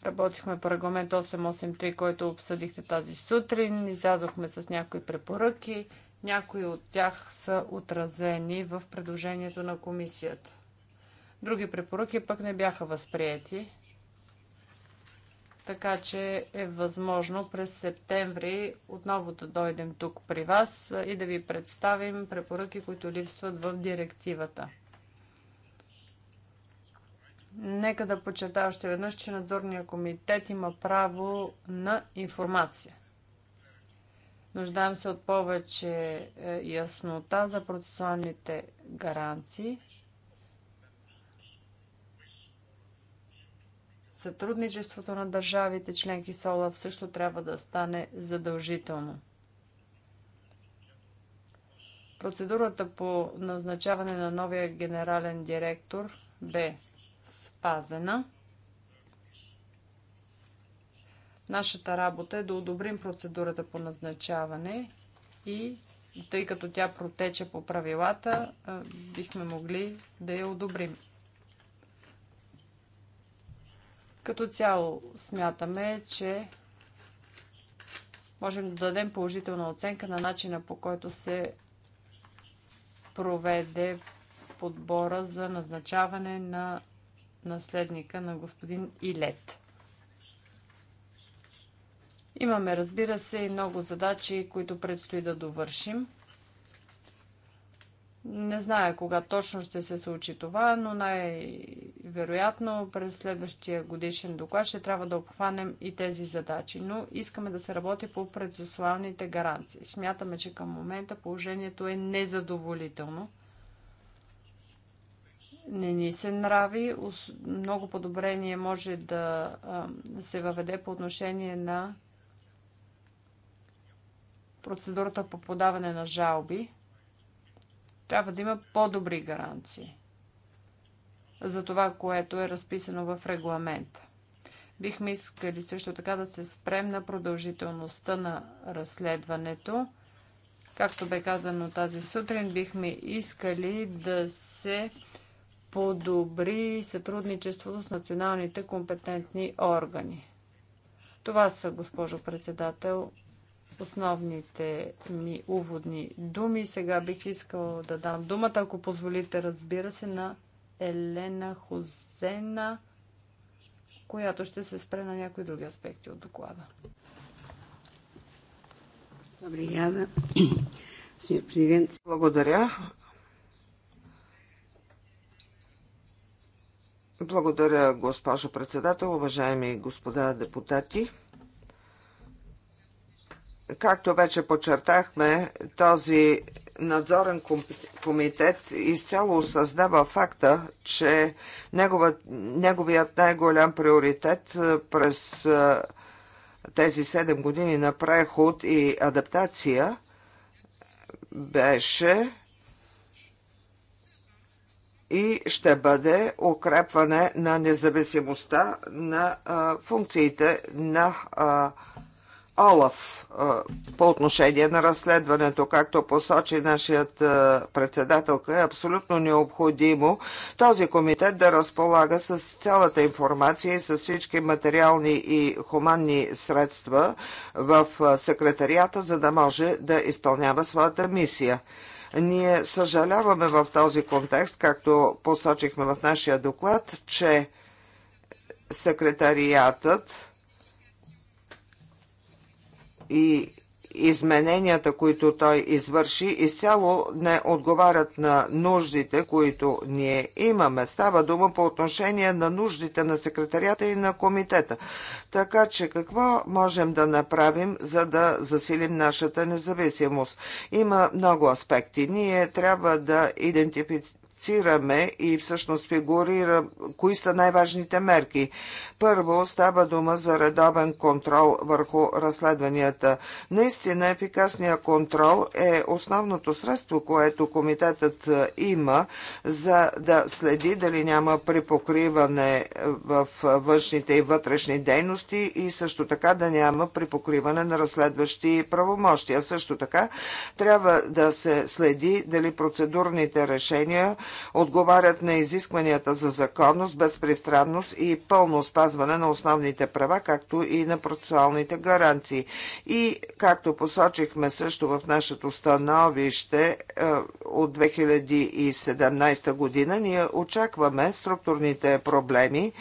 Работихме по регламент 883, който обсъдихте тази сутрин. Излязохме с някои препоръки. Някои от тях са отразени в предложението на комисията. Други препоръки пък не бяха възприяти. Така че е възможно през септември отново да дойдем тук при вас и да ви представим препоръки, които липсват в директивата. Нека да почета още веднъж, че надзорния комитет има право на информация. Нуждаем се от повече е, яснота за процесуалните гаранции. Сътрудничеството на държавите членки с ОЛАФ също трябва да стане задължително. Процедурата по назначаване на новия генерален директор бе спазена. Нашата работа е да одобрим процедурата по назначаване и тъй като тя протече по правилата, бихме могли да я одобрим. Като цяло смятаме, че можем да дадем положителна оценка на начина по който се проведе подбора за назначаване на наследника на господин Илет. Имаме, разбира се, и много задачи, които предстои да довършим. Не зная кога точно ще се случи това, но най-вероятно през следващия годишен доклад ще трябва да обхванем и тези задачи. Но искаме да се работи по предсославните гаранции. Смятаме, че към момента положението е незадоволително. Не ни се нрави. Много подобрение може да се въведе по отношение на процедурата по подаване на жалби трябва да има по-добри гаранции за това, което е разписано в регламента. Бихме искали също така да се спрем на продължителността на разследването. Както бе казано тази сутрин, бихме искали да се подобри сътрудничеството с националните компетентни органи. Това са, госпожо председател, основните ми уводни думи. Сега бих искал да дам думата, ако позволите, разбира се, на Елена Хозена, която ще се спре на някои други аспекти от доклада. Obrigada, Sr. Благодаря. Благодаря, госпожо председател, уважаеми господа депутати. Както вече подчертахме, този надзорен комитет изцяло осъзнава факта, че неговият, неговият най-голям приоритет е, през е, тези 7 години на преход и адаптация беше и ще бъде укрепване на независимостта на а, е, функциите на а, Олаф по отношение на разследването, както посочи нашият председателка, е абсолютно необходимо този комитет да разполага с цялата информация и с всички материални и хуманни средства в секретарията, за да може да изпълнява своята мисия. Ние съжаляваме в този контекст, както посочихме в нашия доклад, че секретариятът и измененията, които той извърши, изцяло не отговарят на нуждите, които ние имаме. Става дума по отношение на нуждите на секретарията и на комитета. Така че какво можем да направим, за да засилим нашата независимост? Има много аспекти. Ние трябва да идентифицираме и всъщност фигурира кои са най-важните мерки. Първо става дума за редовен контрол върху разследванията. Наистина ефикасният контрол е основното средство, което комитетът е, има, за да следи дали няма припокриване е, в е, външните и вътрешни дейности и също така да няма припокриване на разследващи правомощия. Също така трябва да се следи дали процедурните решения отговарят на изискванията за законност, безпристранност и пълно спазване спазване на основните права, както и на процесуалните гаранции. И както посочихме също в нашето становище е, от 2017 година, ние очакваме структурните проблеми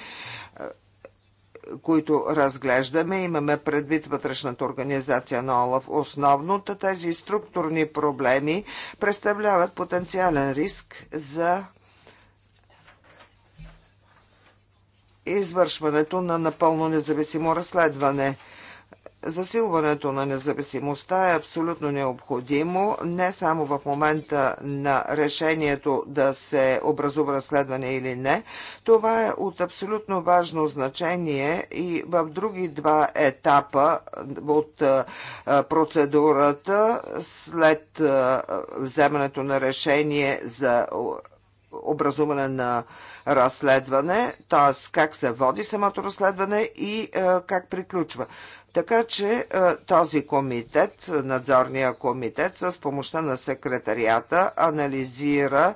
е, които разглеждаме, имаме предвид вътрешната организация на ОЛАВ. Основно тези структурни проблеми представляват потенциален риск за извършването на напълно независимо разследване. Засилването на независимостта е абсолютно необходимо не само в момента на решението да се образува разследване или не. Това е от абсолютно важно значение и в други два етапа от е, процедурата след е, вземането на решение за е, образуване на разследване, т.е. как се води самото разследване и е, как приключва. Така че е, този комитет, надзорния комитет, с помощта на секретарията анализира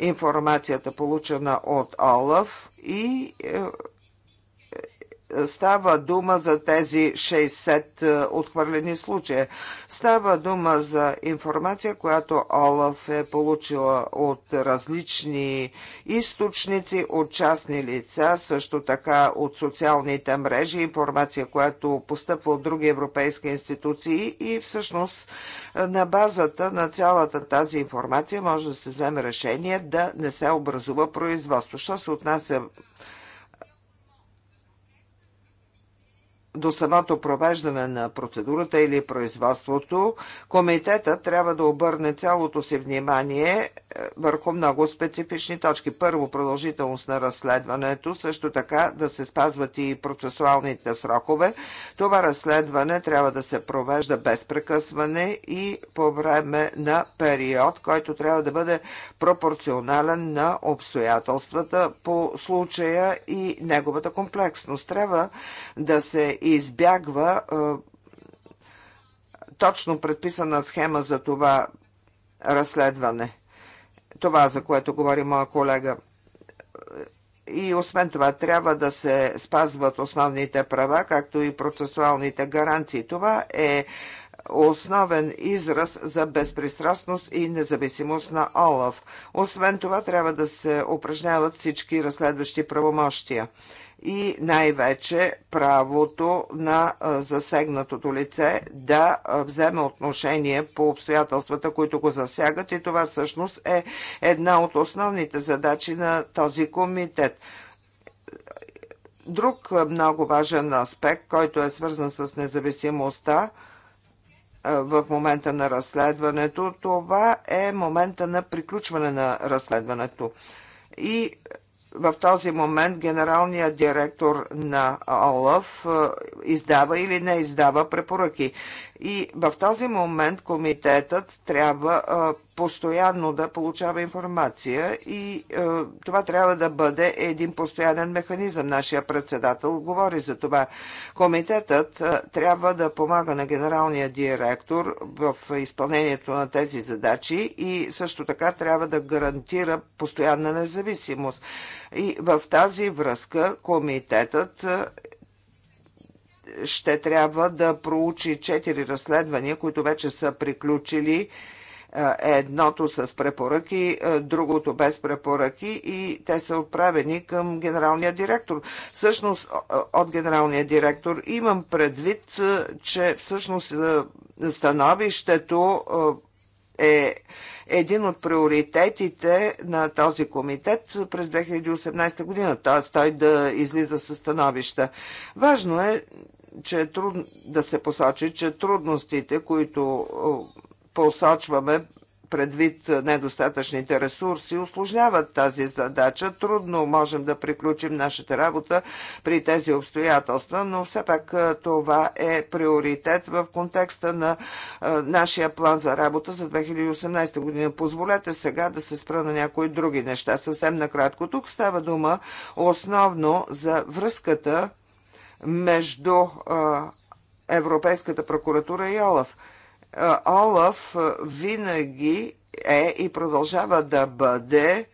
информацията получена от ОЛАФ и е, става дума за тези 60 е, отхвърлени случая. Става дума за информация, която Олаф е получила от различни източници, от частни лица, също така от социалните мрежи, информация, която постъпва от други европейски институции и всъщност е, на базата на цялата тази информация може да се вземе решение да не се образува производство. Що се отнася до самото провеждане на процедурата или производството, комитета трябва да обърне цялото си внимание е, върху много специфични точки. Първо, продължителност на разследването, също така да се спазват и процесуалните срокове. Това разследване трябва да се провежда без прекъсване и по време на период, който трябва да бъде пропорционален на обстоятелствата по случая и неговата комплексност. Трябва да се избягва точно предписана схема за това разследване. Това, за което говори моя колега. И освен това, трябва да се спазват основните права, както и процесуалните гаранции. Това е основен израз за безпристрастност и независимост на ОЛАФ. Освен това, трябва да се упражняват всички разследващи правомощия и най-вече правото на засегнатото лице да вземе отношение по обстоятелствата, които го засягат и това всъщност е една от основните задачи на този комитет. Друг много важен аспект, който е свързан с независимостта, в момента на разследването. Това е момента на приключване на разследването. И в този момент генералният директор на ОЛАФ е, издава или не издава препоръки. И в този момент комитетът трябва постоянно да получава информация и това трябва да бъде един постоянен механизъм. Нашия председател говори за това. Комитетът трябва да помага на генералния директор в изпълнението на тези задачи и също така трябва да гарантира постоянна независимост. И в тази връзка комитетът ще трябва да проучи четири разследвания, които вече са приключили е, едното с препоръки, е, другото без препоръки и те са отправени към генералния директор. Всъщност от генералния директор имам предвид, е, че всъщност становището е един от приоритетите на този комитет през 2018 година, т.е. той да излиза със становища. Важно е че е труд... да се посочи, че трудностите, които е, посочваме предвид недостатъчните ресурси, осложняват тази задача. Трудно можем да приключим нашата работа при тези обстоятелства, но все пак е, това е приоритет в контекста на е, нашия план за работа за 2018 година. Позволете сега да се спра на някои други неща. Съвсем накратко тук става дума основно за връзката между Европейската прокуратура и ОЛАФ. ОЛАФ винаги е и продължава да бъде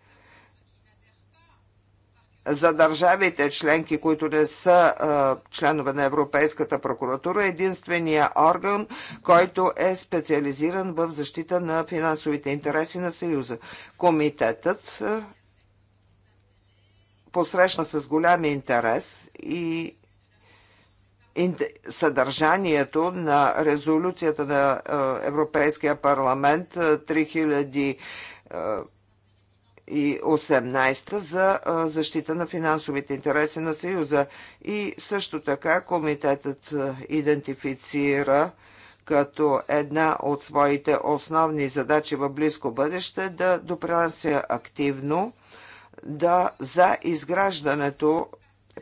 за държавите членки, които не са а, членове на Европейската прокуратура, единствения орган, който е специализиран в защита на финансовите интереси на Съюза. Комитетът а, посрещна с голям интерес и съдържанието на резолюцията на Европейския парламент 3018 за защита на финансовите интереси на Съюза. И също така комитетът идентифицира като една от своите основни задачи в близко бъдеще да допринася активно да, за изграждането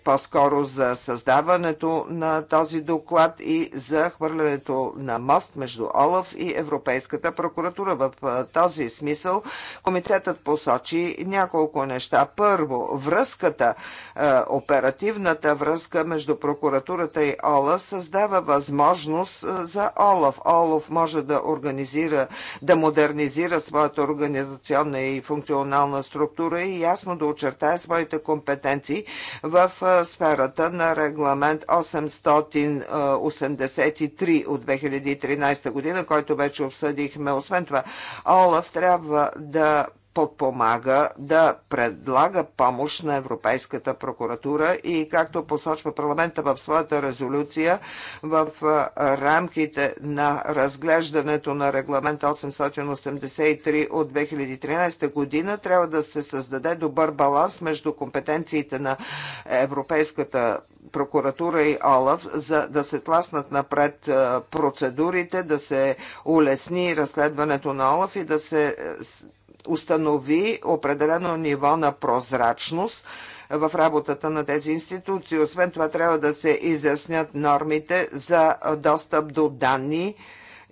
по-скоро за създаването на този доклад и за хвърлянето на мост между ОЛАФ и Европейската прокуратура. В този смисъл комитетът посочи няколко неща. Първо, връзката, оперативната връзка между прокуратурата и ОЛАФ създава възможност за ОЛАФ. ОЛАФ може да организира, да модернизира своята организационна и функционална структура и ясно да очертая своите компетенции в сферата на регламент 883 от 2013 година, който вече обсъдихме. Освен това, ОЛАФ трябва да подпомага да предлага помощ на Европейската прокуратура и както посочва парламента в своята резолюция в рамките на разглеждането на регламент 883 от 2013 година трябва да се създаде добър баланс между компетенциите на Европейската прокуратура и ОЛАВ, за да се тласнат напред процедурите, да се улесни разследването на Олав и да се установи определено ниво на прозрачност в работата на тези институции. Освен това трябва да се изяснят нормите за достъп до данни,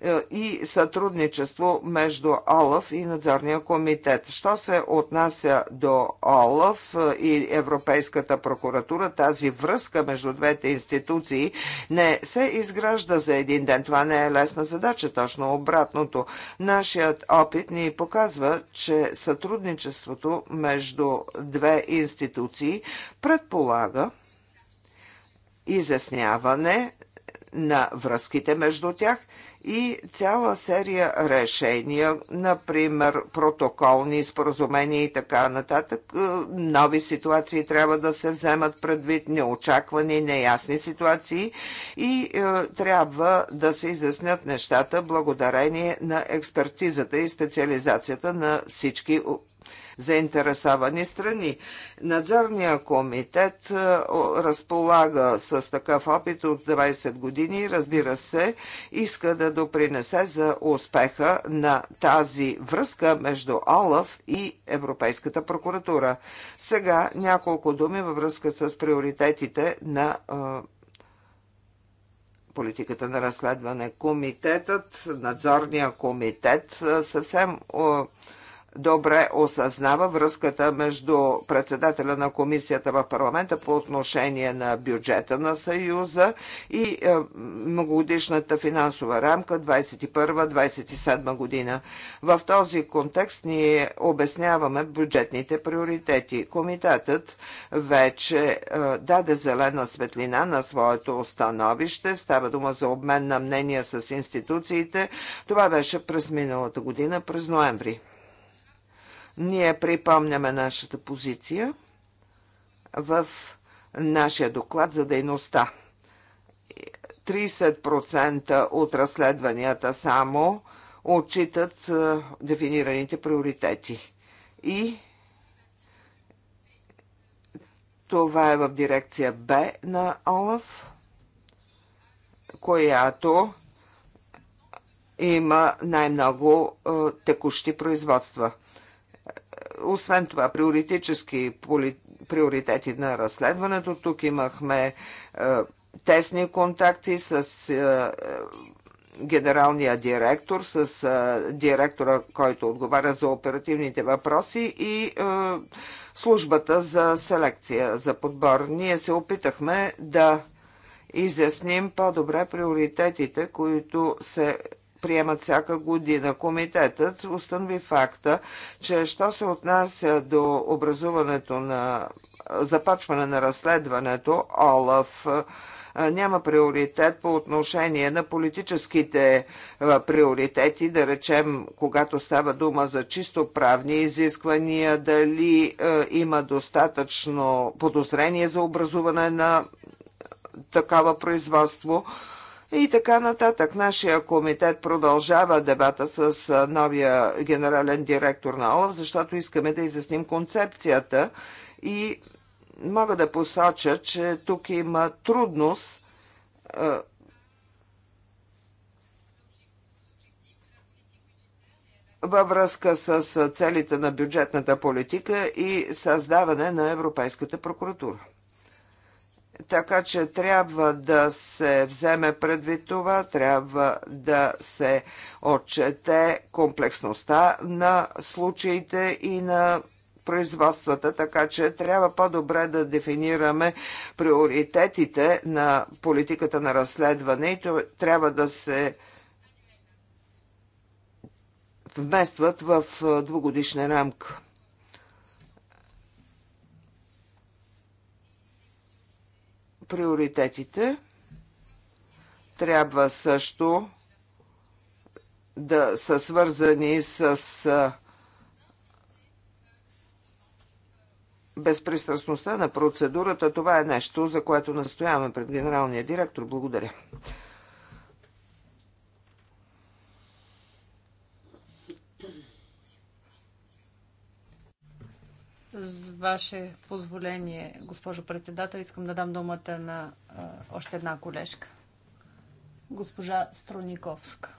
е, и сътрудничество между ОЛАФ и надзорния комитет. Що се отнася до ОЛАФ е, и Европейската прокуратура, тази връзка между двете институции не се изгражда за един ден. Това не е лесна задача, точно обратното. Нашият опит ни показва, че сътрудничеството между две институции предполага изясняване на връзките между тях – и цяла серия решения, например протоколни споразумения и така нататък. Е, нови ситуации трябва да се вземат предвид, неочаквани, неясни ситуации и е, трябва да се изяснят нещата благодарение на експертизата и специализацията на всички заинтересовани страни. Надзорният комитет е, разполага с такъв опит от 20 години и разбира се, иска да допринесе за успеха на тази връзка между ОЛАФ и Европейската прокуратура. Сега няколко думи във връзка с приоритетите на е, политиката на разследване. Комитетът, надзорния комитет е, съвсем добре осъзнава връзката между председателя на комисията в парламента по отношение на бюджета на Съюза и е, многогодишната финансова рамка 2021-2027 година. В този контекст ние обясняваме бюджетните приоритети. Комитетът вече е, даде зелена светлина на своето становище. Става дума за обмен на мнения с институциите. Това беше през миналата година, през ноември. Ние припомняме нашата позиция в нашия доклад за дейността. 30% от разследванията само отчитат е, дефинираните приоритети. И това е в дирекция Б на ОЛАФ, която има най-много е, текущи производства – освен това, приоритически приоритети на разследването. Тук имахме е, тесни контакти с е, е, генералния директор, с директора, който отговаря за оперативните въпроси и службата за селекция, за подбор. Ние се опитахме да изясним по-добре приоритетите, които се приемат всяка година. Комитетът установи факта, че що се отнася до образуването на започване на разследването, ОЛАФ няма приоритет по отношение на политическите приоритети, да речем, когато става дума за чисто правни изисквания, дали има достатъчно подозрение за образуване на такава производство и така нататък. Нашия комитет продължава дебата с новия генерален директор на ОЛАФ, защото искаме да изясним концепцията и мога да посоча, че тук има трудност във връзка с целите на бюджетната политика и създаване на Европейската прокуратура. Така че трябва да се вземе предвид това, трябва да се отчете комплексността на случаите и на производствата, така че трябва по-добре да дефинираме приоритетите на политиката на разследване и трябва да се вместват в двугодишна рамка. приоритетите трябва също да са свързани с безпристрастността на процедурата. Това е нещо, за което настояваме пред генералния директор. Благодаря. С ваше позволение, госпожо председател, искам да дам думата на а, още една колежка. Госпожа Строниковска.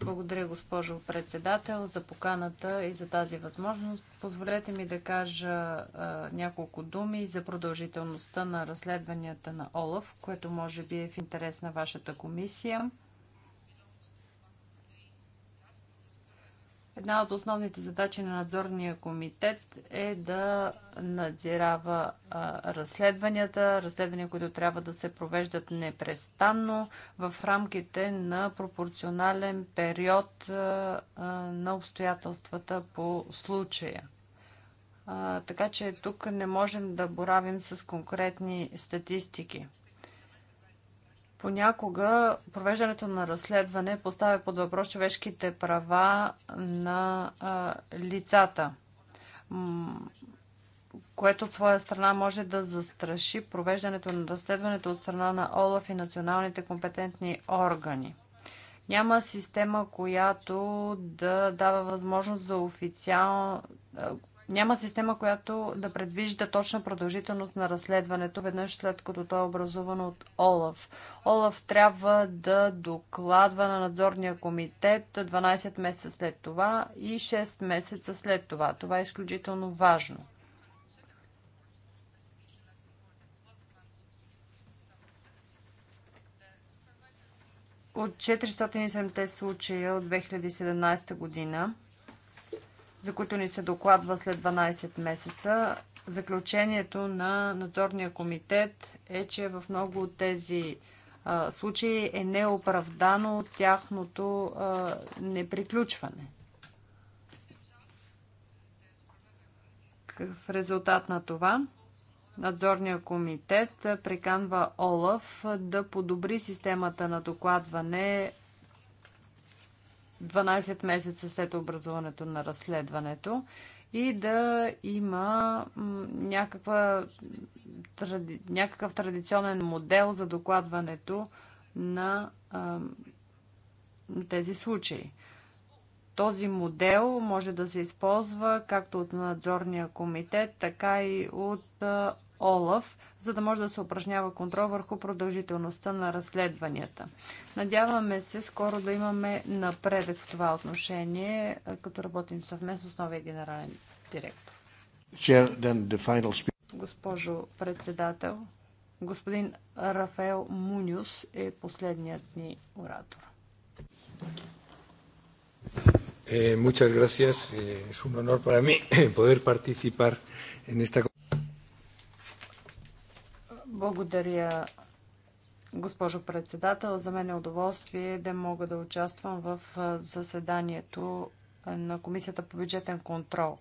Благодаря, госпожо председател, за поканата и за тази възможност. Позволете ми да кажа а, няколко думи за продължителността на разследванията на ОЛАФ, което може би е в интерес на вашата комисия. Една от основните задачи на надзорния комитет е да надзирава разследванията, разследвания, които трябва да се провеждат непрестанно в рамките на пропорционален период на обстоятелствата по случая. Така че тук не можем да боравим с конкретни статистики. Понякога провеждането на разследване поставя под въпрос човешките права на а, лицата, което от своя страна може да застраши провеждането на разследването от страна на ОЛАФ и националните компетентни органи. Няма система, която да дава възможност за официал... Няма система, която да предвижда точна продължителност на разследването, веднъж след като то е образувано от ОЛАФ. ОЛАФ трябва да докладва на надзорния комитет 12 месеца след това и 6 месеца след това. Това е изключително важно. От 470 случая от 2017 година за които ни се докладва след 12 месеца. Заключението на надзорния комитет е, че в много от тези а, случаи е неоправдано тяхното а, неприключване. В резултат на това, Надзорния комитет приканва ОЛАФ да подобри системата на докладване 12 месеца след образуването на разследването и да има някаква, тради, някакъв традиционен модел за докладването на а, тези случаи. Този модел може да се използва както от надзорния комитет, така и от а, ОЛАФ, за да може да се упражнява контрол върху продължителността на разследванията. Надяваме се скоро да имаме напредък в това отношение, като работим съвместно с новия генерален директор. Госпожо председател, господин Рафаел Муниус е последният ни оратор. Eh, muchas gracias. Eh, es un honor para mí eh, poder participar en esta. Благодаря, госпожо председател. За мен е удоволствие да мога да участвам в заседанието на Комисията по бюджетен контрол.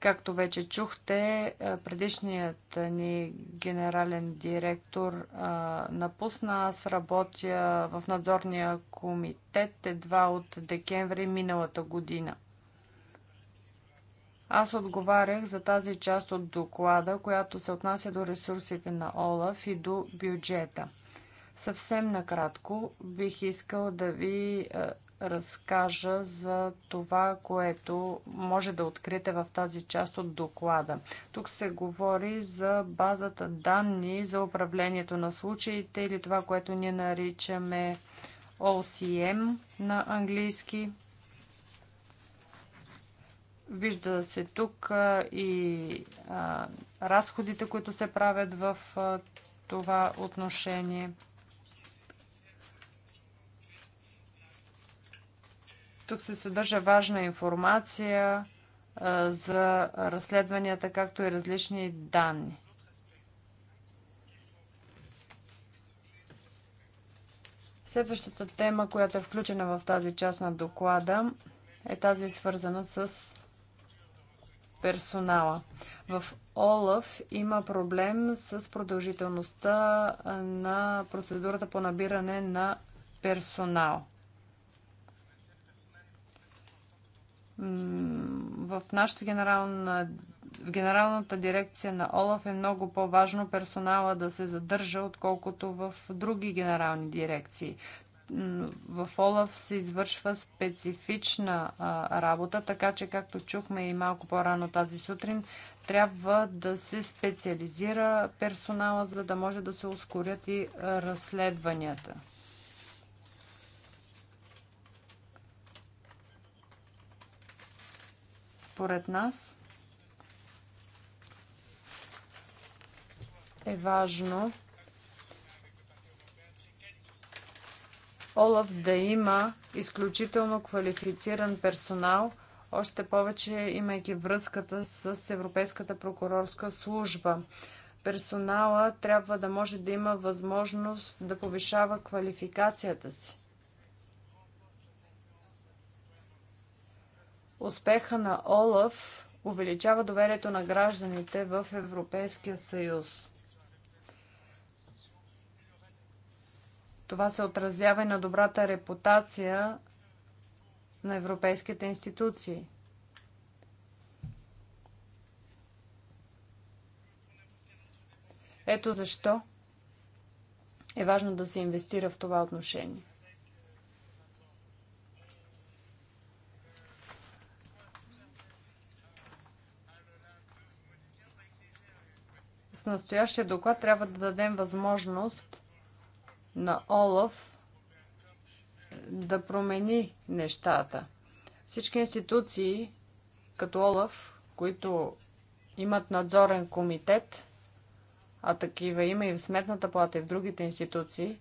Както вече чухте, предишният ни генерален директор напусна. Аз работя в надзорния комитет едва от декември миналата година. Аз отговарях за тази част от доклада, която се отнася до ресурсите на ОЛАФ и до бюджета. Съвсем накратко бих искал да ви е, разкажа за това, което може да откриете в тази част от доклада. Тук се говори за базата данни за управлението на случаите или това, което ние наричаме OCM на английски. Вижда се тук и а, разходите, които се правят в а, това отношение. Тук се съдържа важна информация а, за разследванията, както и различни данни. Следващата тема, която е включена в тази част на доклада, е тази свързана с персонала. В ОЛАФ има проблем с продължителността на процедурата по набиране на персонал. В нашата генерална в генералната дирекция на ОЛАФ е много по-важно персонала да се задържа, отколкото в други генерални дирекции в Олаф се извършва специфична а, работа, така че, както чухме и малко по-рано тази сутрин, трябва да се специализира персонала, за да може да се ускорят и разследванията. Според нас е важно Олаф да има изключително квалифициран персонал, още повече имайки връзката с Европейската прокурорска служба. Персонала трябва да може да има възможност да повишава квалификацията си. Успеха на Олаф увеличава доверието на гражданите в Европейския съюз. Това се отразява и на добрата репутация на европейските институции. Ето защо е важно да се инвестира в това отношение. С настоящия доклад трябва да дадем възможност на Олаф да промени нещата. Всички институции, като Олаф, които имат надзорен комитет, а такива има и в Сметната плата, и в другите институции,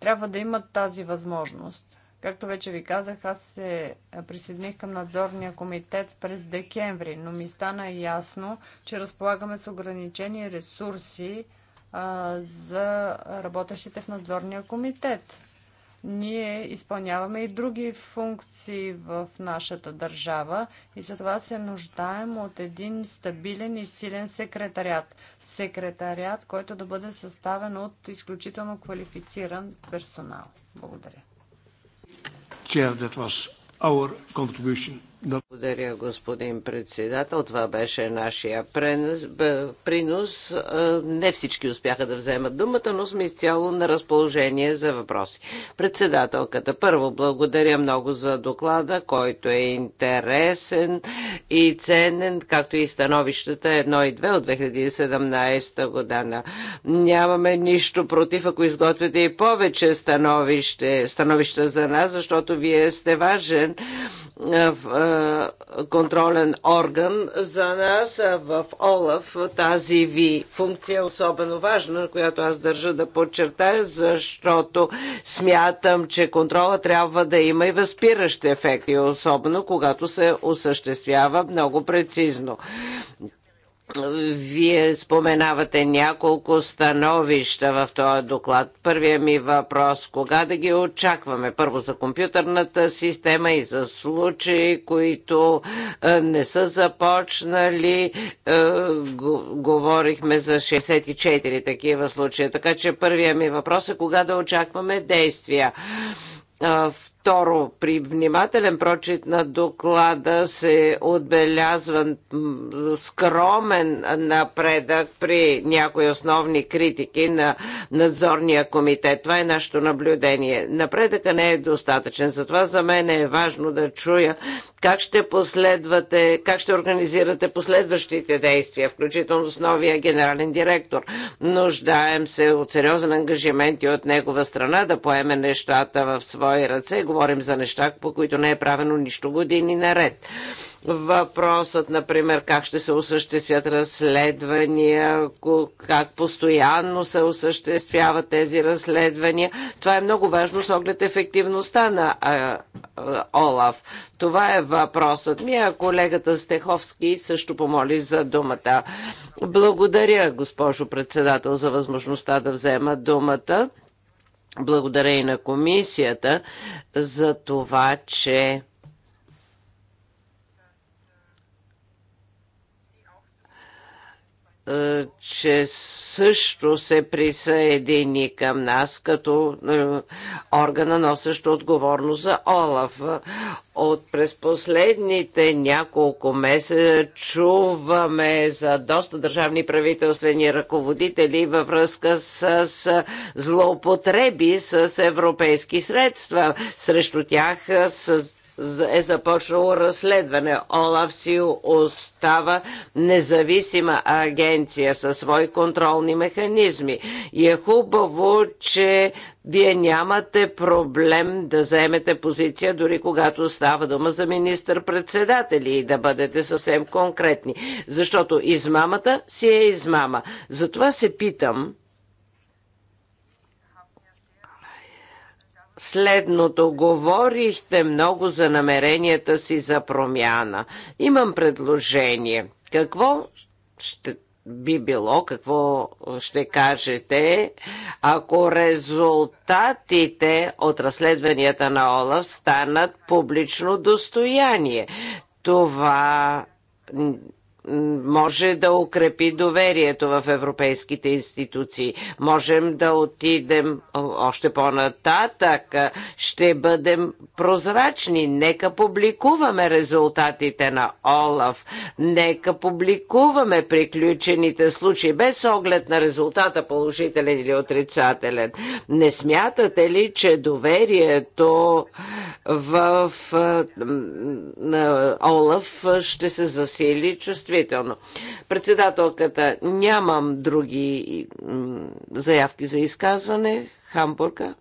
трябва да имат тази възможност. Както вече ви казах, аз се присъединих към надзорния комитет през декември, но ми стана ясно, че разполагаме с ограничени ресурси за работещите в надзорния комитет. Ние изпълняваме и други функции в нашата държава и затова се нуждаем от един стабилен и силен секретарят. Секретарят, който да бъде съставен от изключително квалифициран персонал. Благодаря. Chair, that was our contribution благодаря, господин председател. Това беше нашия пренос, принос. Е, не всички успяха да вземат думата, но сме изцяло на разположение за въпроси. Председателката, първо благодаря много за доклада, който е интересен и ценен, както и становищата 1 и 2 от 2017 година. Нямаме нищо против, ако изготвяте и повече становище, становища за нас, защото вие сте важен е, в е, е, контролен орган. За нас в ОЛАФ тази ви функция е особено важна, която аз държа да подчертая, защото смятам, че контрола трябва да има и възпиращ ефект, и особено когато се осъществява много прецизно. Вие споменавате няколко становища в този доклад. Първия ми въпрос, кога да ги очакваме? Първо за компютърната система и за случаи, които е, не са започнали. Е, говорихме за 64 такива случая. Така че първия ми въпрос е кога да очакваме действия. Е, Второ, при внимателен прочит на доклада се отбелязва скромен напредък при някои основни критики на надзорния комитет. Това е нашето наблюдение. Напредъка не е достатъчен, затова за мен е важно да чуя как ще последвате, как ще организирате последващите действия, включително с новия генерален директор. Нуждаем се от сериозен ангажимент и от негова страна да поеме нещата в свои ръце говорим за неща, по които не е правено нищо години наред. Въпросът, например, как ще се осъществят разследвания, как постоянно се осъществяват тези разследвания. Това е много важно с оглед ефективността на а, а, ОЛАФ. Това е въпросът ми, а колегата Стеховски също помоли за думата. Благодаря, госпожо председател, за възможността да взема думата. Благодаря и на комисията за това, че Е, че също се присъедини към нас като е, органа, носещ отговорност за Олаф. От през последните няколко месеца чуваме за доста държавни правителствени ръководители във връзка с, с злоупотреби с европейски средства. Срещу тях с е започнало разследване. Олаф си остава независима агенция със свои контролни механизми. И е хубаво, че вие нямате проблем да заемете позиция, дори когато става дума за министър-председатели и да бъдете съвсем конкретни. Защото измамата си е измама. Затова се питам, следното. Говорихте много за намеренията си за промяна. Имам предложение. Какво ще би било, какво ще кажете, ако резултатите от разследванията на Олаф станат публично достояние. Това може да укрепи доверието в европейските институции. Можем да отидем още по-нататък. Ще бъдем прозрачни. Нека публикуваме резултатите на Олаф. Нека публикуваме приключените случаи без оглед на резултата, положителен или отрицателен. Не смятате ли, че доверието в Олаф ще се засили чувствително? действително. Председателката, нямам други заявки за изказване. Хамбурга.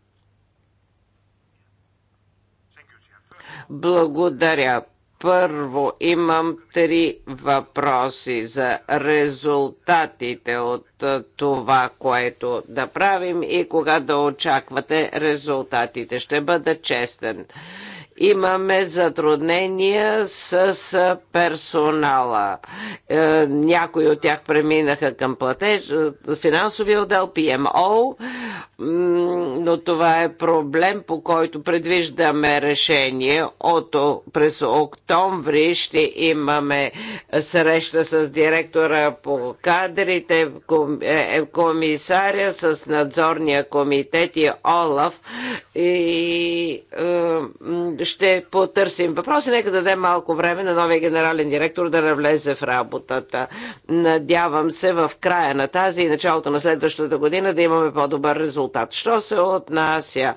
Благодаря. Първо имам три въпроси за резултатите от това, което да правим и кога да очаквате резултатите. Ще бъда честен имаме затруднения с персонала. Е, някои от тях преминаха към платеж, е, финансовия отдел, ПМО, но това е проблем, по който предвиждаме решение. От през октомври ще имаме среща с директора по кадрите, е, комисаря с надзорния комитет и ОЛАФ и ще потърсим въпроси. Нека дадем малко време на новия генерален директор да навлезе в работата. Надявам се в края на тази и началото на следващата година да имаме по-добър резултат. Що се отнася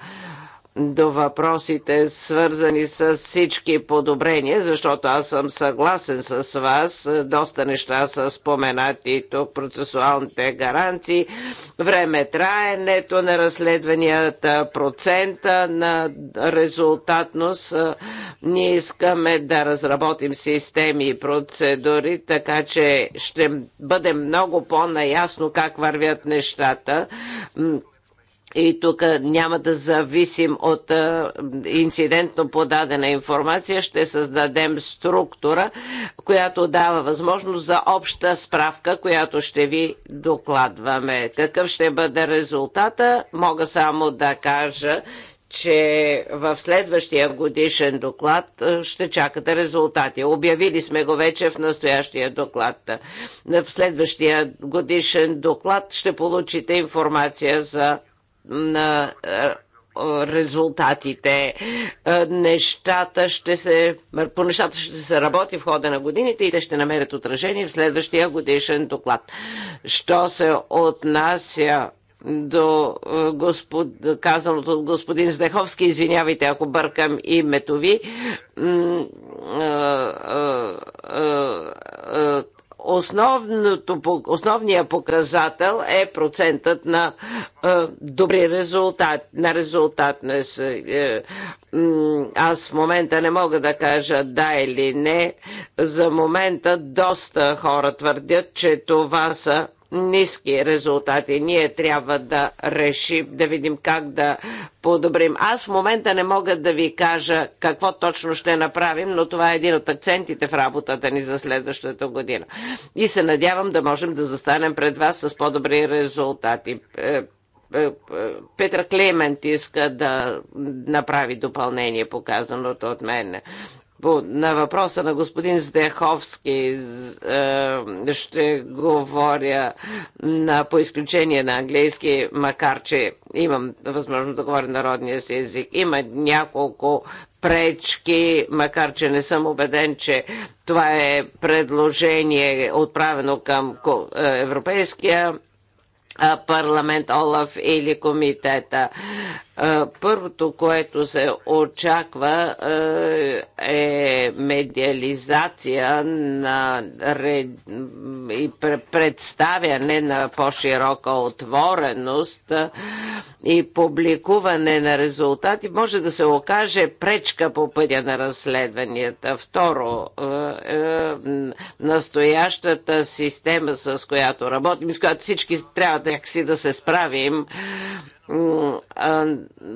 до въпросите, свързани с всички подобрения, защото аз съм съгласен с вас. Доста неща са споменати тук, процесуалните гаранции, време траенето на разследванията, процента на резултатност. Ние искаме да разработим системи и процедури, така че ще бъдем много по-наясно как вървят нещата и тук няма да зависим от инцидентно подадена информация, ще създадем структура, която дава възможност за обща справка, която ще ви докладваме. Какъв ще бъде резултата? Мога само да кажа, че в следващия годишен доклад ще чакате резултати. Обявили сме го вече в настоящия доклад. В следващия годишен доклад ще получите информация за на е, резултатите. Е, нещата ще се, по нещата ще се работи в хода на годините и те ще намерят отражение в следващия годишен доклад. Що се отнася до е, господ, казаното от господин Здеховски, извинявайте, ако бъркам името ви, основният показател е процентът на е, добри резултат, на резултатност. Е, аз в момента не мога да кажа да или не. За момента доста хора твърдят, че това са ниски резултати. Ние трябва да решим, да видим как да подобрим. Аз в момента не мога да ви кажа какво точно ще направим, но това е един от акцентите в работата ни за следващата година. И се надявам да можем да застанем пред вас с по-добри резултати. Е, е, е, Петър Клемент иска да направи допълнение показаното от мен. По, на въпроса на господин Здеховски е, ще говоря на, по изключение на английски, макар че имам възможност да говоря народния си език. Има няколко пречки, макар че не съм убеден, че това е предложение отправено към е, Европейския парламент, Олаф или комитета. Първото, което се очаква е медиализация на ред... и представяне на по-широка отвореност и публикуване на резултати може да се окаже пречка по пътя на разследванията. Второ, е, е, настоящата система, с която работим, с която всички трябва някакси да се справим,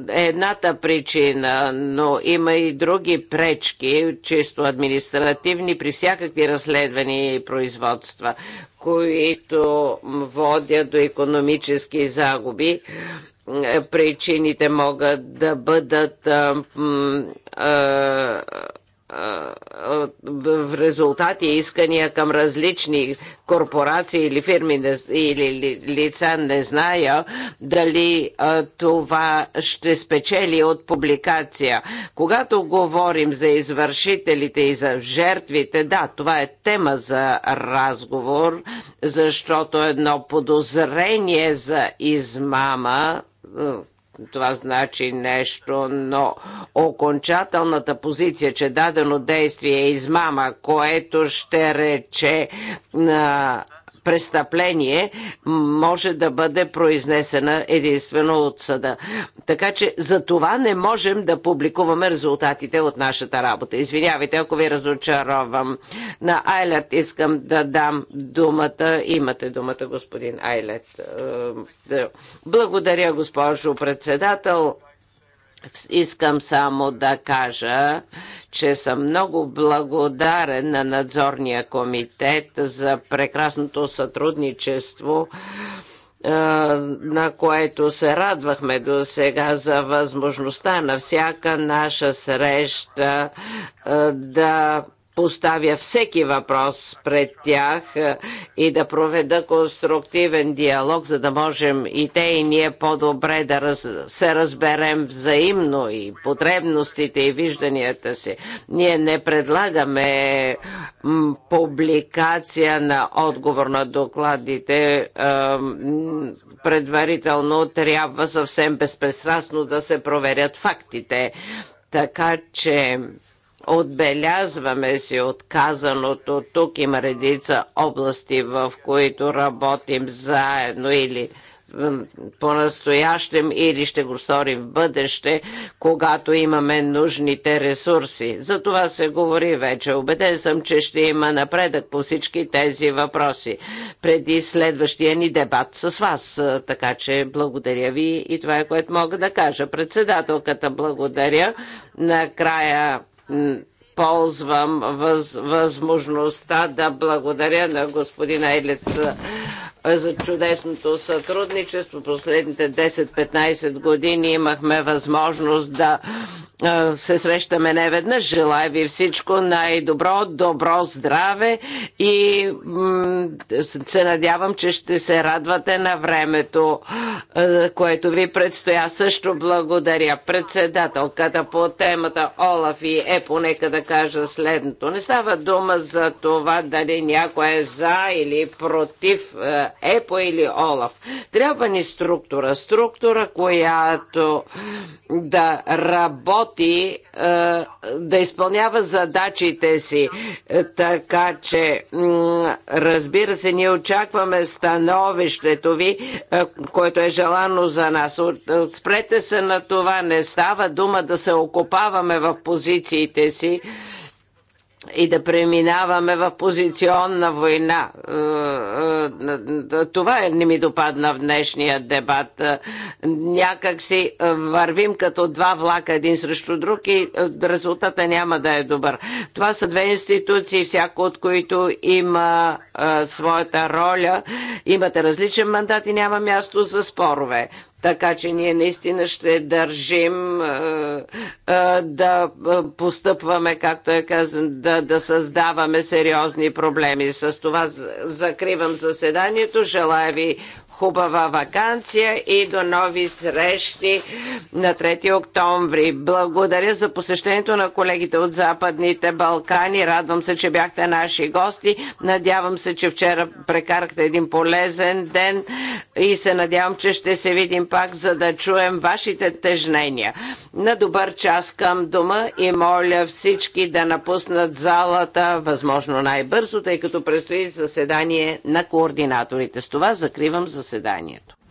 е едната причина, но има и други пречки, чисто административни, при всякакви разследвания и производства, които водят до економически загуби е, причините могат да бъдат а, а, в резултати искания към различни корпорации или фирми или лица, не зная дали това ще спечели от публикация. Когато говорим за извършителите и за жертвите, да, това е тема за разговор, защото едно подозрение за измама това значи нещо, но окончателната позиция, че дадено действие е измама, което ще рече на престъпление може да бъде произнесена единствено от съда. Така че за това не можем да публикуваме резултатите от нашата работа. Извинявайте, ако ви разочаровам. На Айлет искам да дам думата. Имате думата, господин Айлет. Е, Благодаря, госпожо председател. Искам само да кажа, че съм много благодарен на надзорния комитет за прекрасното сътрудничество на което се радвахме до сега за възможността на всяка наша среща да поставя всеки въпрос пред тях е, и да проведа конструктивен диалог, за да можем и те и ние по-добре да раз, се разберем взаимно и потребностите и вижданията си. Ние не предлагаме публикация на отговор на докладите. Е, предварително трябва съвсем безпристрастно да се проверят фактите. Така че Отбелязваме си отказаното. Тук има редица области, в които работим заедно или по-настоящем или ще го сторим в бъдеще, когато имаме нужните ресурси. За това се говори вече. Обеден съм, че ще има напредък по всички тези въпроси преди следващия ни дебат с вас. Така че благодаря ви и това е което мога да кажа. Председателката благодаря. Накрая ползвам въз, възможността да благодаря на господин Айлец за чудесното сътрудничество. Последните 10-15 години имахме възможност да се срещаме не веднъж. Желая ви всичко най-добро, добро здраве и се надявам, че ще се радвате на времето, което ви предстоя. Също благодаря председателката по темата Олаф и Епо, нека да кажа следното. Не става дума за това дали някой е за или против е, ЕПО или ОЛАФ. Трябва ни структура. Структура, която да работи, е, да изпълнява задачите си. Е, така че, разбира се, ние очакваме становището ви, е, което е желано за нас. Спрете се на това. Не става дума да се окопаваме в позициите си и да преминаваме в позиционна война. Е, е, е, това не ми допадна в днешния дебат. Някак си вървим като два влака един срещу друг и резултата няма да е добър. Това са две институции, всяко от които има своята роля. Имате различен мандат и няма място за спорове. Така че ние наистина ще държим да постъпваме, както е казано, да, да създаваме сериозни проблеми. С това закривам заседанието. Желая ви хубава вакансия и до нови срещи на 3 октомври. Благодаря за посещението на колегите от Западните Балкани. Радвам се, че бяхте наши гости. Надявам се, че вчера прекарахте един полезен ден и се надявам, че ще се видим пак, за да чуем вашите тежнения. На добър час към дома и моля всички да напуснат залата възможно най-бързо, тъй като предстои заседание на координаторите. С това закривам заседанието заседанието.